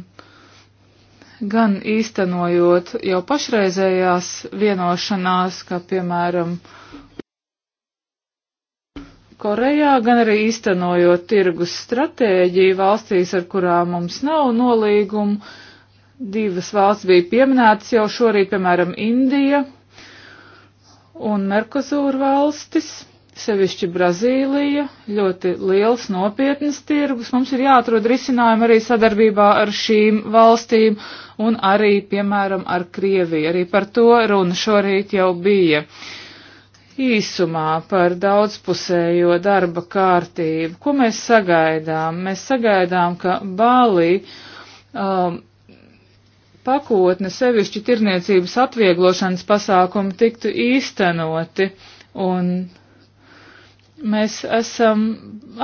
Speaker 4: gan īstenojot jau pašreizējās vienošanās, kā piemēram Korejā, gan arī īstenojot tirgus stratēģiju valstīs, ar kurām mums nav nolīgumu. Divas valsts bija pieminētas jau šorīt, piemēram, Indija un Merkosūra valstis, sevišķi Brazīlija, ļoti liels nopietnas tirgus. Mums ir jāatrod risinājumi arī sadarbībā ar šīm valstīm un arī, piemēram, ar Krieviju. Arī par to runa šorīt jau bija. Uh, īsumā par daudzpusējo darba kārtību. Ko mēs sagaidām? Mēs sagaidām, ka Bālī um, pakotne sevišķi tirniecības atvieglošanas pasākumi tiktu īstenoti, un mēs esam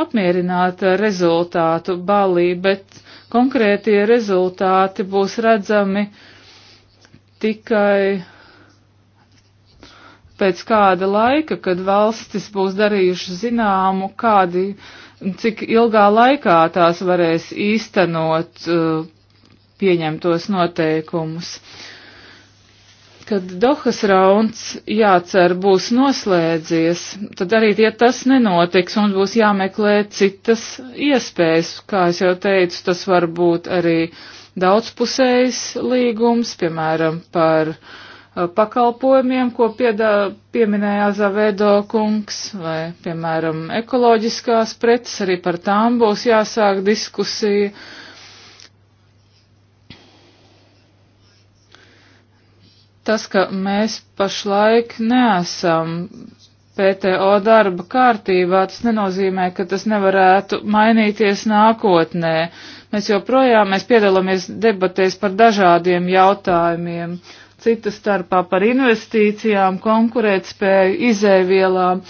Speaker 4: apmierināti ar rezultātu Bālī, bet konkrētie rezultāti būs redzami tikai pēc kāda laika, kad valstis būs darījuši zināmu, kādi, cik ilgā laikā tās varēs īstenot uh, pieņemtos noteikumus. Kad Dohas rauns jācer būs noslēdzies, tad arī, ja tas nenotiks, mums būs jāmeklē citas iespējas. Kā es jau teicu, tas var būt arī daudzpusējs līgums, piemēram, par uh, Uh, pakalpojumiem, ko piedā, pieminēja Azavedo kungs, vai, piemēram, ekoloģiskās preces, arī par tām būs jāsāk diskusija. Tas, ka mēs pašlaik neesam PTO darba kārtībā, tas nenozīmē, ka tas nevarētu mainīties nākotnē. Mēs joprojām mēs piedalāmies debatēs par dažādiem jautājumiem cita starpā par investīcijām, konkurētspēju, izēvielām.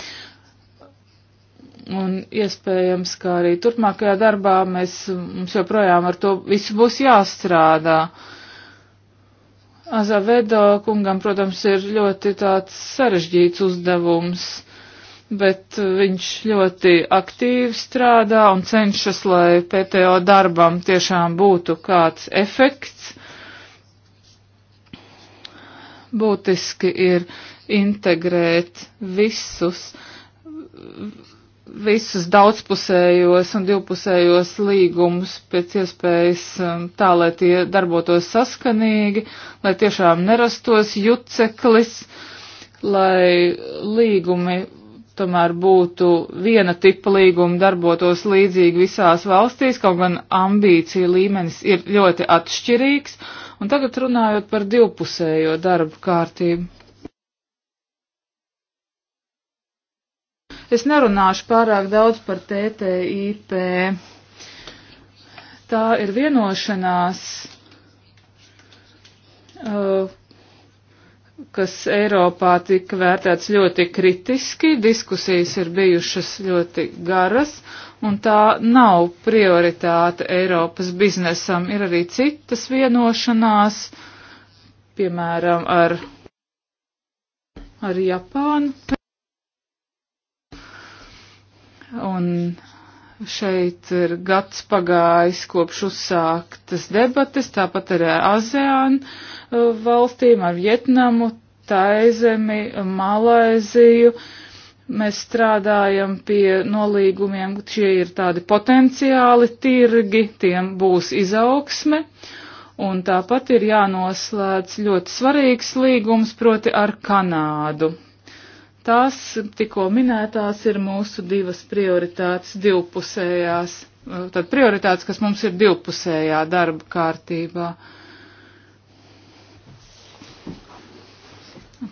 Speaker 4: Un iespējams, ka arī turpmākajā darbā mēs, mums joprojām ar to visu būs jāstrādā. Azavedo kungam, protams, ir ļoti tāds sarežģīts uzdevums, bet viņš ļoti aktīvi strādā un cenšas, lai PTO darbam tiešām būtu kāds efekts būtiski ir integrēt visus, visus daudzpusējos un divpusējos līgumus pēc iespējas um, tā, lai tie darbotos saskanīgi, lai tiešām nerastos juceklis, lai līgumi tomēr būtu viena tipa līguma darbotos līdzīgi visās valstīs, kaut gan ambīcija līmenis ir ļoti atšķirīgs, Un tagad runājot par divpusējo darbu kārtību. Es nerunāšu pārāk daudz par TTIP. Tā ir vienošanās, uh, kas Eiropā tika vērtēts ļoti kritiski, diskusijas ir bijušas ļoti garas, un tā nav prioritāte Eiropas biznesam. Ir arī citas vienošanās, piemēram, ar, ar Japānu. Un šeit ir gads pagājis kopš uzsāktas debates, tāpat arī ar ASEAN uh, valstīm, ar Vietnamu, Taizemi, Malaiziju. Uh, Mēs strādājam pie nolīgumiem, šie ir tādi potenciāli tirgi, tiem būs izaugsme. Un tāpat ir jānoslēdz ļoti svarīgs līgums, proti ar Kanādu. Tās tikko minētās ir mūsu divas prioritātes divpusējās, tad prioritātes, kas mums ir divpusējā darba kārtībā. Uh,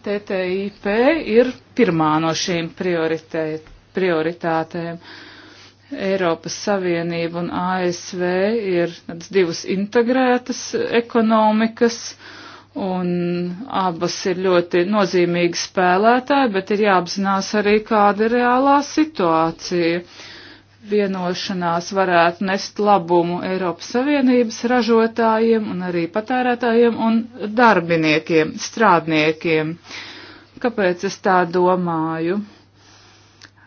Speaker 4: TTIP ir pirmā no šīm prioritātēm. Eiropas Savienība un ASV ir divas integrētas ekonomikas, un abas ir ļoti nozīmīgi spēlētāji, bet ir jāapzinās arī, kāda ir reālā situācija. Uh, vienošanās varētu nest labumu Eiropas Savienības ražotājiem un arī patērētājiem un darbiniekiem, strādniekiem. Kāpēc es tā domāju?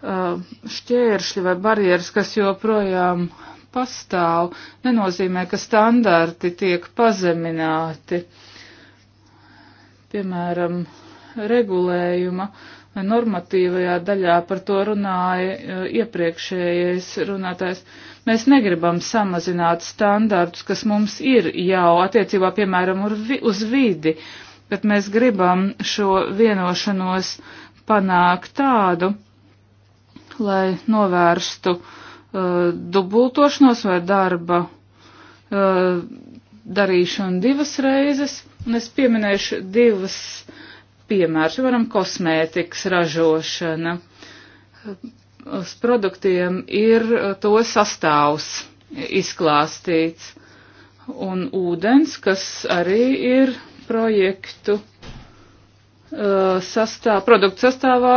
Speaker 4: Šķēršļi vai barjeras, kas joprojām pastāv, nenozīmē, ka standarti tiek pazemināti. Piemēram, regulējuma uh, normatīvajā daļā par to runāja eh, iepriekšējais runātājs. Mēs negribam samazināt standartus, kas mums ir jau attiecībā, piemēram, uz vidi, bet mēs gribam šo vienošanos panākt tādu, lai novērstu uh, dubultošanos vai darba uh, darīšanu divas reizes. Un es pieminēšu divas piemērs, piemēram, kosmētikas ražošana. Uz produktiem ir uh, to sastāvs izklāstīts un ūdens, kas arī ir projektu uh, sastāv, produktu sastāvā,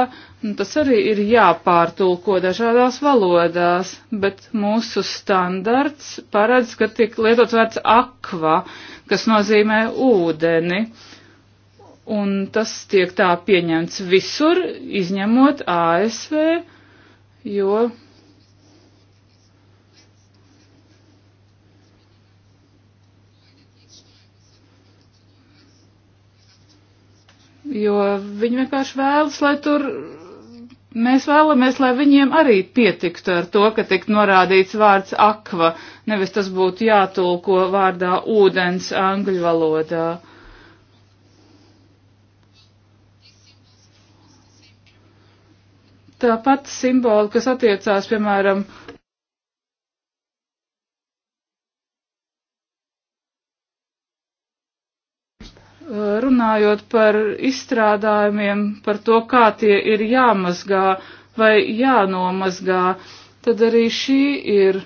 Speaker 4: tas arī ir jāpārtulko dažādās valodās, bet mūsu standarts paredz, ka tiek lietots vērts akva, kas nozīmē ūdeni. Uh, un tas tiek tā pieņemts visur, izņemot ASV, jo. Jo viņi vienkārši vēlas, lai tur, mēs vēlamies, lai viņiem arī pietiktu ar to, ka tiek norādīts vārds akva, nevis tas būtu jātulko vārdā ūdens angļu valodā. Uh, Tāpat simboli, kas attiecās, piemēram, runājot par izstrādājumiem, par to, kā tie ir jāmazgā vai jānomazgā, tad arī šī ir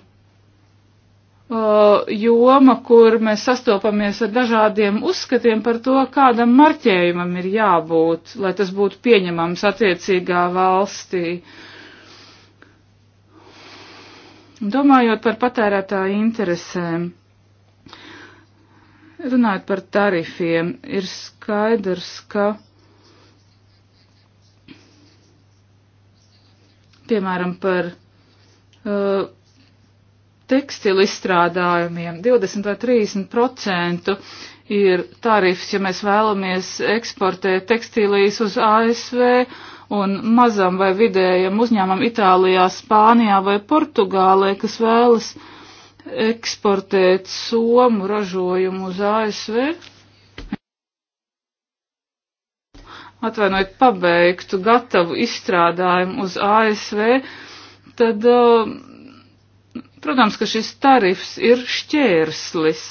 Speaker 4: joma, kur mēs sastopamies ar dažādiem uzskatiem par to, kādam marķējumam ir jābūt, lai tas būtu pieņemams attiecīgā valstī. Domājot par patērētāju interesēm, runājot par tarifiem, ir skaidrs, ka, piemēram, par uh, tekstilizstrādājumiem 20 vai 30 procentu ir tarifs, ja mēs vēlamies eksportēt tekstīlijas uz ASV un mazam vai vidējam uzņēmam Itālijā, Spānijā vai Portugālē, kas vēlas eksportēt somu ražojumu uz ASV. Atvainojiet, pabeigtu gatavu izstrādājumu uz ASV, tad uh, protams, ka šis tarifs ir šķērslis.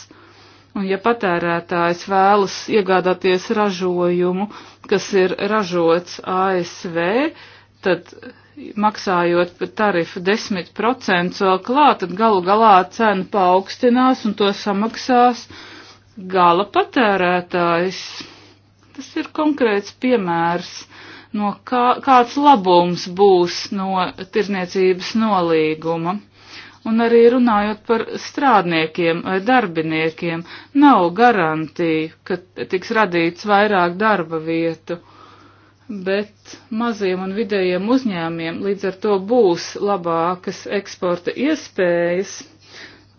Speaker 4: Un ja patērētājs vēlas iegādāties ražojumu, kas ir ražots ASV, tad maksājot par tarifu 10% vēl klāt, tad galu galā cena paaugstinās un to samaksās gala patērētājs. Tas ir konkrēts piemērs, no kā, kāds labums būs no tirzniecības nolīguma un arī runājot par strādniekiem vai darbiniekiem, nav garantija, ka tiks radīts vairāk darba vietu, bet maziem un vidējiem uzņēmiem līdz ar to būs labākas eksporta iespējas,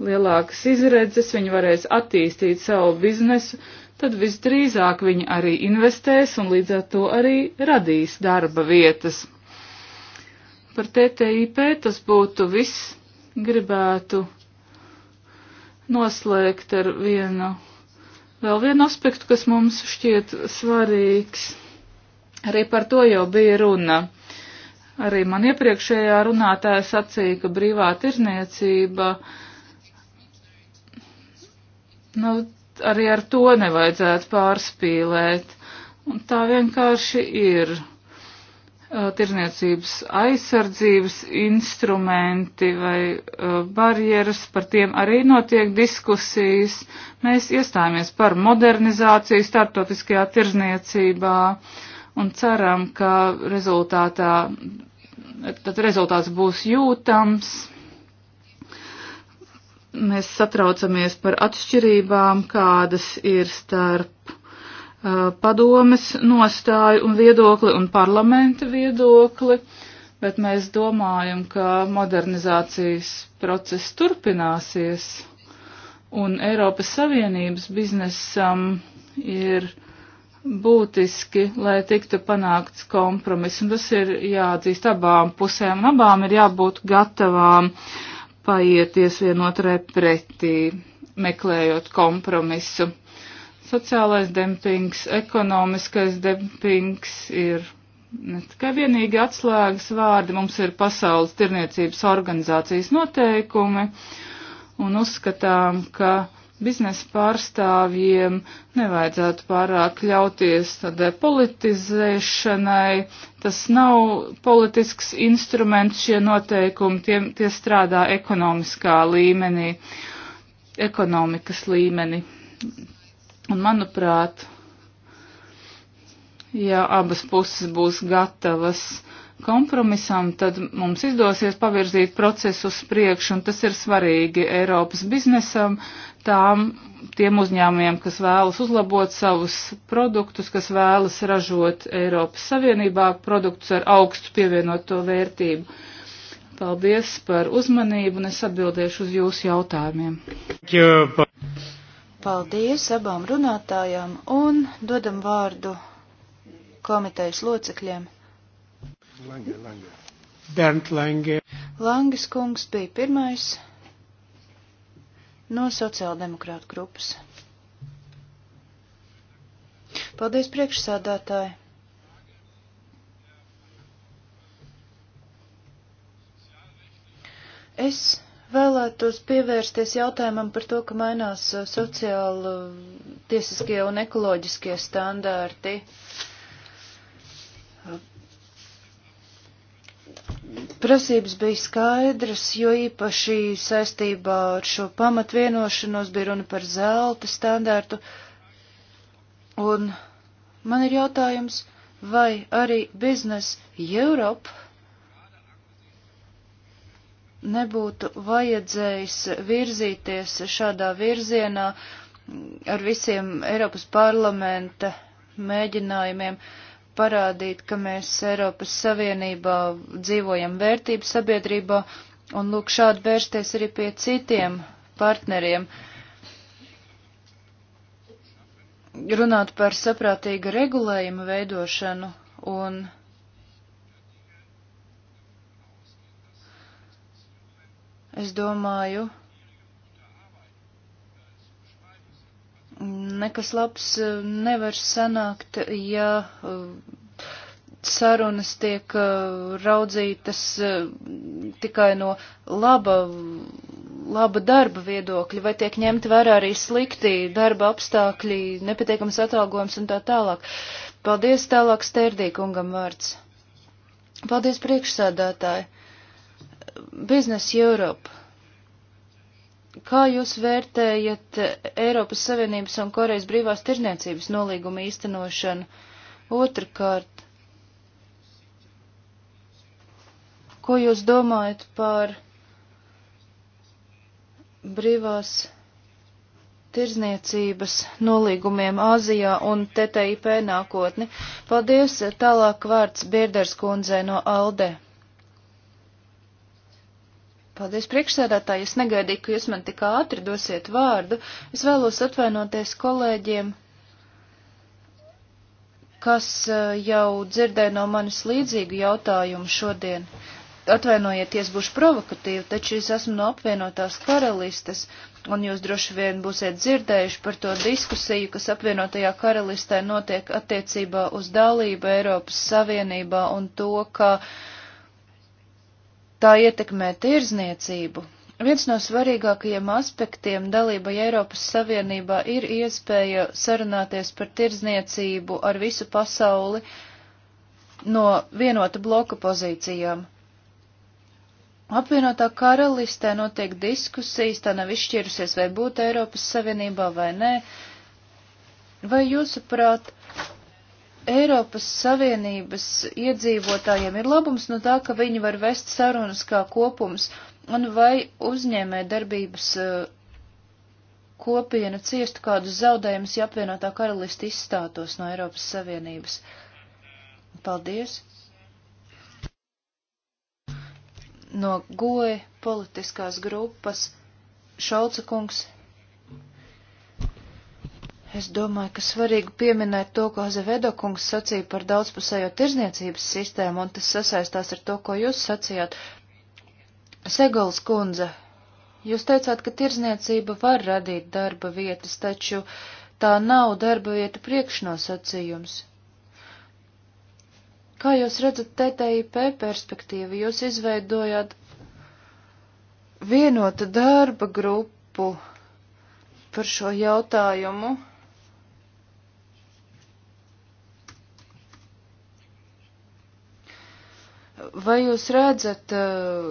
Speaker 4: lielākas izredzes, viņi varēs attīstīt savu biznesu, tad visdrīzāk viņi arī investēs un līdz ar to arī radīs darba vietas. Par TTIP tas būtu viss gribētu noslēgt ar vienu, vēl vienu aspektu, kas mums šķiet svarīgs. Arī par to jau bija runa. Arī man iepriekšējā runātāja sacīja, ka brīvā tirzniecība, nu, arī ar to nevajadzētu pārspīlēt. Un tā vienkārši ir. Uh, tirzniecības aizsardzības instrumenti vai uh, barjeras, par tiem arī notiek diskusijas. Mēs iestājāmies par modernizāciju starptautiskajā tirzniecībā un ceram, ka rezultātā, tad rezultāts būs jūtams. Mēs satraucamies par atšķirībām, kādas ir starp padomes nostāju un viedokli un parlamenta viedokli, bet mēs domājam, ka modernizācijas process turpināsies un Eiropas Savienības biznesam ir būtiski, lai tiktu panākts kompromiss, un tas ir jāatzīst abām pusēm, un abām ir jābūt gatavām paieties vienotrai pretī, meklējot kompromisu. Sociālais dempings, ekonomiskais dempings ir ne tikai vienīgi atslēgas vārdi, mums ir pasaules tirniecības organizācijas noteikumi un uzskatām, ka biznesa pārstāvjiem nevajadzētu pārāk ļauties tādai politizēšanai. Tas nav politisks instruments šie noteikumi, tie, tie strādā ekonomiskā līmenī, ekonomikas līmenī. Un manuprāt, ja abas puses būs gatavas kompromisam, tad mums izdosies pavirzīt procesu uz priekšu, un tas ir svarīgi Eiropas biznesam, tām, tiem uzņēmumiem, kas vēlas uzlabot savus produktus, kas vēlas ražot Eiropas Savienībā produktus ar augstu pievienoto vērtību. Paldies par uzmanību, un es atbildēšu uz jūsu jautājumiem. Thank you.
Speaker 2: Paldies abām runātājām un dodam vārdu komitejas locekļiem.
Speaker 1: Lange, Lange. Bernd Lange.
Speaker 2: Langes kungs bija pirmais no sociāldemokrāta grupas. Paldies priekšsādātāji. Es Vēlētos pievērsties jautājumam par to, ka mainās uh, sociāli tiesiskie un ekoloģiskie standārti. Prasības bija skaidras, jo īpaši saistībā ar šo pamatvienošanos bija runa par zelta standārtu. Un man ir jautājums, vai arī biznes Eiropa nebūtu vajadzējis virzīties šādā virzienā ar visiem Eiropas parlamenta mēģinājumiem parādīt, ka mēs Eiropas Savienībā dzīvojam vērtību sabiedrībā, un lūk šādi vērsties arī pie citiem partneriem. Runāt par saprātīgu regulējumu veidošanu un Es domāju, nekas labs eh, nevar sanākt, ja eh, sarunas tiek eh, raudzītas tikai no laba, laba darba viedokļa, vai tiek ņemt vērā arī slikti darba apstākļi, nepietiekams atalgojums un tā tālāk. Paldies tālāk Stērdīkungam vārds. Paldies priekšsādātāji. Business Europe. Kā jūs vērtējat Eiropas Savienības un Korejas brīvās tirzniecības nolīguma īstenošanu? Otrakārt, ko jūs domājat par brīvās tirzniecības nolīgumiem Āzijā un TTIP nākotni? Paldies, tālāk vārds Bierders kundzei no Alde. Paldies priekšsēdētāji, es negaidīju, ka jūs man tik ātri dosiet vārdu. Es vēlos atvainoties kolēģiem, kas eh, jau dzirdēja no manis līdzīgu jautājumu šodien. Atvainojieties, būšu provokatīva, taču es esmu no apvienotās karalistes, un jūs droši vien būsiet dzirdējuši par to diskusiju, kas apvienotajā karalistē notiek attiecībā uz dalību Eiropas Savienībā un to, ka uh, Tā ietekmē tirzniecību. Viens no svarīgākajiem aspektiem dalībai Eiropas Savienībā ir iespēja sarunāties par tirzniecību ar visu pasauli no vienota bloka pozīcijām. Apvienotā karalistē notiek diskusijas, tā nav izšķirusies, vai būt Eiropas Savienībā vai nē. Vai jūsuprāt, Eiropas Savienības iedzīvotājiem ir labums no tā, ka viņi var vest sarunas kā kopums, un vai uzņēmē darbības eh, kopiena ciestu kādus zaudējumus, ja apvienotā karalista izstātos no Eiropas Savienības? Paldies! No goja politiskās grupas Šauca kungs Es domāju, ka svarīgi pieminēt to, ko Zevedo kungs sacīja par daudzpusējo tirzniecības sistēmu, un tas sasaistās ar to, ko jūs sacījāt. Segals kundze, jūs teicāt, ka tirzniecība var radīt darba vietas, taču tā nav darba vieta priekšnosacījums. Kā jūs redzat TTIP perspektīvu, jūs izveidojāt vienota darba grupu par šo jautājumu. Vai jūs redzat uh,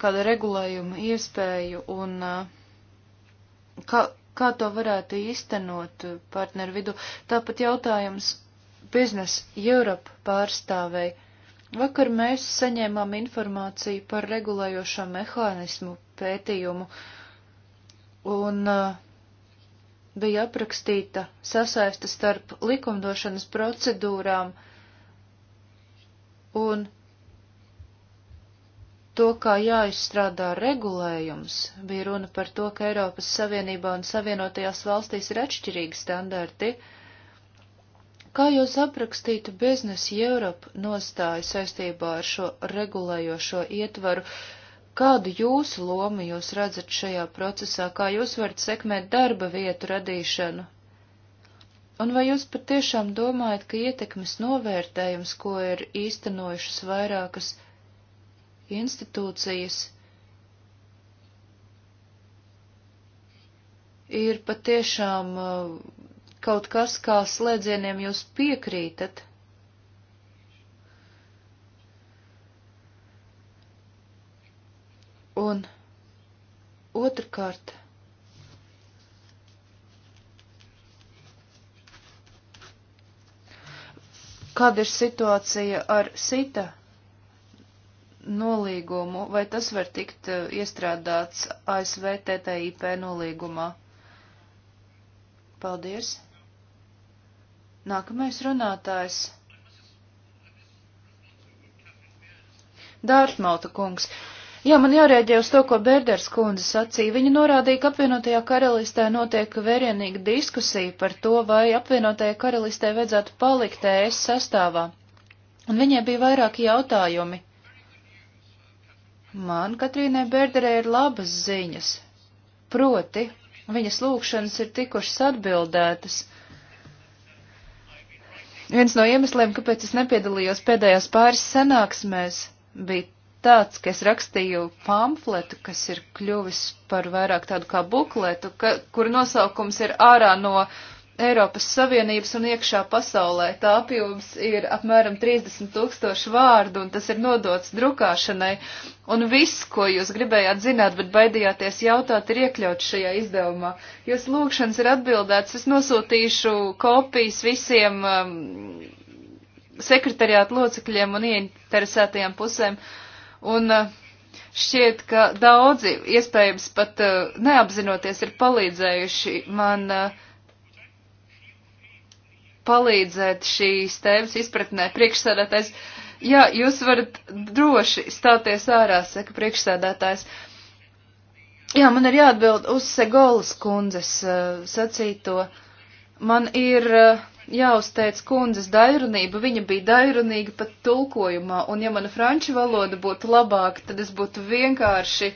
Speaker 2: kādu regulējumu iespēju un uh, kā, kā to varētu īstenot partneru vidu? Tāpat jautājums Biznes Europe pārstāvei. Vakar mēs saņēmām informāciju par regulējošo mehānismu pētījumu un uh, bija aprakstīta sasaista starp likumdošanas procedūrām un to, kā jāizstrādā regulējums, bija runa par to, ka Eiropas Savienībā un Savienotajās valstīs ir atšķirīgi standarti. Kā jūs aprakstītu biznesa Europe nostāju saistībā ar šo regulējošo ietvaru? Kādu jūsu lomu jūs redzat šajā procesā, kā jūs varat sekmēt darba vietu radīšanu? Un vai jūs patiešām domājat, ka ietekmes novērtējums, ko ir īstenojušas vairākas institūcijas ir patiešām uh, kaut kas, kā slēdzieniem jūs piekrītat. Un otrkārt, kāda ir situācija ar sita nolīgumu, vai tas var tikt eh, iestrādāts ASV TTIP nolīgumā? Paldies. Nākamais runātājs. Dārtmauta kungs. Jā, man jārēģē uz to, ko Bērders kundze sacīja. Viņa norādīja, ka apvienotajā karalistē notiek vērienīga diskusija par to, vai apvienotajā karalistē vajadzētu palikt ES sastāvā. Un viņai bija vairāki jautājumi. Man Katrīnai Berderē ir labas ziņas, proti viņas lūkšanas ir tikušas atbildētas. Viens no iemesliem, kāpēc es nepiedalījos pēdējās pāris sanāksmēs, bija tāds, ka es rakstīju pamfletu, kas ir kļuvis par vairāk tādu kā bukletu, ka, kur nosaukums ir ārā no Eiropas Savienības un iekšā pasaulē. Tā apjoms ir apmēram 30 tūkstoši vārdu, un tas ir nodots drukāšanai. Un viss, ko jūs gribējāt zināt, bet baidījāties jautāt, ir iekļauts šajā izdevumā. Jūs lūkšanas ir atbildēts, es nosūtīšu kopijas visiem um, sekretariātu locekļiem un ieinteresētajām pusēm. Un, uh, Šķiet, ka daudzi, iespējams pat uh, neapzinoties, ir palīdzējuši man uh, palīdzēt šīs tēmas izpratnē. Priekšsēdētājs, jā, jūs varat droši stāties ārā, saka priekšsēdētājs. Jā, man ir jāatbild uz Segolas kundzes uh, sacīto. Man ir uh, jāuzteic kundzes dairunība, viņa bija dairunīga pat tulkojumā, un ja mana franču valoda būtu labāka, tad es būtu vienkārši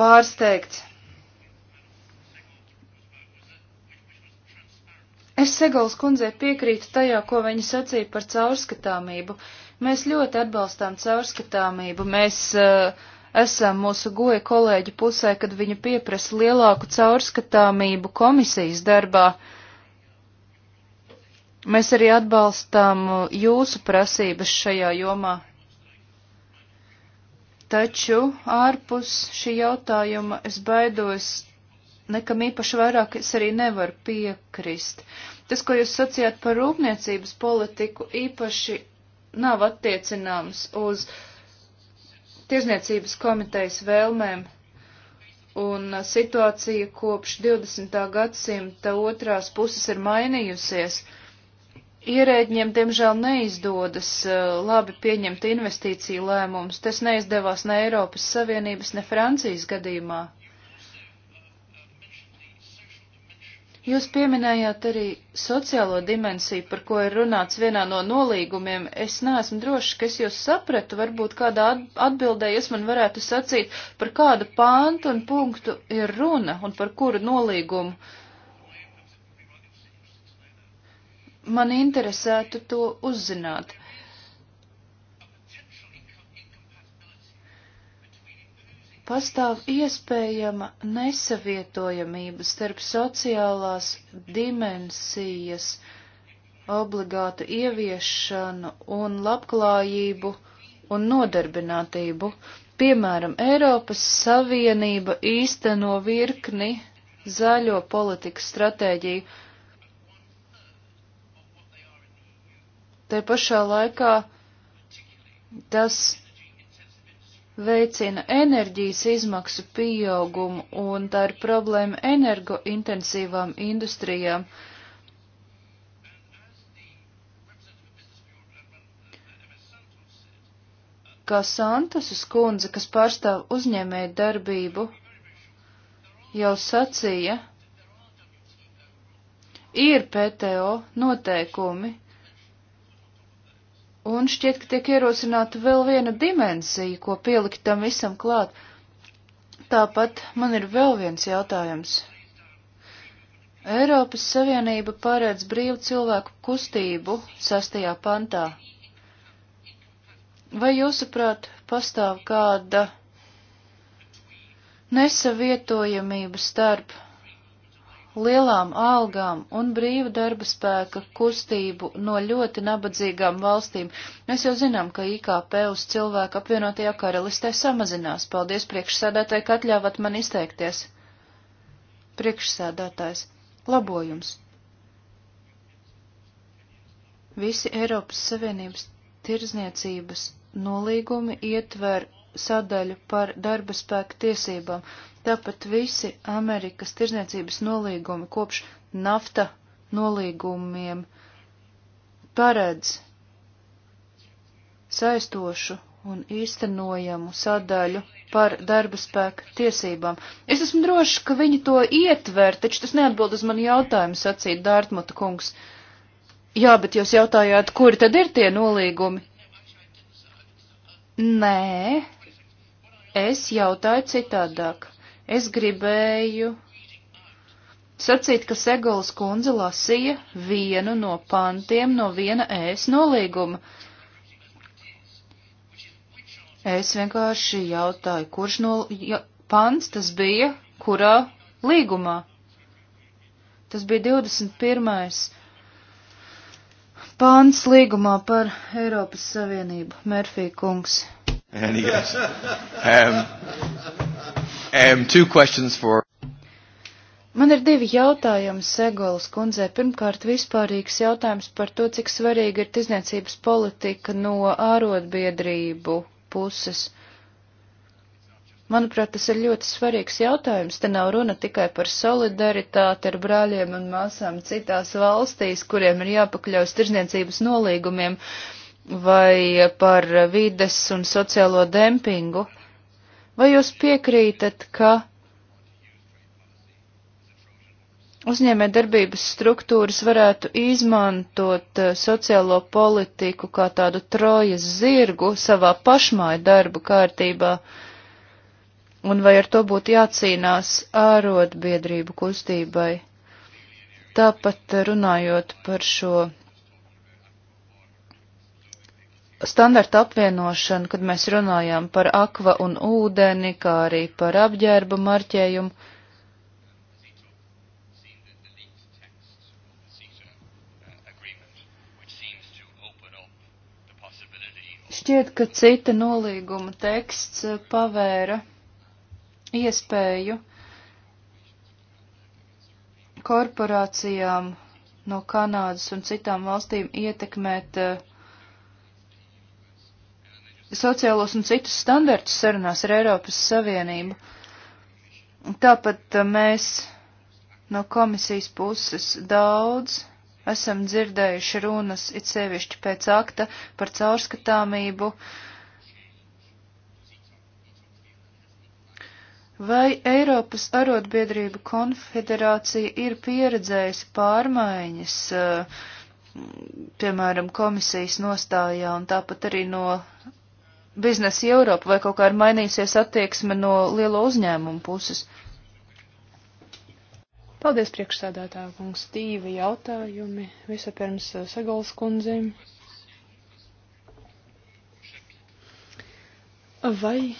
Speaker 2: pārsteigts. Es Segals kundzei piekrītu tajā, ko viņa sacīja par caurskatāmību. Mēs ļoti atbalstām caurskatāmību. Mēs uh, esam mūsu goja kolēģi pusē, kad viņa pieprasa lielāku caurskatāmību komisijas darbā. Mēs arī atbalstām eh, jūsu prasības šajā jomā. Taču ārpus šī jautājuma es baidos nekam īpaši vairāk es arī nevaru piekrist. Tas, ko jūs sacījāt par rūpniecības politiku, īpaši nav attiecināms uz tirzniecības komitejas vēlmēm un situācija kopš 20. gadsimta otrās puses ir mainījusies. Ierēģiem, diemžēl, neizdodas uh, labi pieņemt investīciju lēmumus. Tas neizdevās ne Eiropas Savienības, ne Francijas gadījumā. Jūs pieminējāt arī sociālo dimensiju, par ko ir runāts vienā no nolīgumiem. Es neesmu drošs, ka es jūs sapratu, varbūt kādā atbildē jūs man varētu sacīt, par kādu pāntu un punktu ir runa un par kuru nolīgumu. Man interesētu to uzzināt. pastāv iespējama nesavietojamība starp sociālās dimensijas obligātu ieviešanu un labklājību un nodarbinātību. Piemēram, Eiropas Savienība īsteno virkni zaļo politikas stratēģiju. Te pašā laikā tas veicina enerģijas izmaksu pieaugumu, un tā ir problēma energointensīvām industrijām. Kā Santas skundze, kas pārstāv uzņēmēju darbību, jau sacīja, ir PTO noteikumi, Un šķiet, ka tiek ierosināta vēl viena dimensija, ko pielikt tam visam klāt. Tāpat man ir vēl viens jautājums. Eiropas Savienība pārēdz brīvu cilvēku kustību sastajā pantā. Vai jūsuprāt pastāv kāda nesavietojamība starp lielām algām un brīva darba spēka kustību no ļoti nabadzīgām valstīm. Mēs jau zinām, ka IKP uz cilvēku apvienotajā karalistē samazinās. Paldies priekšsēdētāji, ka atļāvat man izteikties. Priekšsēdētājs. Labojums. Visi Eiropas Savienības tirzniecības nolīgumi ietver sadaļu par darba spēka tiesībām, Tāpat visi Amerikas tirzniecības nolīgumi kopš nafta nolīgumiem paredz saistošu un īstenojamu sadaļu par darba spēka tiesībām. Es esmu drošs, ka viņi to ietver, taču tas neatbild uz manu jautājumu, sacīja Dārtmata kungs. Jā, bet jūs jautājāt, kuri tad ir tie nolīgumi? Nē, es jautāju citādāk. Es gribēju sacīt, ka Segulas kundze lasīja vienu no pantiem no viena ēs nolīguma. Es vienkārši jautāju, kurš no ja, pants tas bija, kurā līgumā. Tas bija 21. pants līgumā par Eiropas Savienību, Merfī kungs. And yes. um,
Speaker 1: Um, two questions for.
Speaker 2: Man ir divi jautājumi Segolas kundzē. Pirmkārt, vispārīgs jautājums par to, cik svarīga ir tizniecības politika no ārotbiedrību puses. Manuprāt, tas ir ļoti svarīgs jautājums. Te nav runa tikai par solidaritāti ar brāļiem un māsām citās valstīs, kuriem ir jāpakļaus tirzniecības nolīgumiem, vai par vides un sociālo dempingu. Vai jūs piekrītat, ka uzņēmē darbības struktūras varētu izmantot eh, sociālo politiku kā tādu trojas zirgu savā pašmāju darbu kārtībā, un vai ar to būtu jācīnās ārotbiedrību kustībai? Tāpat runājot par šo standarta apvienošana, kad mēs runājām par akva un ūdeni, kā arī par apģērbu marķējumu. Šķiet, ka cita nolīguma teksts pavēra iespēju korporācijām no Kanādas un citām valstīm ietekmēt uh, sociālos un citus standartus sarunās ar Eiropas Savienību. Tāpat uh, mēs no komisijas puses daudz esam dzirdējuši runas, it sevišķi pēc akta, par caurskatāmību. Vai Eiropas arotbiedrību konfederācija ir pieredzējusi pārmaiņas, uh, piemēram, komisijas nostājā un tāpat arī no biznesa Eiropa vai kaut kā ir mainīsies attieksme no lielo uzņēmumu puses? Paldies, priekšsēdētā kungs.
Speaker 3: Divi jautājumi. Visapirms eh, Segals kundzim. Vai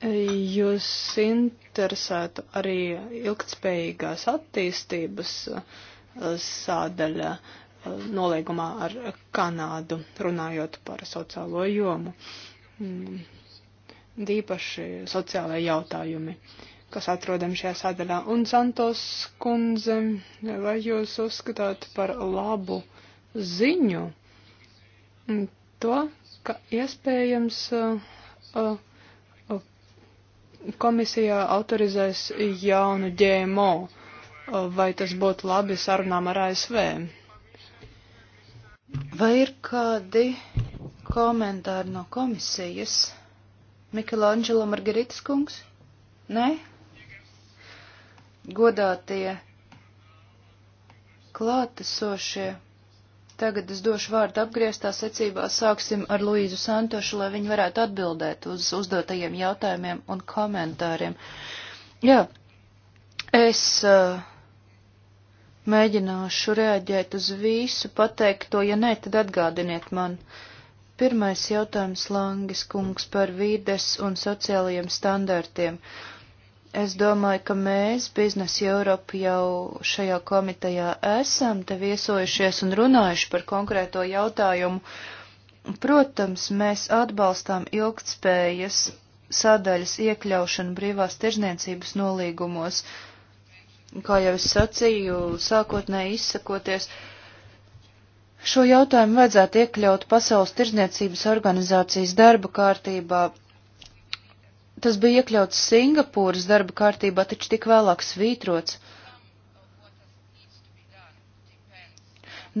Speaker 3: eh, jūs interesētu arī ilgtspējīgās attīstības eh, sādaļā? Uh, nolīgumā ar Kanādu, runājot par sociālo jomu. Dīpaši mm. sociālai jautājumi, kas atrodam šajā sadaļā. Un Santos kundze, vai jūs uzskatāt par labu ziņu mm, to, ka iespējams uh, uh, komisijā autorizēs jaunu GMO? Uh, vai tas būtu labi sarunām ar ASV? Vai ir
Speaker 2: kādi komentāri no komisijas? Mikelāņģelo Margaritas kungs? Nē? Godātie klātesošie. Tagad es došu vārdu apgrieztā secībā. Sāksim ar Luīzu Santošu, lai viņi varētu atbildēt uz uzdotajiem jautājumiem un komentāriem. Jā, es uh, Mēģināšu reaģēt uz visu, pateikt to, ja nē, tad atgādiniet man. Pirmais jautājums Langis kungs par vides un sociālajiem standartiem. Es domāju, ka mēs, Biznesa Eiropa, jau šajā komitejā esam te viesojušies un runājuši par konkrēto jautājumu. Protams, mēs atbalstām ilgtspējas sadaļas iekļaušanu brīvās tirzniecības nolīgumos. Uh, kā jau es sacīju, sākotnēji izsakoties, šo jautājumu vajadzētu iekļaut Pasaules tirzniecības organizācijas darba kārtībā. Tas bija iekļauts Singapūras darba kārtībā, taču tik vēlāk svītrots.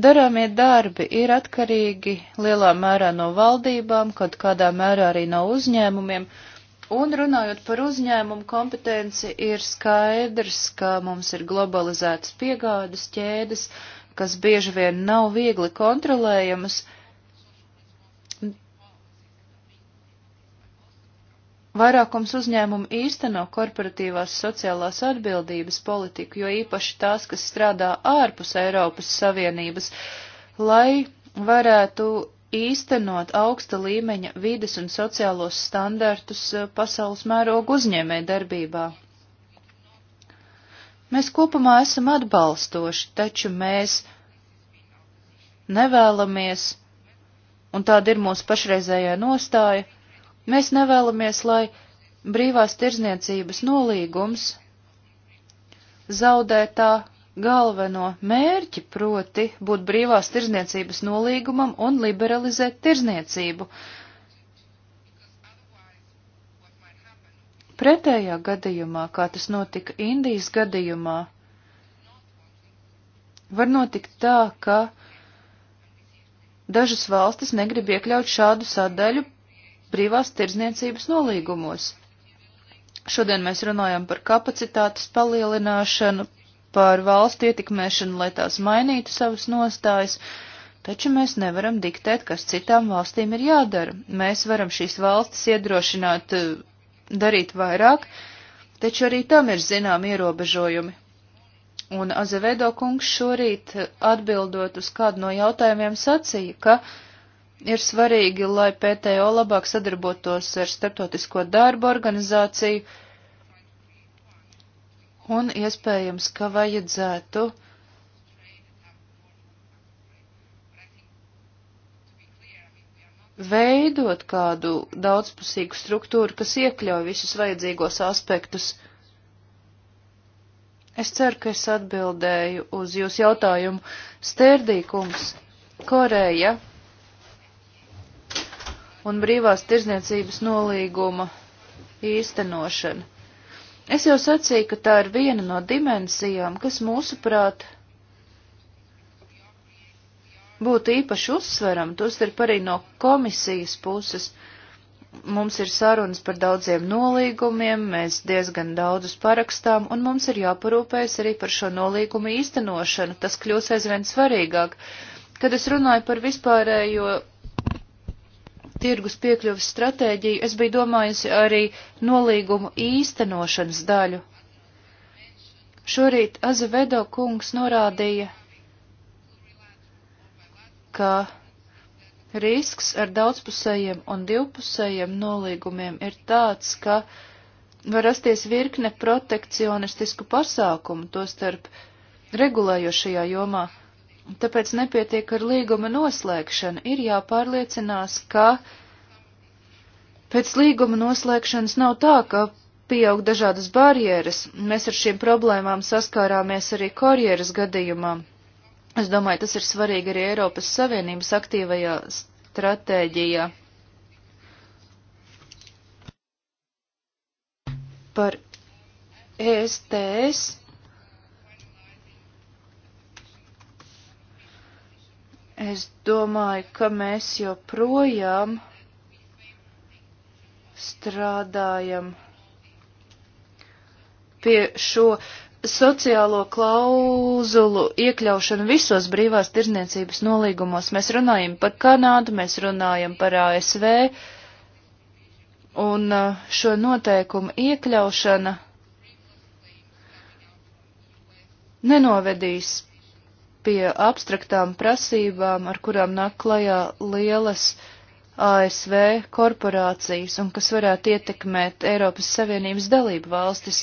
Speaker 2: Darāmie darbi ir atkarīgi lielā mērā no valdībām, kaut kādā mērā arī no uzņēmumiem, uh, Un runājot par uzņēmumu kompetenci, ir skaidrs, ka mums ir globalizētas piegādas ķēdes, kas bieži vien nav viegli kontrolējamas. Vairākums uzņēmumu īsteno korporatīvās sociālās atbildības politiku, jo īpaši tās, kas strādā ārpus Eiropas Savienības, lai varētu īstenot augsta līmeņa vides un sociālos standartus eh, pasaules mērogu uzņēmē darbībā. Mēs kopumā esam atbalstoši, taču mēs nevēlamies, un tāda ir mūsu pašreizējā nostāja, mēs nevēlamies, lai brīvās tirzniecības nolīgums zaudē tā galveno mērķi, proti būt brīvās tirzniecības nolīgumam un liberalizēt tirzniecību. Pretējā gadījumā, kā tas notika Indijas gadījumā, var notikt tā, ka dažas valstis negrib iekļaut šādu sadaļu brīvās tirzniecības nolīgumos. Šodien mēs runājam par kapacitātes palielināšanu, par valstu ietekmēšanu, lai tās mainītu savas nostājas, taču mēs nevaram diktēt, kas citām valstīm ir jādara. Mēs varam šīs valstis iedrošināt eh, darīt vairāk, taču arī tam ir zinām ierobežojumi. Un Azevedo kungs šorīt atbildot uz kādu no jautājumiem sacīja, ka ir svarīgi, lai PTO labāk sadarbotos ar Startautisko darbu organizāciju, un iespējams, ka vajadzētu veidot kādu daudzpusīgu struktūru, kas iekļauj visus vajadzīgos aspektus. Es ceru, ka es atbildēju uz jūsu jautājumu. Stērdīkums, Koreja un brīvās tirzniecības nolīguma īstenošana. Es jau sacīju, ka tā ir viena no dimensijām, kas mūsuprāt būtu īpaši uzsveram, tostarp arī no komisijas puses. Mums ir sarunas par daudziem nolīgumiem, mēs diezgan daudzus parakstām, un mums ir jāparūpējas arī par šo nolīgumu īstenošanu. Tas kļūs aizvien svarīgāk. Kad es runāju par vispārējo tirgus piekļuvis stratēģiju, es biju domājusi arī nolīgumu īstenošanas daļu. Šorīt Azevedo kungs norādīja, ka risks ar daudzpusējiem un divpusējiem nolīgumiem ir tāds, ka var rasties virkne protekcionistisku pasākumu, tostarp regulējošajā jomā. Tāpēc nepietiek ar līguma noslēgšanu, ir jāpārliecinās, ka pēc līguma noslēgšanas nav tā, ka pieaug dažādas barjeras. Mēs ar šīm problēmām saskārāmies arī karjeras gadījumā. Es domāju, tas ir svarīgi arī Eiropas Savienības aktīvajā stratēģijā. Par ESTS Es domāju, ka mēs joprojām strādājam pie šo sociālo klauzulu iekļaušanu visos brīvās tirzniecības nolīgumos. Mēs runājam par Kanādu, mēs runājam par ASV, un uh, šo noteikumu iekļaušana nenovedīs pie abstraktām prasībām, ar kurām nāk klajā lielas ASV korporācijas un kas varētu ietekmēt Eiropas Savienības dalību valstis.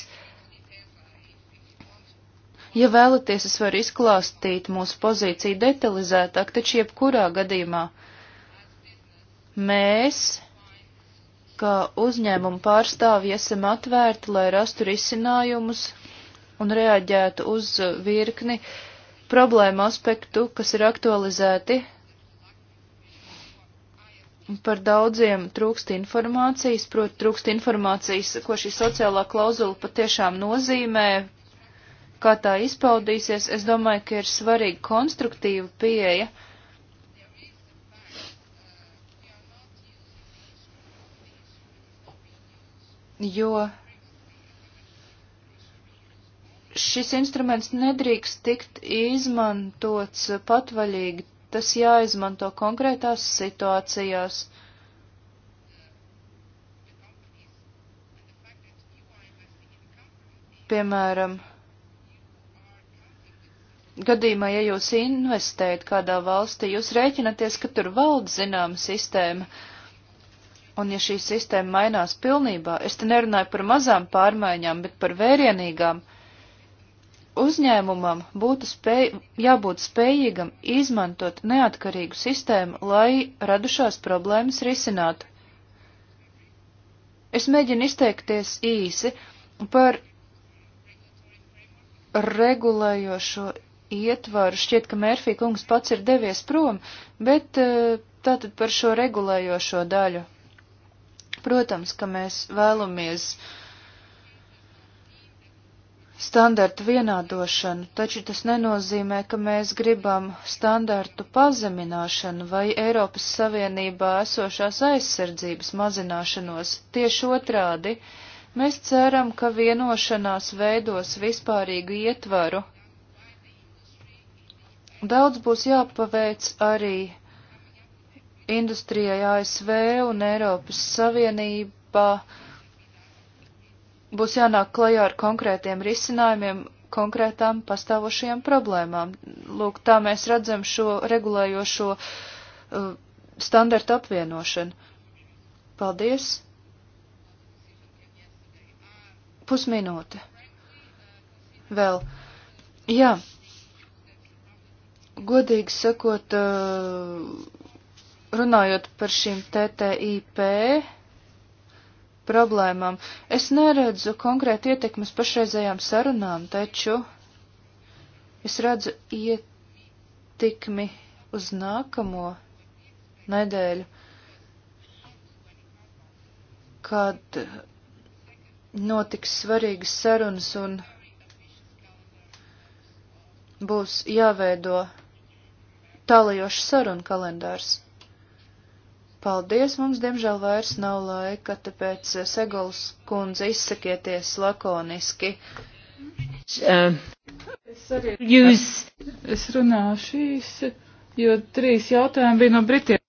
Speaker 2: Ja vēlaties, es varu izklāstīt mūsu pozīciju detalizētāk, taču jebkurā gadījumā mēs, kā uzņēmumu pārstāvi, esam atvērti, lai rastu risinājumus un reaģētu uz virkni uh, problēmu aspektu, kas ir aktualizēti. Par daudziem trūkst informācijas, proti trūkst informācijas, ko šī sociālā klauzula patiešām nozīmē, kā tā izpaudīsies. Es domāju, ka ir svarīga konstruktīva pieeja. Jo šis instruments nedrīkst tikt izmantots patvaļīgi, tas jāizmanto konkrētās situācijās. Piemēram, gadījumā, ja jūs investējat kādā valstī, jūs rēķinaties, ka tur valda zināma sistēma, un ja šī sistēma mainās pilnībā, es te nerunāju par mazām pārmaiņām, bet par vērienīgām, uh, uzņēmumam būtu spēj, jābūt spējīgam izmantot neatkarīgu sistēmu, lai radušās problēmas risinātu. Es mēģinu izteikties īsi par regulējošo ietvaru. Šķiet, ka Mērfī kungs pats ir devies prom, bet eh, tātad par šo regulējošo daļu. Protams, ka mēs vēlamies uh, standartu vienādošanu, taču tas nenozīmē, ka mēs gribam standartu pazemināšanu vai Eiropas Savienībā esošās aizsardzības mazināšanos. Tieši otrādi, mēs ceram, ka vienošanās veidos vispārīgu ietvaru. Daudz būs jāpaveic arī industrijai ASV un Eiropas Savienībā būs jānāk klajā ar konkrētiem risinājumiem konkrētām pastāvošajām problēmām. Lūk, tā mēs redzam šo regulējošo uh, standartu apvienošanu. Paldies! Pusminūte. Vēl. Jā. Godīgi sakot, uh, runājot par šīm TTIP, problēmām. Es neredzu konkrēti ietekmes pašreizējām sarunām, taču es redzu ietekmi uz nākamo nedēļu, kad notiks svarīgas sarunas un būs jāveido tālajošs sarunu kalendārs. Paldies, mums diemžēl vairs nav laika, tāpēc eh, Segals kundze izsakieties lakoniski. Uh, es arī
Speaker 4: jūs. Es runāšu īsi, jo trīs jautājumi bija no Britiem.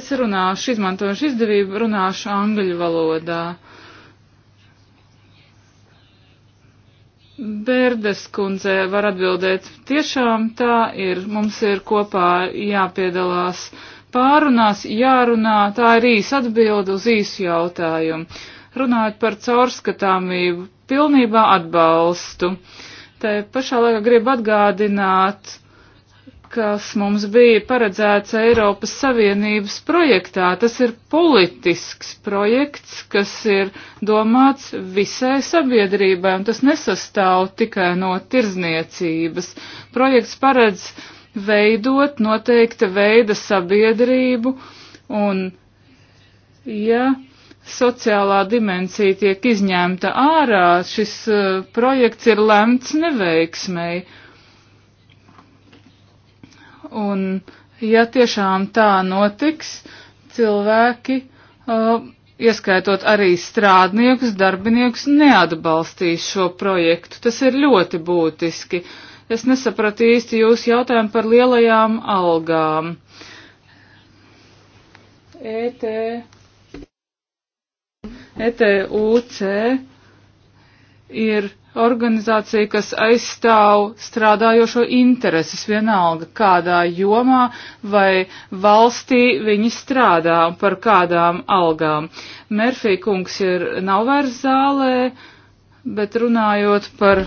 Speaker 4: Es runāšu, izmantošu izdevību, runāšu angļu valodā. Uh, Bērdes kundze var atbildēt, tiešām tā ir, mums ir kopā jāpiedalās pārunās, jārunā, tā ir īsa atbilda uz īsu jautājumu. Runājot par caurskatāmību, pilnībā atbalstu. Te pašā laikā gribu atgādināt, kas mums bija paredzēts Eiropas Savienības projektā. Tas ir politisks projekts, kas ir domāts visai sabiedrībai, un tas nesastāv tikai no tirzniecības. Projekts paredz veidot noteikta veida sabiedrību, un ja sociālā dimensija tiek izņemta ārā, šis uh, projekts ir lemts neveiksmei Un, ja tiešām tā notiks, cilvēki, uh, ieskaitot arī strādniekus, darbiniekus, neatbalstīs šo projektu. Tas ir ļoti būtiski. Es nesapratu īsti jūsu jautājumu par lielajām algām. ET, ETUC ir organizācija, kas aizstāv strādājošo intereses vienalga, kādā jomā vai valstī viņi strādā un par kādām algām. Merfī kungs ir nav vairs zālē, bet runājot par.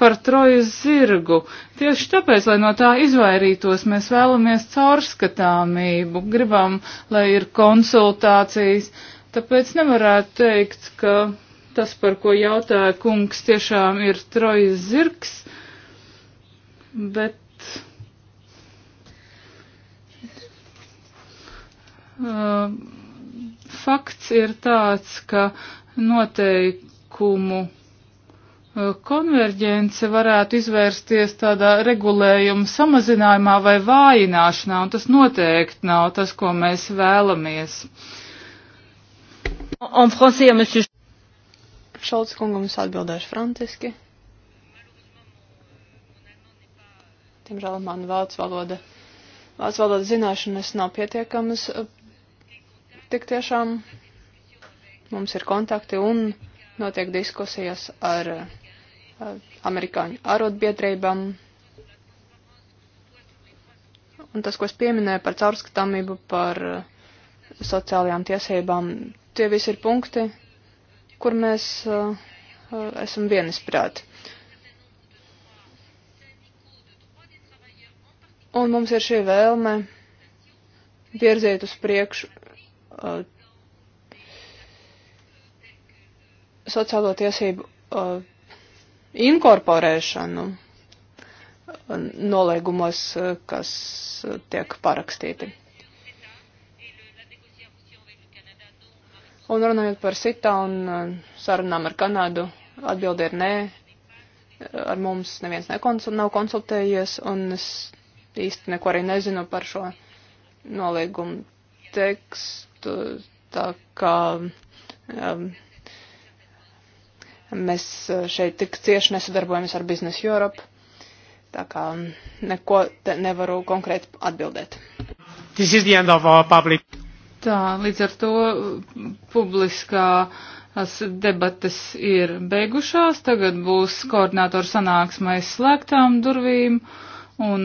Speaker 4: Par trojas zirgu. Tieši tāpēc, lai no tā izvairītos, mēs vēlamies caurskatāmību, gribam, lai ir konsultācijas, tāpēc nevarētu teikt, ka tas, par ko jautāja kungs, tiešām ir trojas zirgs, bet. Uh, fakts ir tāds, ka noteikumu uh, konverģence varētu izvērsties tādā regulējuma samazinājumā vai vājināšanā, un tas noteikti nav tas, ko mēs vēlamies. En français, monsieur... Šolts kungam es atbildēšu
Speaker 3: franciski. Diemžēl man vācu valoda, vācu valoda zināšanas nav pietiekamas. Tik tiešām mums ir kontakti un notiek diskusijas ar, ar amerikāņu arotbiedrībām. Un tas, ko es pieminēju par caurskatāmību, par eh, sociālajām tiesībām, tie visi ir punkti, kur mēs uh, esam vienisprāt. Un mums ir šī vēlme virzīt uz priekšu uh, sociālo tiesību uh, inkorporēšanu nolēgumos, kas tiek parakstīti. Un runājot par sitā un eh, sarunām ar Kanādu, atbildi ir nē. Ar mums neviens nekonsul, nav konsultējies, un es īsti neko arī nezinu par šo nolīgumu tekstu. Tā kā um, mēs šeit tik cieši nesadarbojamies ar Business Europe, tā kā mm, neko nevaru konkrēti atbildēt.
Speaker 1: This is the end of our public.
Speaker 4: Tā, līdz ar to mm, publiskās debates ir beigušās, tagad būs koordinātoru sanāksmais slēgtām durvīm un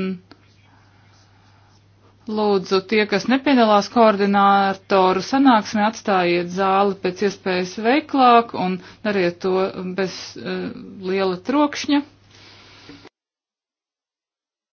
Speaker 4: lūdzu tie, kas nepiedalās koordinātoru sanāksmē, atstājiet zāli pēc iespējas veiklāk un dariet to bez uh, liela trokšņa.